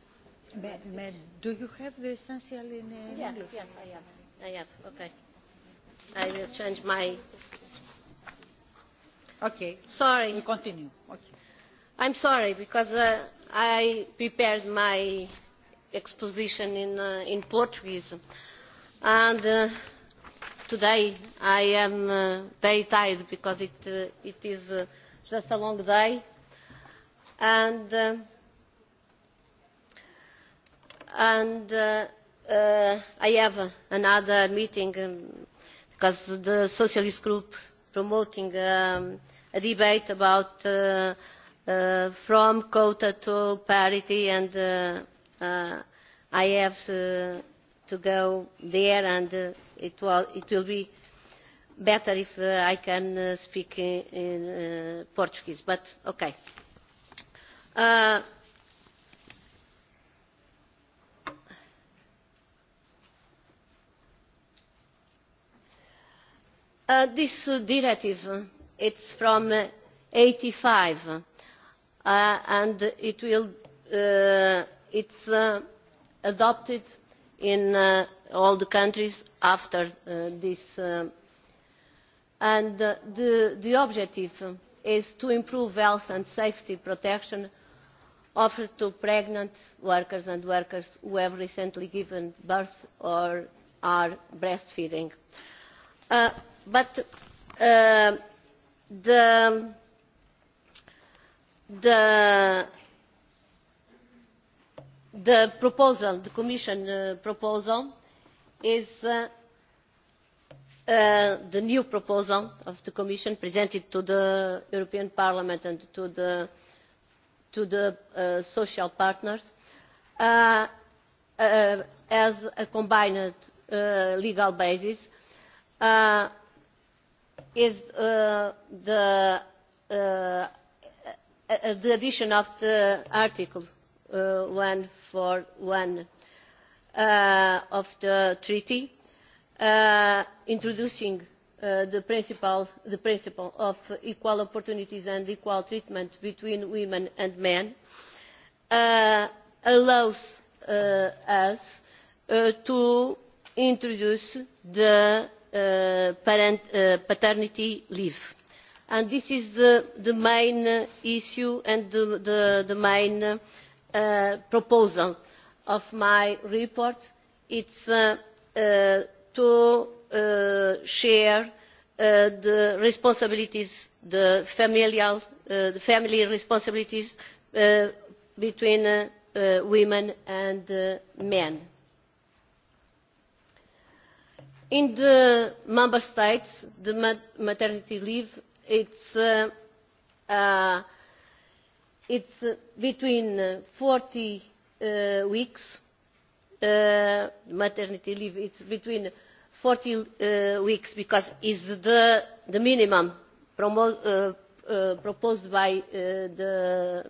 But, but do you have the essential in uh, yes, English? yes, I have. I have, okay. I will change my Okay. Sorry. I'm sorry because uh, I prepared my exposition in, uh, Portuguese and uh, today I am very tired because it, is just a long day and I have another meeting um, because the socialist group promoting um, a debate about uh, uh, from quota to parity and uh, uh, I have uh, to go there and uh, it, will, it will be better if uh, I can uh, speak in, in uh, Portuguese, but okay. Uh, Uh, this directive is from one thousand uh, nine hundred and eighty five uh, and it was uh, adopted in all the countries after this and the, the objective is to improve health and safety protection offered to pregnant workers and workers who have recently given birth or are breastfeeding but uh, the the the proposal the commission uh, proposal is uh, uh, the new proposal of the commission presented to the european parliament and to the to the uh, social partners uh, uh, as a combined uh, legal basis uh, is uh, the, uh, uh, the addition of the Article uh, one uh, of the treaty, uh, introducing uh, the, principle, the principle of equal opportunities and equal treatment between women and men, uh, allows uh, us uh, to introduce the Uh, uh, paternity leave and this is the, main issue and the, main uh, proposal of my report. it is to share the responsibilities the familial the family responsibilities between women and men in the member states the maternity leave is uh, uh, it's between 40 uh, weeks uh, maternity leave it's between 40 uh, weeks because is the the minimum promo, uh, uh, proposed by uh, the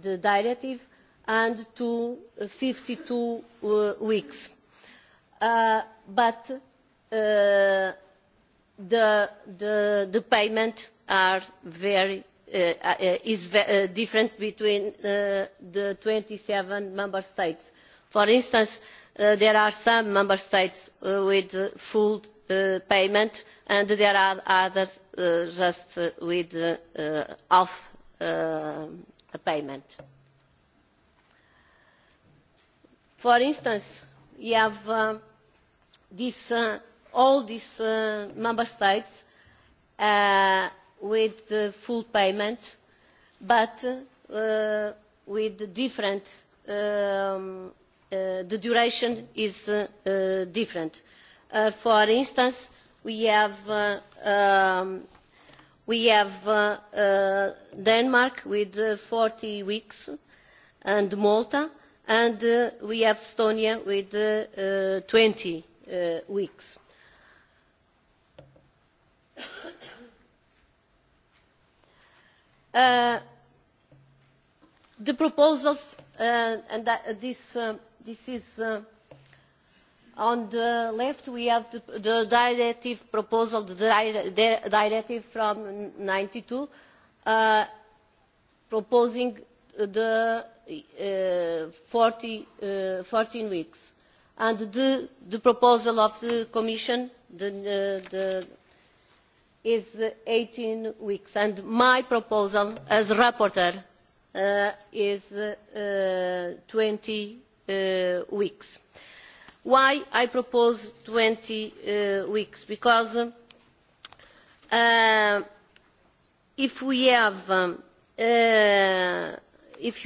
the directive and to 52 uh, weeks uh, but Uh, the, the, the payment are very Uh, uh, uh is uh, different between uh, the twenty seven member states. for instance there are some member states with full payment and there are others just with half a payment. for instance we have this all these uh, member states uh, with full payment but uh, with different um, the duration is different. for instance, we have um, we have Denmark with 40 weeks and Malta, and we have Estonia with 20 weeks Uh, the proposals uh, and that, this, uh, this is uh, on the left we have the, the directive proposal the directive from 92, uh, proposing the 14 uh, weeks and the, the proposal of the commission the, the is eighteen weeks and my proposal as rapporteur uh, is uh, twenty uh, weeks. why i propose twenty weeks? because if we have um, if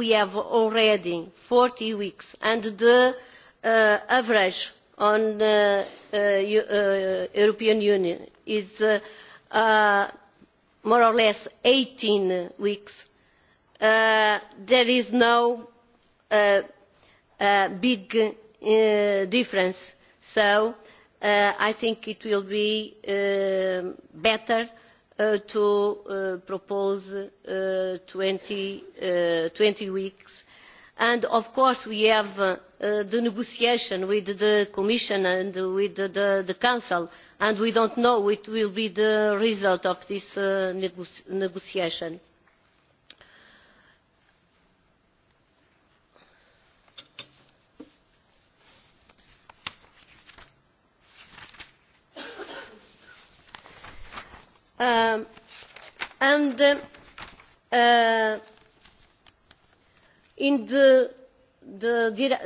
we have already forty weeks and the average on the european union is uh, uh, more or less eighteen weeks uh, there is no big difference so i think it will be better to propose twenty weeks and of course we have uh, the negotiation with the commission and with the, council and we do not know what will be the result of this uh, negotiation. Um, and uh, in the,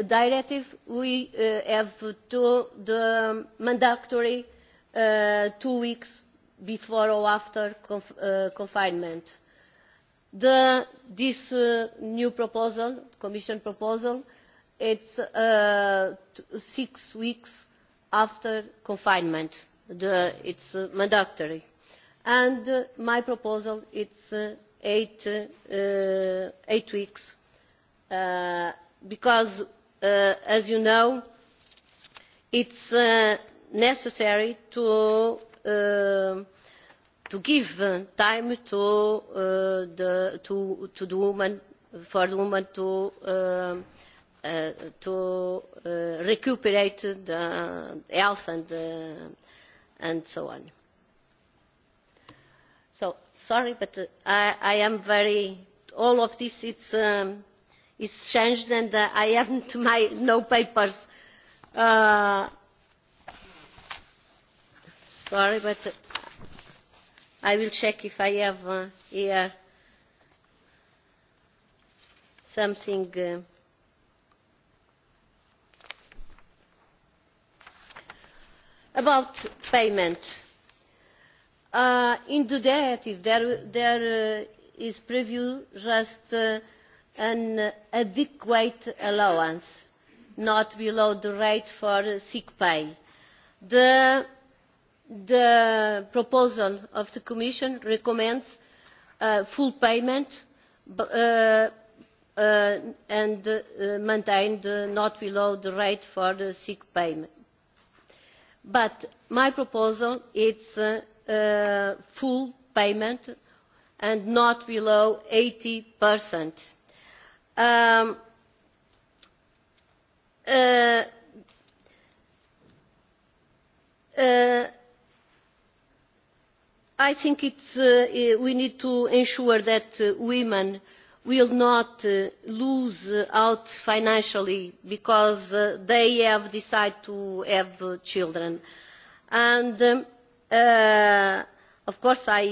directive we uh, have the mandatory uh, two weeks before or after uh, confinement. this new proposal, Commission proposal, it's six weeks after confinement. The, it's mandatory. And my proposal, it's eight, eight weeks Uh, because, uh, as you know, it's is uh, necessary to give time to the to to the woman for the woman to um, to recuperate the health and and so on. So sorry, but I, I am very all of this. It's um, is changed and uh, I haven't (laughs) my no papers. Uh, sorry, but uh, I will check if I have uh, here something. Uh, about payment. Uh, in the directive, there, there uh, is preview just uh, an adequate allowance, not below the rate for sick pay. The, the proposal of the Commission recommends uh, full payment uh, uh, and uh, maintained uh, not below the rate for the sick payment. But my proposal is uh, full payment and not below 80 percent Um, uh, uh, i think uh, we need to ensure that women will not lose out financially because they have decided to have children. And, um, of course I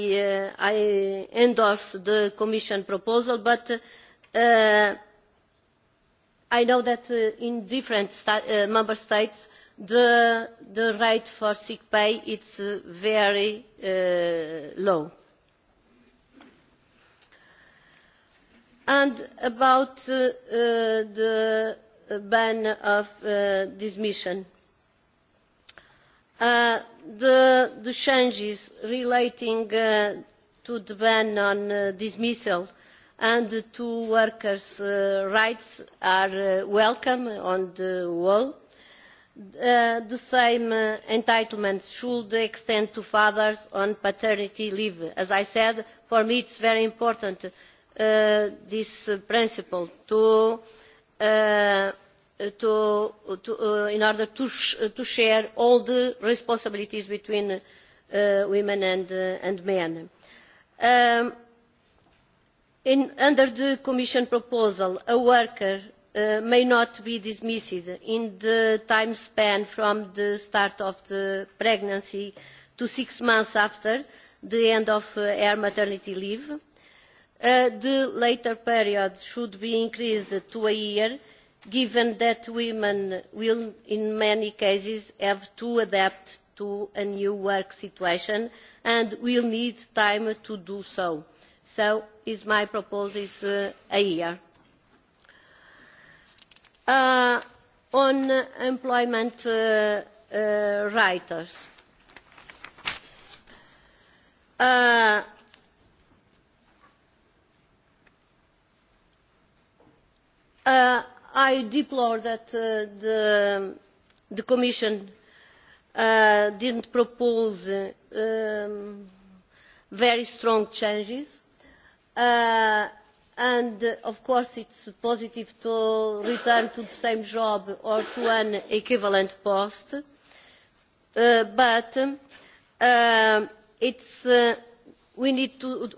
endorse the commission proposal but Uh, i know that uh, in different uh, member states the, rate for sick pay is very low. and about the ban of dismission the changes relating to the ban on dismissal and to workers' uh, rights are uh, welcome on the whole. Uh, the same entitlements should extend to fathers on paternity leave. as i said for me it is very important this principle in order to share all the responsibilities between women and, men. Um, under the commission proposal a worker uh, may not be dismissed in the time span from the start of the pregnancy to six months after the end of uh, her maternity leave. Uh, the later period should be increased to a year given that women will in many cases have to adapt to a new work situation and will need time to do so so is my proposal is uh, a year. Uh, on employment uh, uh writers uh, i deplore that the, the commission did not propose um, very strong changes Uh, and uh, of course it is positive to return to the same job or to an equivalent post uh, but um, uh, uh, we need to uh,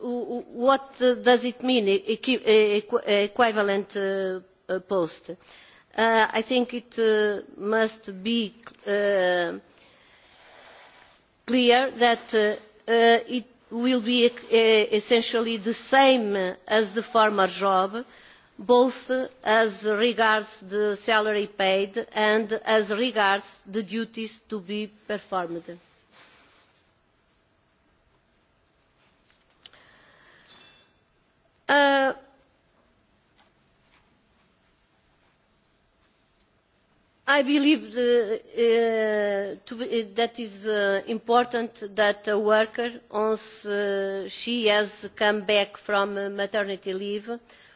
what does it mean equi equivalent post? i think it must be clear that it will be eh, essentially the same as the former job both as regards the salary paid and as regards the duties to be performed. Uh, i believe uh, uh, uh, that it is important that a worker once she has come back from maternity leave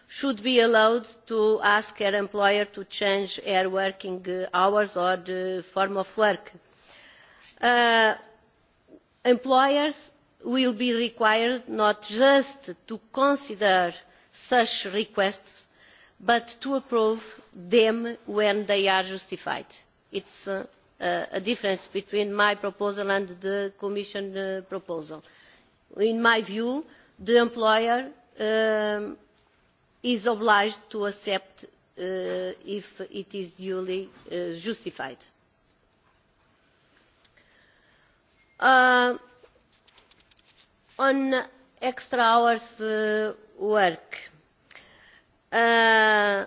should be allowed to ask her employer to change her working hours or the form of work. employers will be required not just to consider such requests but to approve them when they are justified. it is uh, a difference between my proposal and the commission uh, proposal. in my view the employer um, is obliged to accept uh, if it is duly justified. on extra hours worked Uh, uh,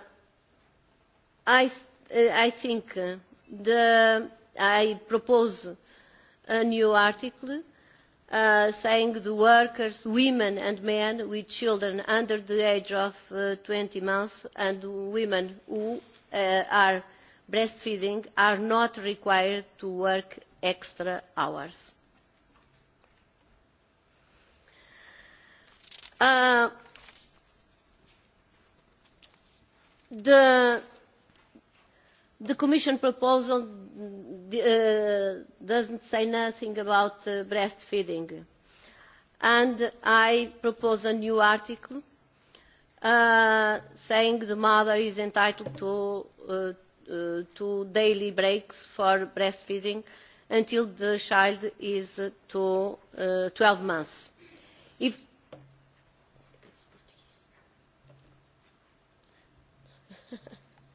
I, think uh, I propose a new article saying the workers, women and men with children under the age of twenty 20 months and women who are breastfeeding are not required to work extra hours. the, commission proposal uh, does not say anything about uh, breastfeeding and i propose a new article saying uh, saying the mother is entitled to, two daily breaks for breastfeeding until the child is twelve months. if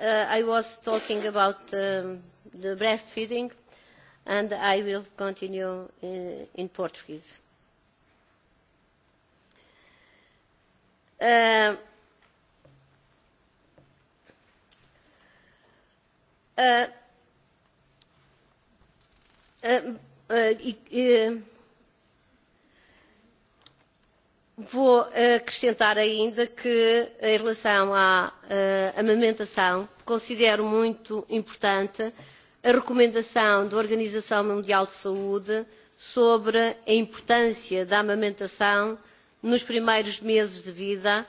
Uh, I was talking about um, the breastfeeding and I will continue in, uh, in Portuguese. Uh, uh, uh, uh, uh, uh Vou eh, acrescentar ainda que, em relação à uh, amamentação, considero muito importante a recomendação da Organização Mundial de Saúde sobre a importância da amamentação nos primeiros meses de vida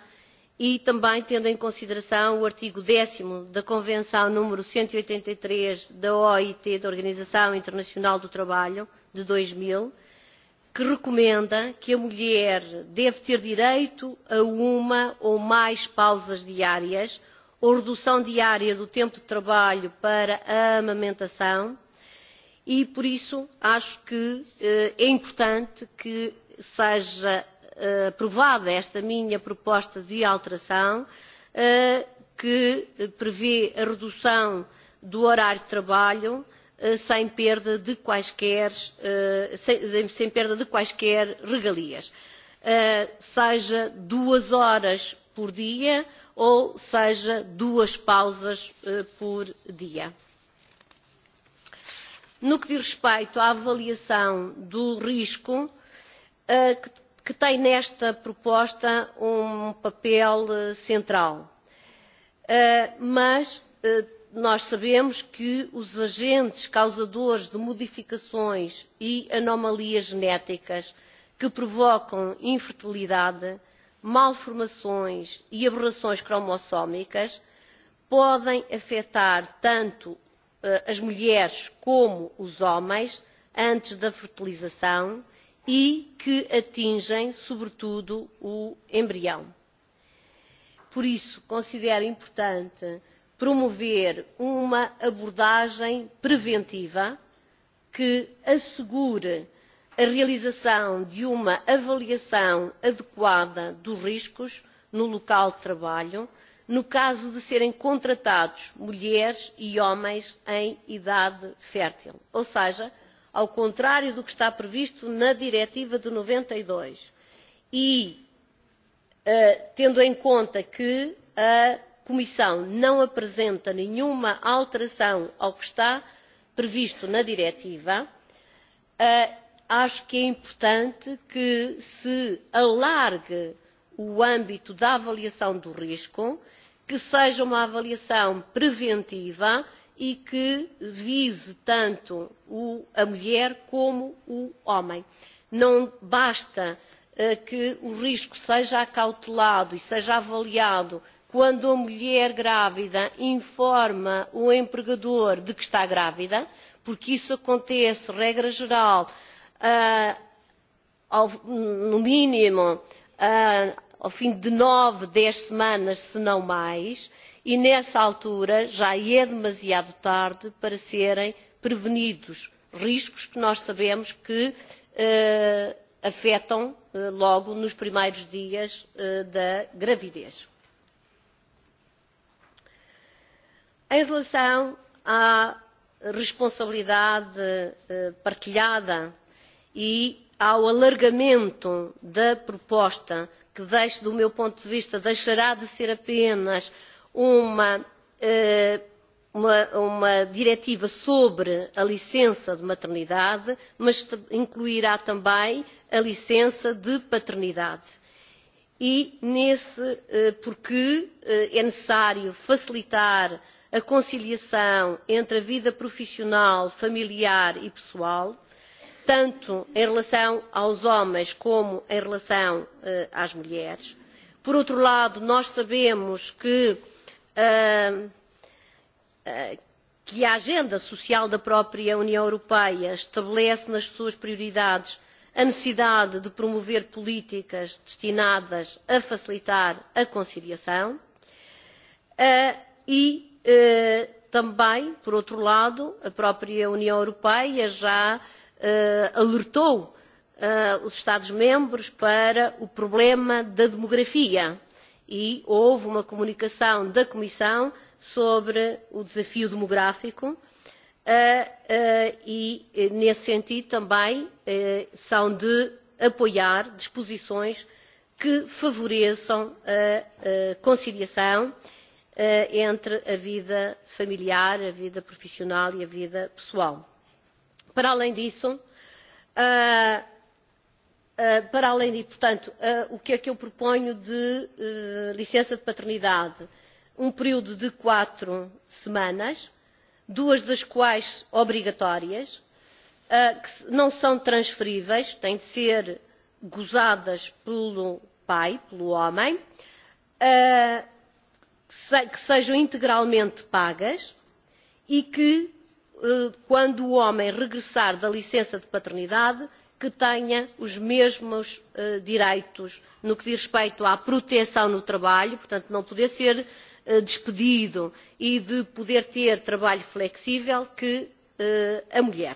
e também tendo em consideração o artigo 10 da Convenção número 183 da OIT, da Organização Internacional do Trabalho, de 2000, que recomenda que a mulher deve ter direito a uma ou mais pausas diárias ou redução diária do tempo de trabalho para a amamentação e, por isso, acho que eh, é importante que seja eh, aprovada esta minha proposta de alteração eh, que prevê a redução do horário de trabalho Eh, sem perda de quaisquer, eh, sem, sem perda de quaisquer regalias, eh, seja duas horas por dia ou seja duas pausas por dia. No que diz respeito à avaliação do risco, que tem nesta proposta um papel central, mas nós sabemos que os agentes causadores de modificações e anomalias genéticas que provocam infertilidade, malformações e aberrações cromossómicas podem afetar tanto eh, as mulheres como os homens antes da fertilização e que atingem, sobretudo, o embrião. Por isso, considero importante promover uma abordagem preventiva que assegure a realização de uma avaliação adequada dos riscos no local de trabalho no caso de serem contratados mulheres e homens em idade fértil ou seja ao contrário do que está previsto na diretiva de noventa e dois e eh, tendo em conta que a comissão não apresenta nenhuma alteração ao que está previsto na diretiva eh, acho que é importante que se alargue o âmbito da avaliação do risco que seja uma avaliação preventiva e que vise tanto a mulher como o homem. Não basta eh, que o risco seja acautelado e seja avaliado quando a mulher grávida informa o empregador de que está grávida, porque isso acontece, regra geral, uh, ao, no mínimo uh, ao fim de nove, dez semanas, se não mais, e nessa altura já é demasiado tarde para serem prevenidos riscos que nós sabemos que uh, afetam uh, logo nos primeiros dias uh, da gravidez. Em relação à responsabilidade eh, partilhada e ao alargamento da proposta, que deixe, do meu ponto de vista, deixará de ser apenas uma, eh, uma, uma diretiva sobre a licença de maternidade, mas incluirá também a licença de paternidade. E nesse, eh, porque é necessário facilitar a conciliação entre a vida profissional, familiar e pessoal, tanto em relação aos homens como em relação eh, às mulheres. Por outro lado, nós sabemos que, eh, eh, que a agenda social da própria União Europeia estabelece nas suas prioridades a necessidade de promover políticas destinadas a facilitar a conciliação eh, e Eh, também por outro lado a própria união europeia já eh, alertou eh, os estados membros para o problema da demografia e houve uma comunicação da comissão sobre o desafio demográfico e nesse sentido também são de apoiar disposições que favoreçam a conciliação e Eh, entre a vida familiar, a vida profissional e a vida pessoal. Para além disso, eh, eh, para além de, portanto, o que é que eu proponho de licença de paternidade? Um período de quatro semanas, duas das quais obrigatórias, que não são transferíveis, têm de ser gozadas pelo pai, pelo homem, que sejam integralmente pagas e que, eh, quando o homem regressar da licença de paternidade, que tenha os mesmos eh, direitos no que diz respeito à proteção no trabalho, portanto não poder ser eh, despedido e de poder ter trabalho flexível que a mulher.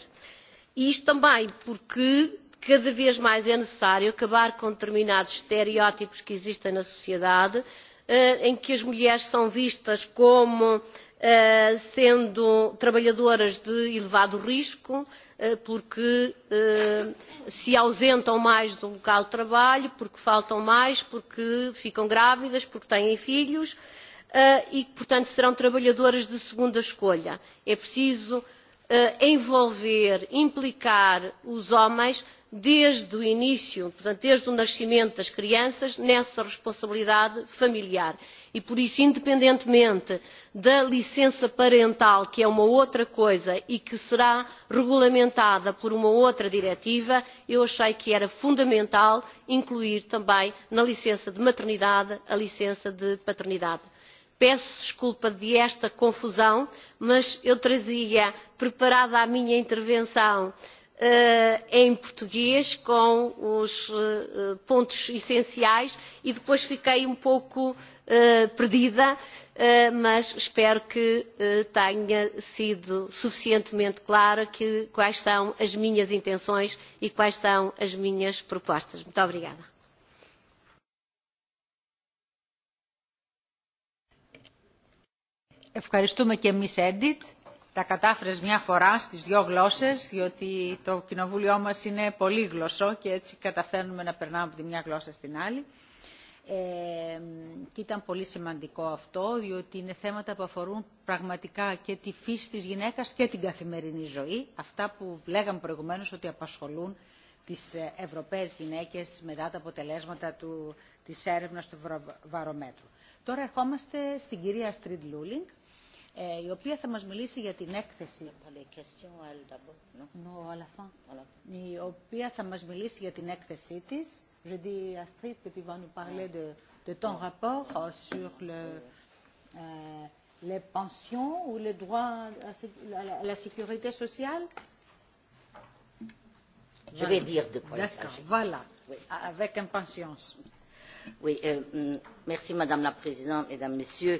Isto também porque cada vez mais é necessário acabar com determinados estereótipos que existem na sociedade Eh, em que as mulheres são vistas como eh, sendo trabalhadoras de elevado risco eh, porque se ausentam mais do local de trabalho porque faltam mais porque ficam grávidas porque têm filhos e portanto serão trabalhadoras de segunda escolha. é preciso envolver implicar os homens desde o início, portanto, desde o nascimento das crianças, nessa responsabilidade familiar. E por isso, independentemente da licença parental, que é uma outra coisa e que será regulamentada por uma outra diretiva, eu achei que era fundamental incluir também na licença de maternidade a licença de paternidade peço desculpa de esta confusão mas eu trazia preparada a minha intervenção Eh, em português com os eh, pontos essenciais e depois fiquei um pouco eh, perdida, mas espero que tenha sido suficientemente clara que, quais são as minhas intenções e quais são as minhas propostas. Muito obrigada. Ευχαριστούμε και εμείς, Edith τα κατάφερες μια φορά στις δύο γλώσσες, διότι το κοινοβούλιο μας είναι πολύγλωσσο και έτσι καταφέρνουμε να περνάμε από τη μια γλώσσα στην άλλη. Ε, και ήταν πολύ σημαντικό αυτό, διότι είναι θέματα που αφορούν πραγματικά και τη φύση της γυναίκας και την καθημερινή ζωή, αυτά που λέγαμε προηγουμένως ότι απασχολούν τις Ευρωπαίες γυναίκες μετά τα αποτελέσματα του, της έρευνας του βαρομέτρου. Τώρα ερχόμαστε στην κυρία Στριντ Λούλινγκ, η οποία θα μας μιλήσει για την έκθεση. Η οποία θα μας μιλήσει για την έκθεσή της. Je dis Astrid que tu vas nous parler de, de ton rapport euh, sur le, euh, les pensions ou les droits à la sécurité sociale. Je vais dire de quoi il s'agit. voilà, oui. avec impatience. Oui, euh, mm, merci Madame la Présidente, Mesdames, Messieurs.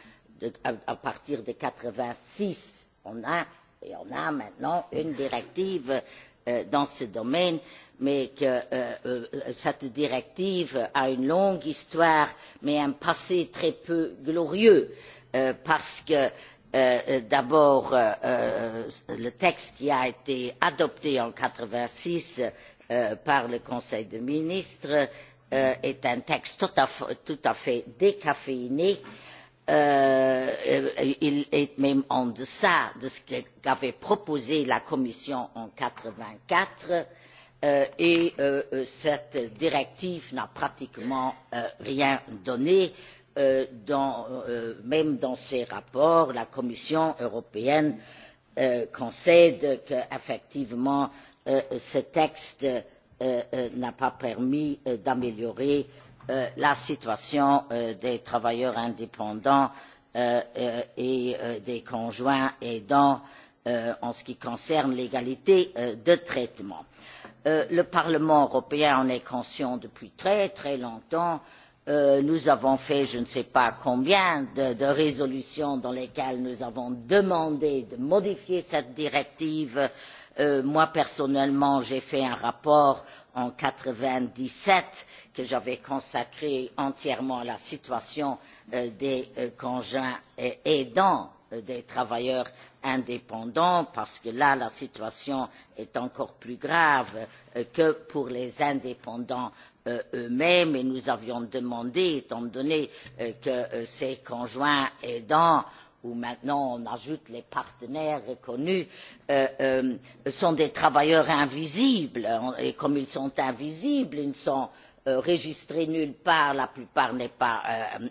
à, partir de mille neuf cent quatre vingt six on a maintenant une directive euh, dans ce domaine mais que euh, euh, cette directive a une longue histoire mais un passé très peu glorieux parce que d'abord le texte qui a été adopté en quatre vingt six par le conseil des ministres est un texte tout à, fait décaféiné Euh, euh, il est même en deçà de ce qu'avait proposé la Commission en quatre vingt quatre et euh, cette directive n'a pratiquement rien donné. même dans ses rapports, la Commission européenne concède qu'effectivement ce texte n'a pas permis d'améliorer Euh, la situation euh, des travailleurs indépendants euh, et des conjoints aidants en ce qui concerne l'égalité de traitement. le parlement européen en est conscient depuis très très longtemps nous avons fait je ne sais pas combien de, résolutions dans lesquelles nous avons demandé de modifier cette directive. personnellement j'ai rédigé un rapport en quatre vingt dix sept que j'avais consacrée entièrement à la situation euh, des euh, conjoints euh, aidants des travailleurs indépendants parce que là la situation est encore plus grave que pour les indépendants eux mêmes et nous avions demandé étant donné que ces conjoints aidants où maintenant on ajoute les partenaires reconnus euh, euh, sont des travailleurs invisibles et comme ils sont invisibles ils ne sont enregistrés euh, nulle part la plupart ne sont pas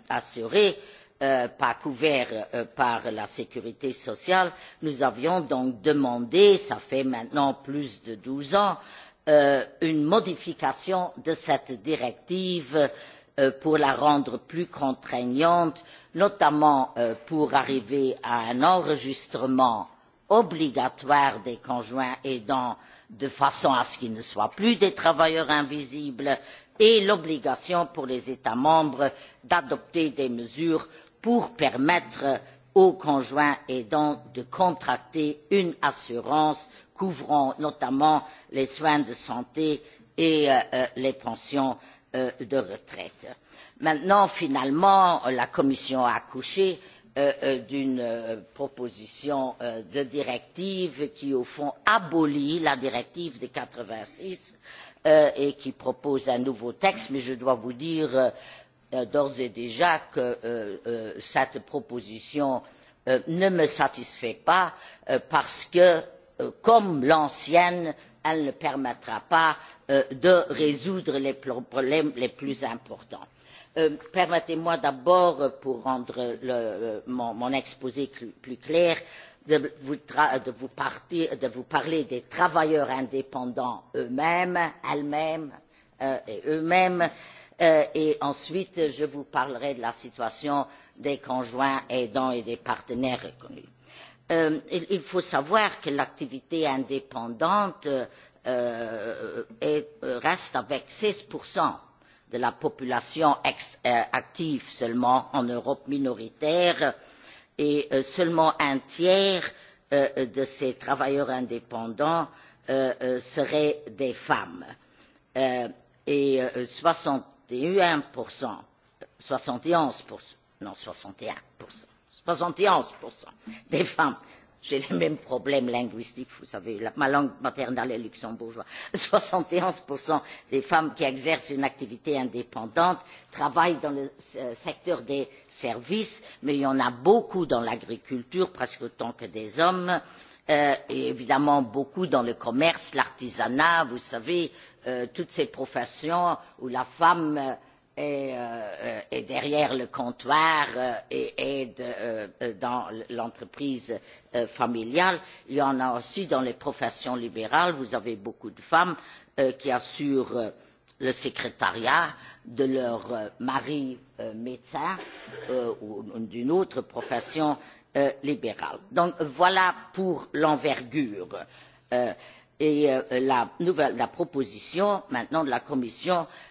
assurés pas couverts par la sécurité sociale nous avions donc demandé cela fait maintenant plus de douze ans une modification de cette directive pour la rendre plus contraignante et notamment euh, pour arriver à un enregistrement obligatoire des conjoints aidants de façon à ce qu'ils ne soient plus des travailleurs invisibles et l'obligation pour les états membres d'adopter des mesures pour permettre aux conjoints aidants de contracter une assurance couvrant notamment les soins de santé et euh, euh, les pensions de retraite maintenant finalement euh, la commission a accouché euh, euh, d'une proposition de directive qui au fond abolit la directive de quatre vingt six et qui propose un nouveau texte mais je dois vous dire d'ores et déjà que cette proposition ne me satisfait pas parce que comme l'ancienne elle ne permettra pas de résoudre les problèmes les plus importants. Euh, permettez moi d'abord euh, pour rendre euh, mon, exposé plus clair de vous, parler des travailleurs indépendants eux mêmes elles mêmes et eux mêmes et ensuite je vous parlerai de la situation des conjoints aidants et des partenaires reconnus. Il, faut savoir que l'activité indépendante reste avec seize de la population euh, active seulement en europe minoritaire et euh, seulement un tiers euh, de ces travailleurs indépendants seraient des femmes et soixante et onze des femmes j'ai les mêmes problèmes linguistiques vous savez ma langue maternelle est luxembourgeois (laughs) soixante et onze des femmes qui exercent une activité indépendante travaillent dans le euh, secteur des services mais il y en a beaucoup dans l'agriculture presque autant que des hommes euh, et évidemment beaucoup dans le commerce l'artisanat vous savez euh, toutes ces professions où la femme euh, Euh, est, derrière le comptoir euh, et est euh, dans l'entreprise familiale. Il y en a aussi dans les professions libérales. Vous avez beaucoup de femmes qui assurent le secrétariat de leur mari médecin ou d'une autre profession libérale. Donc voilà pour l'envergure. et la, proposition maintenant de la Commission euh,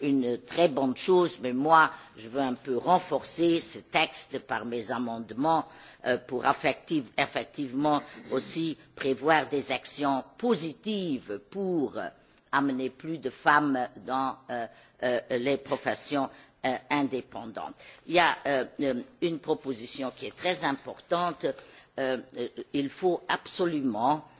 une très bonne chose mais moi je veux un peu renforcer ce texte par mes amendements euh, pour effectivement aussi prévoir des actions positives pour amener plus de femmes dans euh, euh, les professions indépendantes. Il y a une proposition qui est très importante. il faut absolument euh,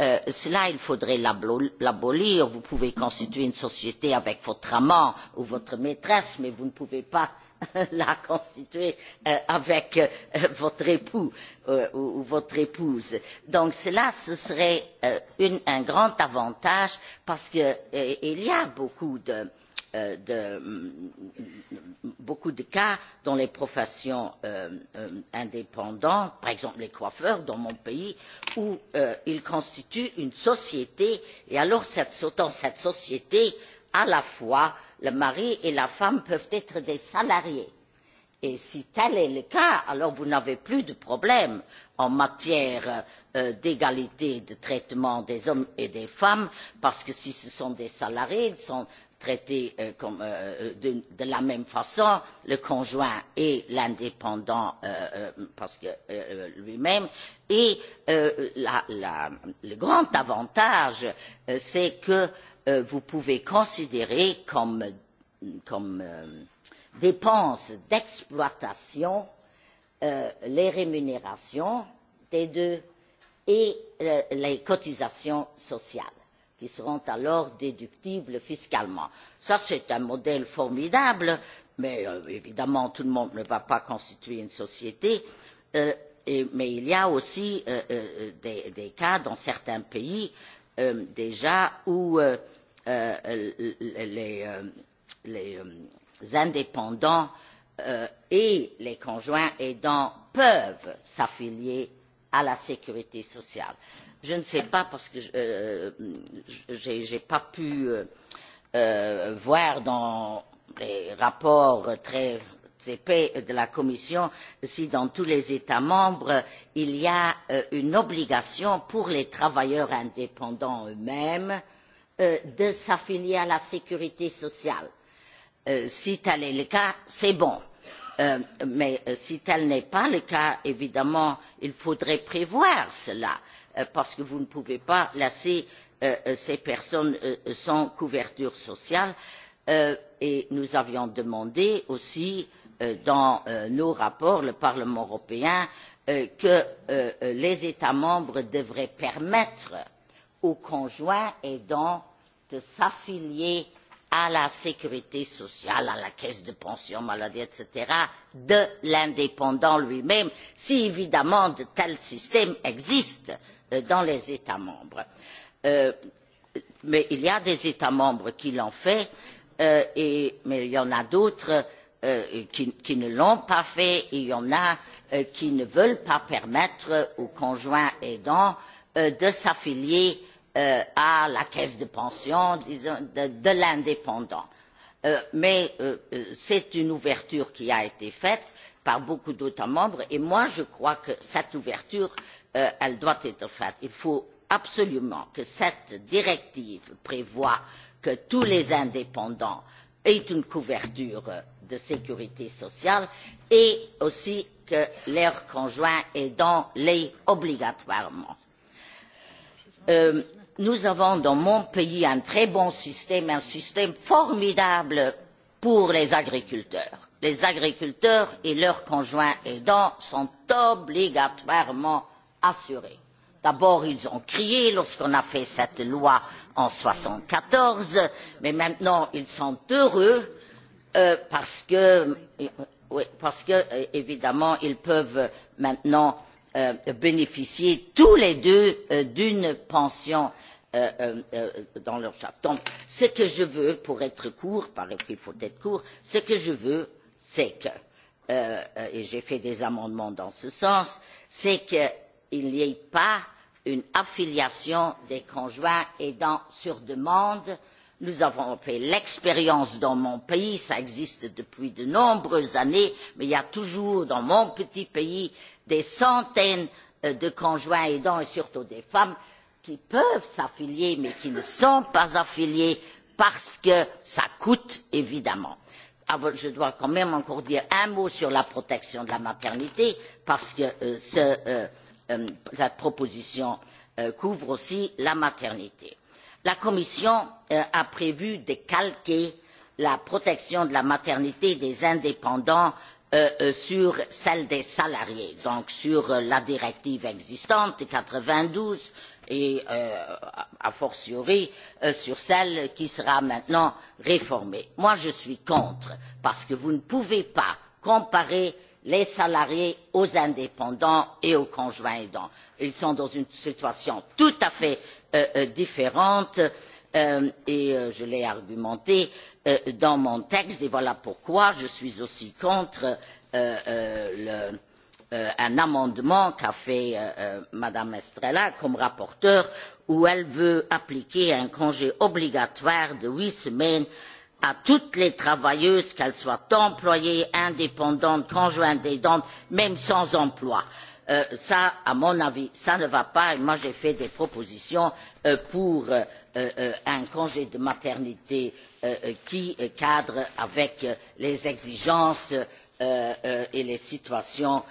Euh, cela il faudrait l'abolir vous pouvez constituer une société avec votre amant ou votre maîtresse mais vous ne pouvez pas (laughs) la constituer euh, avec euh, votre époux ou, votre épouse. donc cela ce serait un grand avantage parce qu'il y a beaucoup de Euh, de mm, beaucoup de cas dans les professions euh, euh, indépendantes par exemple les coiffeurs dans mon pays où ils constituent une société et dans cette société à la fois le mari et la femme peuvent être des salariés si tel est le cas alors vous n'avez plus de problème en matière d'égalité de traitement des hommes et des femmes parce que si ce sont des salariés ils sont traiter euh, euh, euh, de, de la même façon le conjoint et l'indépendant parce que lui même et la, la, le grand avantage c'est que vous pouvez considérer comme dépenses d'exploitation les rémunérations des deux et les cotisations sociales qui seront alors déductibles fiscalement. c'est un modèle formidable mais euh, évidemment tout le monde ne va pas constituer une société euh, et, mais il y a aussi euh, euh des, des cas dans certains pays euh, déjà où euh, les, les indépendants et les conjoints aidants peuvent s'affilier à la sécurité sociale je ne sais pas parce que je n'ai euh, pas pu euh, euh, voir dans les rapports très épais de la commission si dans tous les états membres il y a une obligation pour les travailleurs indépendants eux mêmes de s'affilier à la sécurité sociale. si tel est le cas c'est bon mais si tel n'est pas le cas évidemment il faudrait prévoir cela Euh, parce que vous ne pouvez pas laisser euh, euh, ces personnes sans couverture sociale et nous avions demandé aussi dans nos rapports le parlement européen que les états membres devraient permettre au conjoint aidant de s'affilier à la sécurité sociale à la caisse de pension maladie etc. de l'indépendant lui même si évidemment de tels systèmes existent dans les états membres euh, mais il y a des états membres qui l'ont fait euh, et, mais il y en a d'autres euh, qui, ne l'ont pas fait et il y en a qui ne veulent pas permettre aux conjoints aidants de s'affilier à la caisse de pension de, de l'indépendant. mais c'est une ouverture qui a été faite par beaucoup d'états membres et moi je crois que cette ouverture Euh, elle doit être faite. il faut absolument que cette directive prévoie que tous les indépendants aient une couverture de sécurité sociale et aussi que leur conjoint aidant l'ait obligatoirement. Euh, nous avons dans mon pays un très bon système un système formidable pour les agriculteurs. les agriculteurs et leurs conjoints aidants sont obligatoirement assurée. D'abord, ils ont crié lorsqu'on a fait cette loi en 1974, mais maintenant, ils sont heureux euh, parce que, euh, oui, parce que euh, évidemment, ils peuvent maintenant euh, bénéficier tous les deux euh, d'une pension euh, euh, euh dans leur chapitre. Donc, ce que je veux, pour être court, parce qu'il faut être court, ce que je veux, c'est que, euh, euh, et j'ai fait des amendements dans ce sens, c'est que il n'y ait pas une affiliation des conjoints aidants sur demande. nous avons fait l'expérience dans mon pays cela existe depuis de nombreuses années mais il y a toujours dans mon petit pays des centaines euh, de conjoints aidants et surtout des femmes qui peuvent s'affilier mais qui ne sont pas affiliées parce que cela coûte évidemment ah, je dois quand même encore dire un mot sur la protection de la maternité parce que euh, ce euh, la euh, proposition euh, couvre aussi la maternité. la commission euh, a prévu de calquer la protection de la maternité des indépendants sur celle des salariés donc sur la directive existante de quatre vingt douze et a fortiori sur celle qui sera maintenant réformée. je suis contre parce que vous ne pouvez pas comparer les salariés aux indépendants et aux conjoints aidants. ils sont dans une situation tout à fait euh, euh, différente euh, et je l'ai argumenté dans mon texte et voilà pourquoi je suis aussi contre un amendement qu'a fait mme estrela comme rapporteure où elle veut appliquer un congé obligatoire de huit semaines à toutes les travailleuses qu'elles soient employées indépendantes conjointes aidantes même sans emploi. Euh, ça, à mon avis ça ne va pas et moi j'ai fait des propositions euh, pour euh, euh un congé de maternité euh, euh, qui cadre avec les exigences et les situations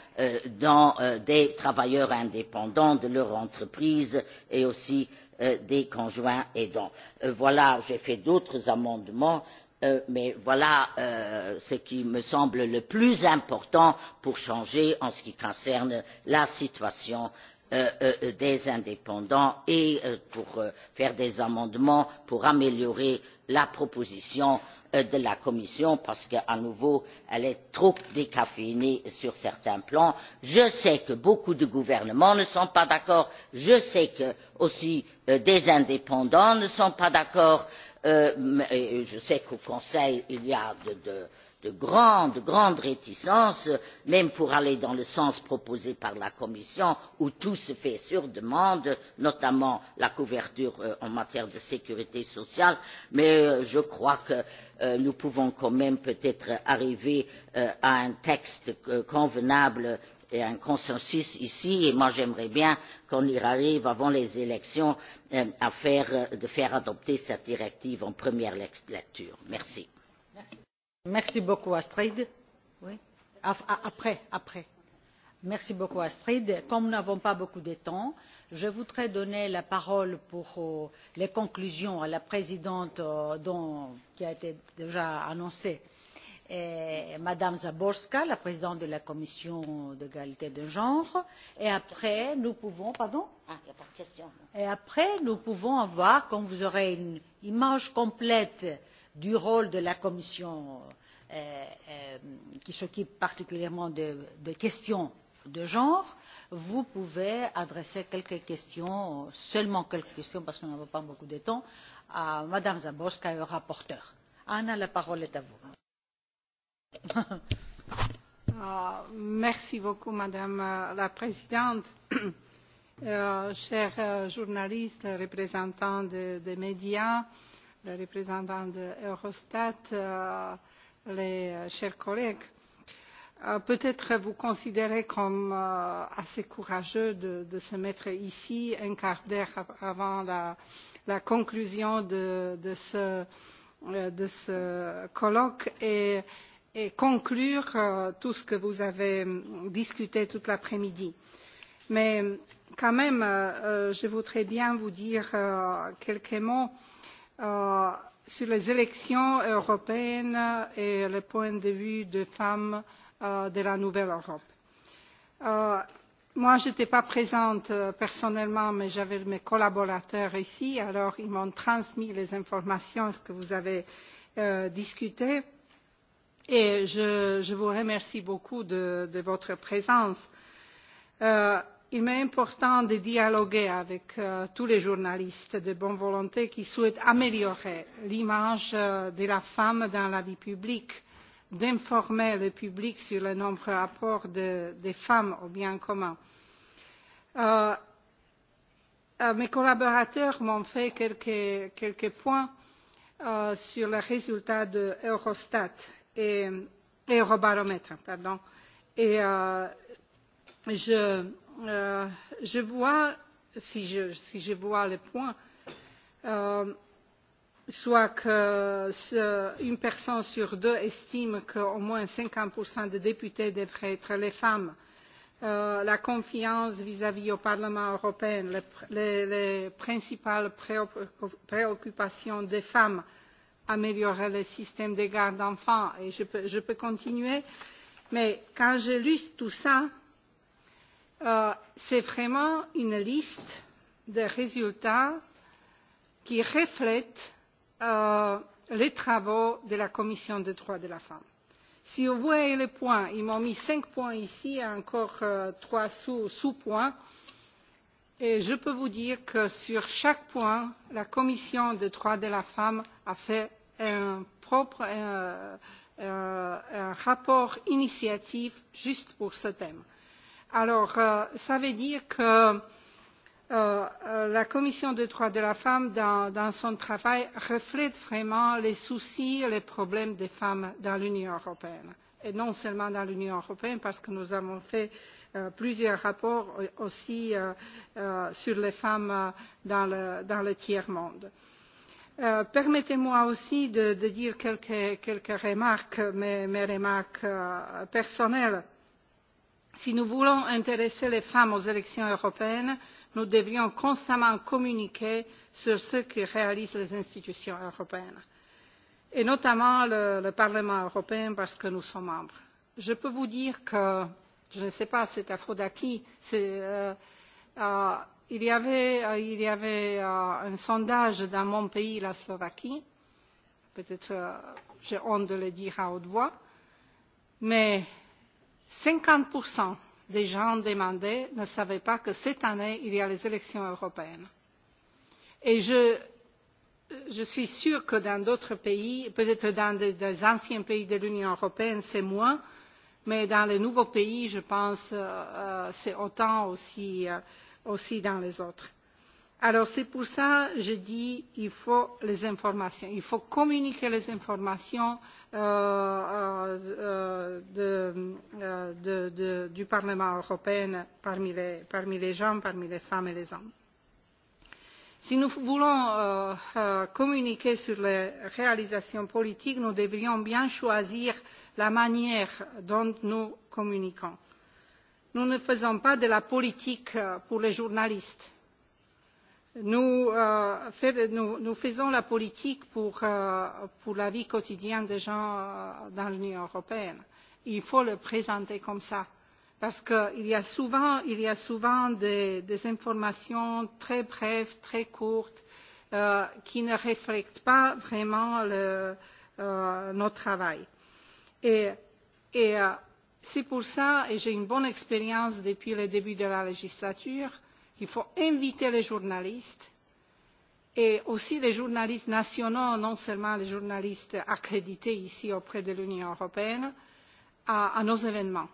dans, des travailleurs indépendants de leur entreprise et aussi Euh, des conjoints aidants. Euh, voilà j'ai fait d'autres amendements euh, mais voilà ce qui me semble le plus important pour changer en ce qui concerne la situation des indépendants et pour faire des amendements pour améliorer la proposition Euh, de la commission parce qu'à nouveau elle est trop décaféinée sur certains plans. je sais que beaucoup de gouvernements ne sont pas d'accord je sais que euh, des indépendants ne sont pas d'accord euh, et je sais qu'au conseil il y a de, de de grandes grandes réticences même pour aller dans le sens proposé par la commission où tout se fait sur demande notamment la couverture euh, en matière de sécurité sociale mais euh, je crois que euh, nous pouvons quand même peut être arriver à un texte convenable et à un consensus ici et moi j'aimerais bien qu'on y arrive avant les élections à faire, de faire adopter cette directive en première lecture. merci. Comme nous n'avons pas beaucoup de temps, je voudrais donner la parole pour euh, les conclusions à la présidente euh, qui a été déjà annoncée mme zborsk la présidente de la commission de l'égalité des genres et après nous pouvons pardon ah, et après nous pouvons avoir quand vous aurez une image complète de la du rôle de la commission euh, euh, qui s'occupe particulièrement des questions de genre vous pouvez adresser quelques questions seulement quelques questions parce que nous n'avons pas beaucoup de temps à mme zborsk et au rapporteur. anna la parole est à vous. (laughs) Ah, merci beaucoup madame la présidente euh, chers journalistes représentants des médias le représentant Eurostat, euh, les chers collègues, euh, peut-être vous considérez comme euh, assez courageux de, de se mettre ici un quart d'heure avant la, la conclusion de, de, ce, de ce colloque et, et conclure tout ce que vous avez discuté toute l'après midi. mais quand même je voudrais bien vous dire quelques mots sur Euh, sur les élections européennes et le point de vue des femmes euh, de la nouvelle Europe. Euh, moi, je n'étais pas présente euh, personnellement, mais j'avais mes collaborateurs ici, alors ils m'ont transmis les informations que vous avez euh, discutées. Et je, je vous remercie beaucoup de, de votre présence. Euh, il m'est important de dialoguer avec euh, tous les journalistes de bonne volonté qui souhaitent améliorer l'image euh, de la femme dans la vie publique d'informer le public sur les nombreux apports des femmes au bien commun. Euh, mes collaborateurs m'ont fait quelques, points sur les résultats d'eurostat et eurobaromètre et Euh, je vois si je, si je vois le point euh, soit qu'une personne sur deux estime qu'au moins cinquante des députés devraient être des femmes euh, la confiance vis à vis du parlement européen les, les, les principales pré préoccupations des femmes améliorer le système de garde d'enfants et je peux, je peux continuer mais quand j'ai lu tout cela Euh, c'est vraiment une liste de résultats qui reflète euh, les travaux de la commission des droits de la femme. si vous voyez les points ils m'ont mis cinq points ici et encore euh, trois sous, sous points et je peux vous dire que sur chaque point la commission des droits de la femme a fait un propre un, euh, un, un rapport d'initiative juste pour ce thème Alors, cela euh, veut dire que euh, euh, la commission des droits de la femme dans, dans son travail reflète vraiment les soucis et les problèmes des femmes dans l'union européenne et non seulement dans l'union européenne parce que nous avons fait euh, plusieurs rapports aussi euh, euh, sur les femmes dans le, dans le tiers monde. permettez moi aussi de, de dire quelques, quelques remarques mes, mes remarques personnelles si nous voulons intéresser les femmes aux élections européennes nous devrions constamment communiquer sur ce que réalisent les institutions européennes et notamment le, le parlement européen parce que nous sommes membres. je peux vous dire que je ne sais pas si c'est aphrodaki euh, euh, il y avait, euh, il y avait euh, un sondage dans mon pays la slovaquie peut être euh, j'ai honte de le dire à haute voix mais cinquante des gens demandés ne savaient pas que cette année il y a les élections européennes et je, suis sûre que dans d'autres pays peut être dans des, anciens pays de l'union européenne c'est moins mais dans les nouveaux pays je pense que euh, euh, c'est autant euh, aussi dans les autres. alors c'est pour cela que je dis qu'il faut les informations il faut communiquer les informations de, de, de, du Parlement européen parmi les, parmi les gens, parmi les femmes et les hommes. Si nous voulons euh, communiquer sur les réalisations politiques, nous devrions bien choisir la manière dont nous communiquons. Nous ne faisons pas de la politique pour les journalistes Euh, nous, faisons la politique euh, pour, la vie quotidienne des gens euh, dans l'union européenne. il faut le présenter comme cela parce qu'il y a souvent, y a souvent des, des informations très brèves très courtes qui ne reflètent pas vraiment le, notre travail. Et, et c'est pour cela et j'ai une bonne expérience depuis le début de la législature Il faut inviter les journalistes et aussi les journalistes nationaux, non seulement les journalistes accrédités ici auprès de l'Union européenne, à, à nos événements.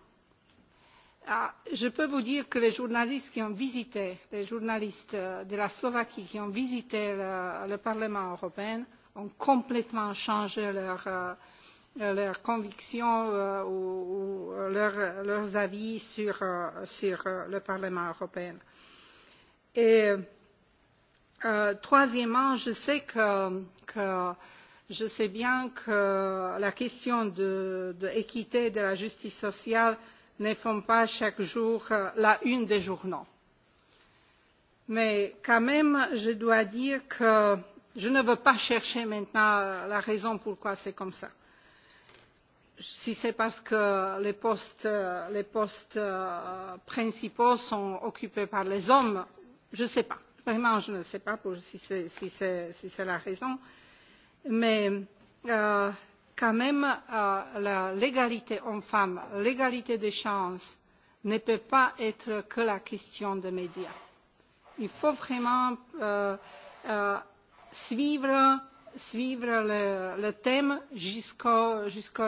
À, ah, je peux vous dire que les journalistes qui ont visité, les journalistes euh, de la Slovaquie qui ont visité le, le Parlement européen ont complètement changé leur, euh, leurs convictions euh, ou, ou euh, leur, leurs avis sur, euh, sur euh, le Parlement européen. Euh, Et euh, troisièmement, je sais que, que je sais bien que la question de, de l'équité et de la justice sociale ne font pas chaque jour euh, la une des journaux. Mais quand même, je dois dire que je ne veux pas chercher maintenant euh, la raison pourquoi c'est comme ça. Si c'est parce que les postes, euh, les postes principaux sont occupés par les hommes je ne sais pas vraiment je ne sais pas pour, si c'est si si la raison mais euh, quand même euh, l'égalité hommes femmes l'égalité des chances ne peut pas être que la question des médias. il faut vraiment euh, euh, suivre, suivre le, thème jusqu'au jusqu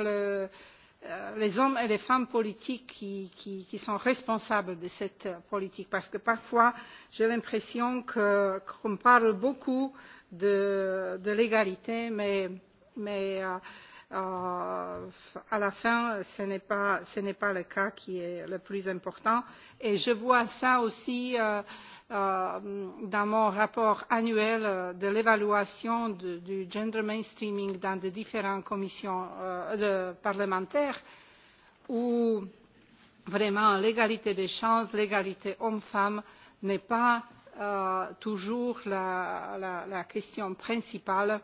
Euh, les hommes et les femmes politiques qui, qui, qui sont responsables de cette euh, politique parce que parfois j'ai l'impression qu'on qu parle beaucoup de, de l'égalité mais, mais euh, euh, à la fin ce n'est pas, pas le cas qui est le plus important et je vois ça aussi euh, Euh, dans mon rapport annuel de l'évaluation du gender mainstreaming dans les différentes commissions euh, parlementaires où vraiment l'égalité des chances l'égalité hommes femmes n'est pas euh, toujours la, question principale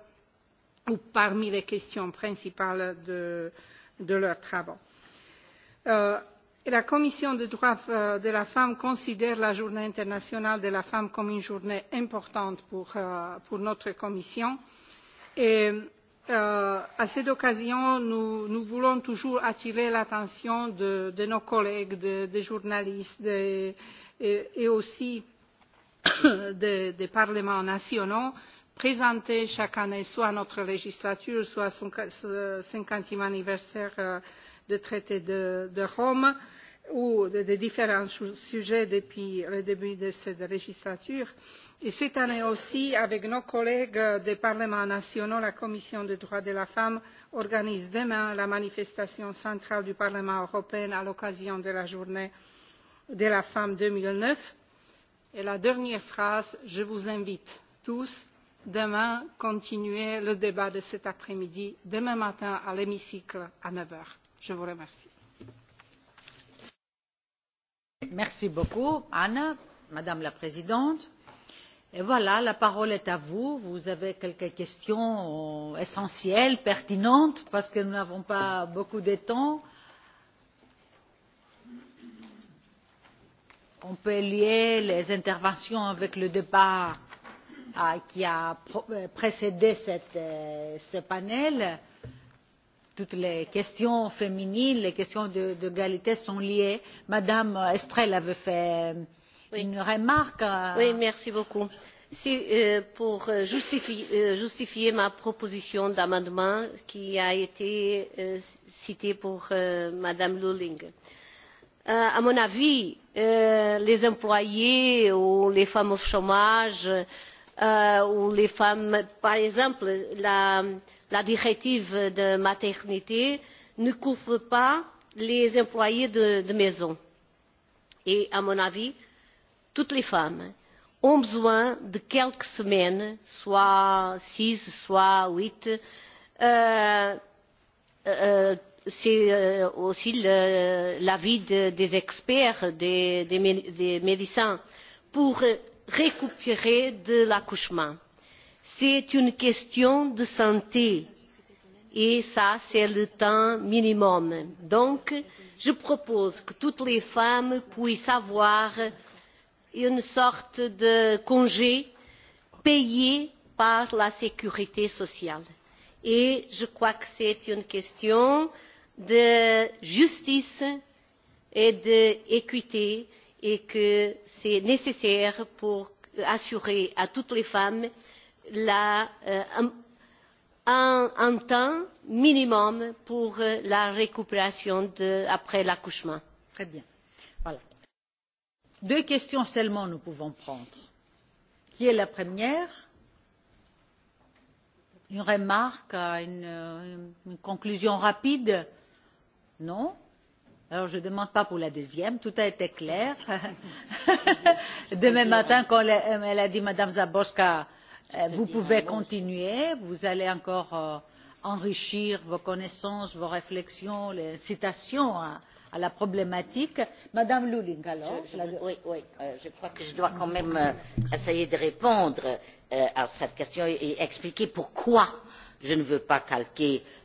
ou parmi les questions principales de, leurs travaux la commission des droits euh, de la femme considère la journée internationale de la femme comme une journée importante pour, euh, notre commission et euh, à cette occasion nous, voulons toujours attirer l'attention de, nos collègues des journalistes et, aussi (coughs) des parlements nationaux présenter chaque année soit notre législature soit à son cinquantième anniversaire du traité de, de rome ou de, de différents sujets depuis le début de cette législature et cette année aussi avec nos collègues des parlements nationaux la commission des droits de la femme organise demain la manifestation centrale du parlement européen à l'occasion de la journée de la femme. deux mille neuf et la dernière phrase je vous invite tous demain à continuer le débat de cet après midi demain matin à l'hémicycle à neuf heures je vous remercie. merci beaucoup Anne, madame la présidente. Et voilà la parole est à vous vous avez quelques questions essentielles pertinentes parce que nous n'avons pas beaucoup de temps. on peut lier les interventions avec le débat euh, qui a précédé cette, euh, ce panel toutes les questions féminines les questions d'égalité sont liées. mme estrela veut faire une remarque. oui merci beaucoup. Euh, pour euh, justifier, ma proposition d'amendement qui a été euh, citée par mme lulling à mon avis les employés ou les femmes au chômage ou les femmes par exemple la directive de maternité ne couvre pas les employés de, de maison et à mon avis toutes les femmes ont besoin de quelques semaines soit six soit huit euh, euh, c'est euh, aussi l'avis de, des experts des, des, des médecins pour récupérer de l'accouchement c'est une question de santé et ça c'est le temps minimum. donc je propose que toutes les femmes puissent avoir une sorte de congé payé par la sécurité sociale et je crois que c'est une question de justice et d'équité et que c'est nécessaire pour assurer à toutes les femmes Euh, un, temps minimum pour euh, la récupération après l'accouchement. Très bien. Voilà. Deux questions seulement nous pouvons prendre. Qui est la première Une remarque, une, une conclusion rapide Non alors je ne demande pas pour la deuxième tout a été clair. (laughs) demain matin comme l'a dit mme zborsk Euh, vous pouvez continuer vous allez encore euh, enrichir vos connaissances vos réflexions les citations à, la problématique. madame lulling euh, je, crois que je dois quand même essayer de répondre à cette question et, et expliquer pourquoi je ne veux pas calquer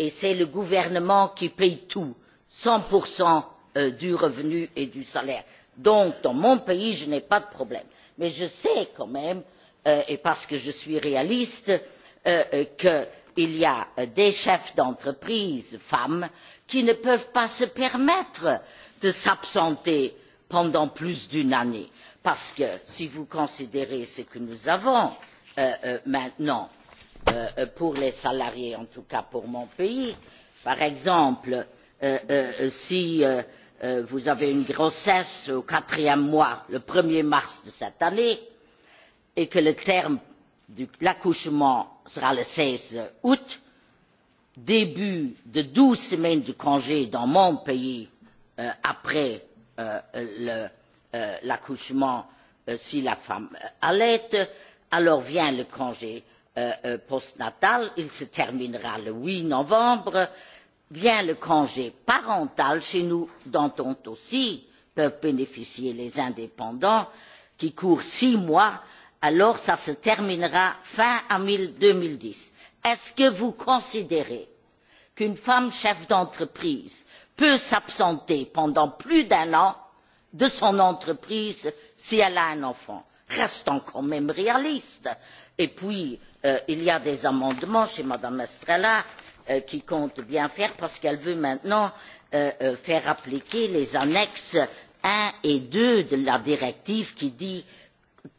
et c'est le gouvernement qui paie tout cent euh, du revenu et du salaire. donc dans mon pays je n'ai pas de problème mais je sais quand même euh, et parce que je suis réaliste euh, qu'il y a des chefs d'entreprise femmes qui ne peuvent pas se permettre de s'absenter pendant plus d'une année parce que si vous considérez ce que nous avons maintenant Euh, euh, pour les salariés en tout cas pour mon pays par exemple euh, si vous avez une grossesse au quatrième mois le un er mars de cette année et que le terme de l'accouchement sera le seize août début de douze semaines de congé dans mon pays après l'accouchement si la femme allaite alors vient le congé Euh, euh, postnatal il se terminera le huit novembre vient le congé parental chez nous dont aussi peuvent bénéficier les indépendants qui court six mois alors cela se terminera fin deux mille dix est ce que vous considérez qu'une femme chef d'entreprise peut s'absenter pendant plus d'un an de son entreprise si elle a un enfant? restons quand même réalistes et puis Euh, il y a des amendements chez mme estrela euh, qui compte bien faire parce qu'elle veut maintenant euh, faire appliquer les annexes i et ii de la directive qui dit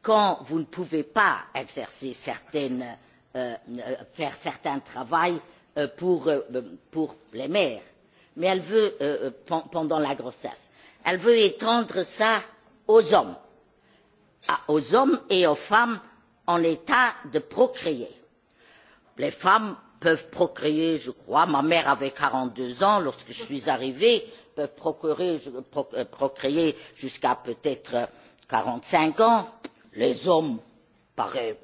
quand vous ne pouvez pas exercer certaines, faire certains travaux pour, les mères mais elle veut pendant la grossesse elle veut étendre cela aux hommes ah, aux hommes et aux femmes en état de procréer. les femmes peuvent procréer je crois ma mère avait quarante deux ans lorsque je suis arrivée peuvent euh, procréer jusqu'à peut être quarante cinq ans les hommes pareil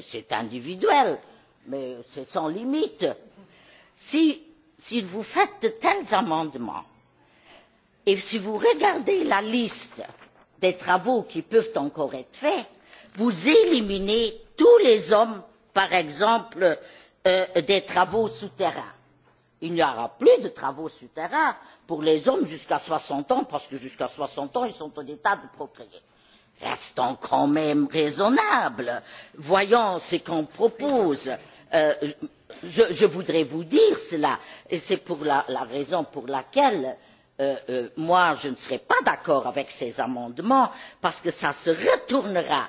c'est individuel mais c'est sans limite. Si, si vous faites de tels amendements et si vous regardez la liste des travaux qui peuvent encore être faits vous éliminez tous les hommes par exemple euh, des travaux souterrains. il n'y aura plus de travaux souterrains pour les hommes jusqu'à soixante ans parce que jusqu'à soixante ans ils sont en état de procréer. restons quand même raisonnables voyons ce qu'on propose. Euh, je, je voudrais vous dire cela et c'est pour la, la raison pour laquelle euh, euh, moi je ne serai pas d'accord avec ces amendements parce que ça se retournera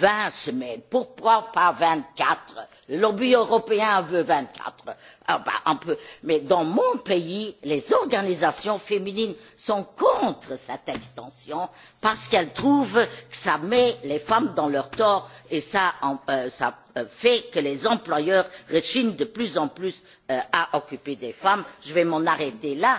vingt semaines pourquoi pas vingt quatre le lobby européen veut vingt quatre ah, mais dans mon pays les organisations féminines sont contre cette extension parce qu'elles trouvent que cela met les femmes dans leur tort et cela euh, euh, fait que les employeurs rechignent de plus en plus euh, à occuper des femmes. je vais m'arrêter là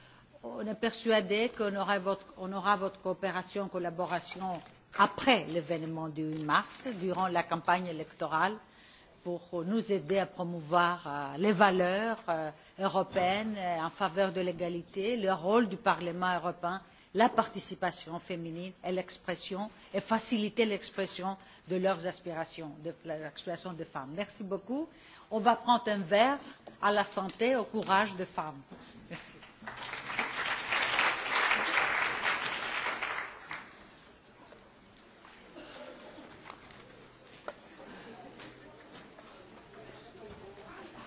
on est persuadé qu'on aura, votre coopération et collaboration après l'événement du huit mars durant la campagne électorale pour nous aider à promouvoir euh, les valeurs euh, européennes euh, en faveur de l'égalité le rôle du parlement européen la participation féminine et l'expression et faciliter l'expression de leurs aspirations de l'aspiration des femmes. merci beaucoup. on va prendre un verre à la santé et au courage des femmes. merci.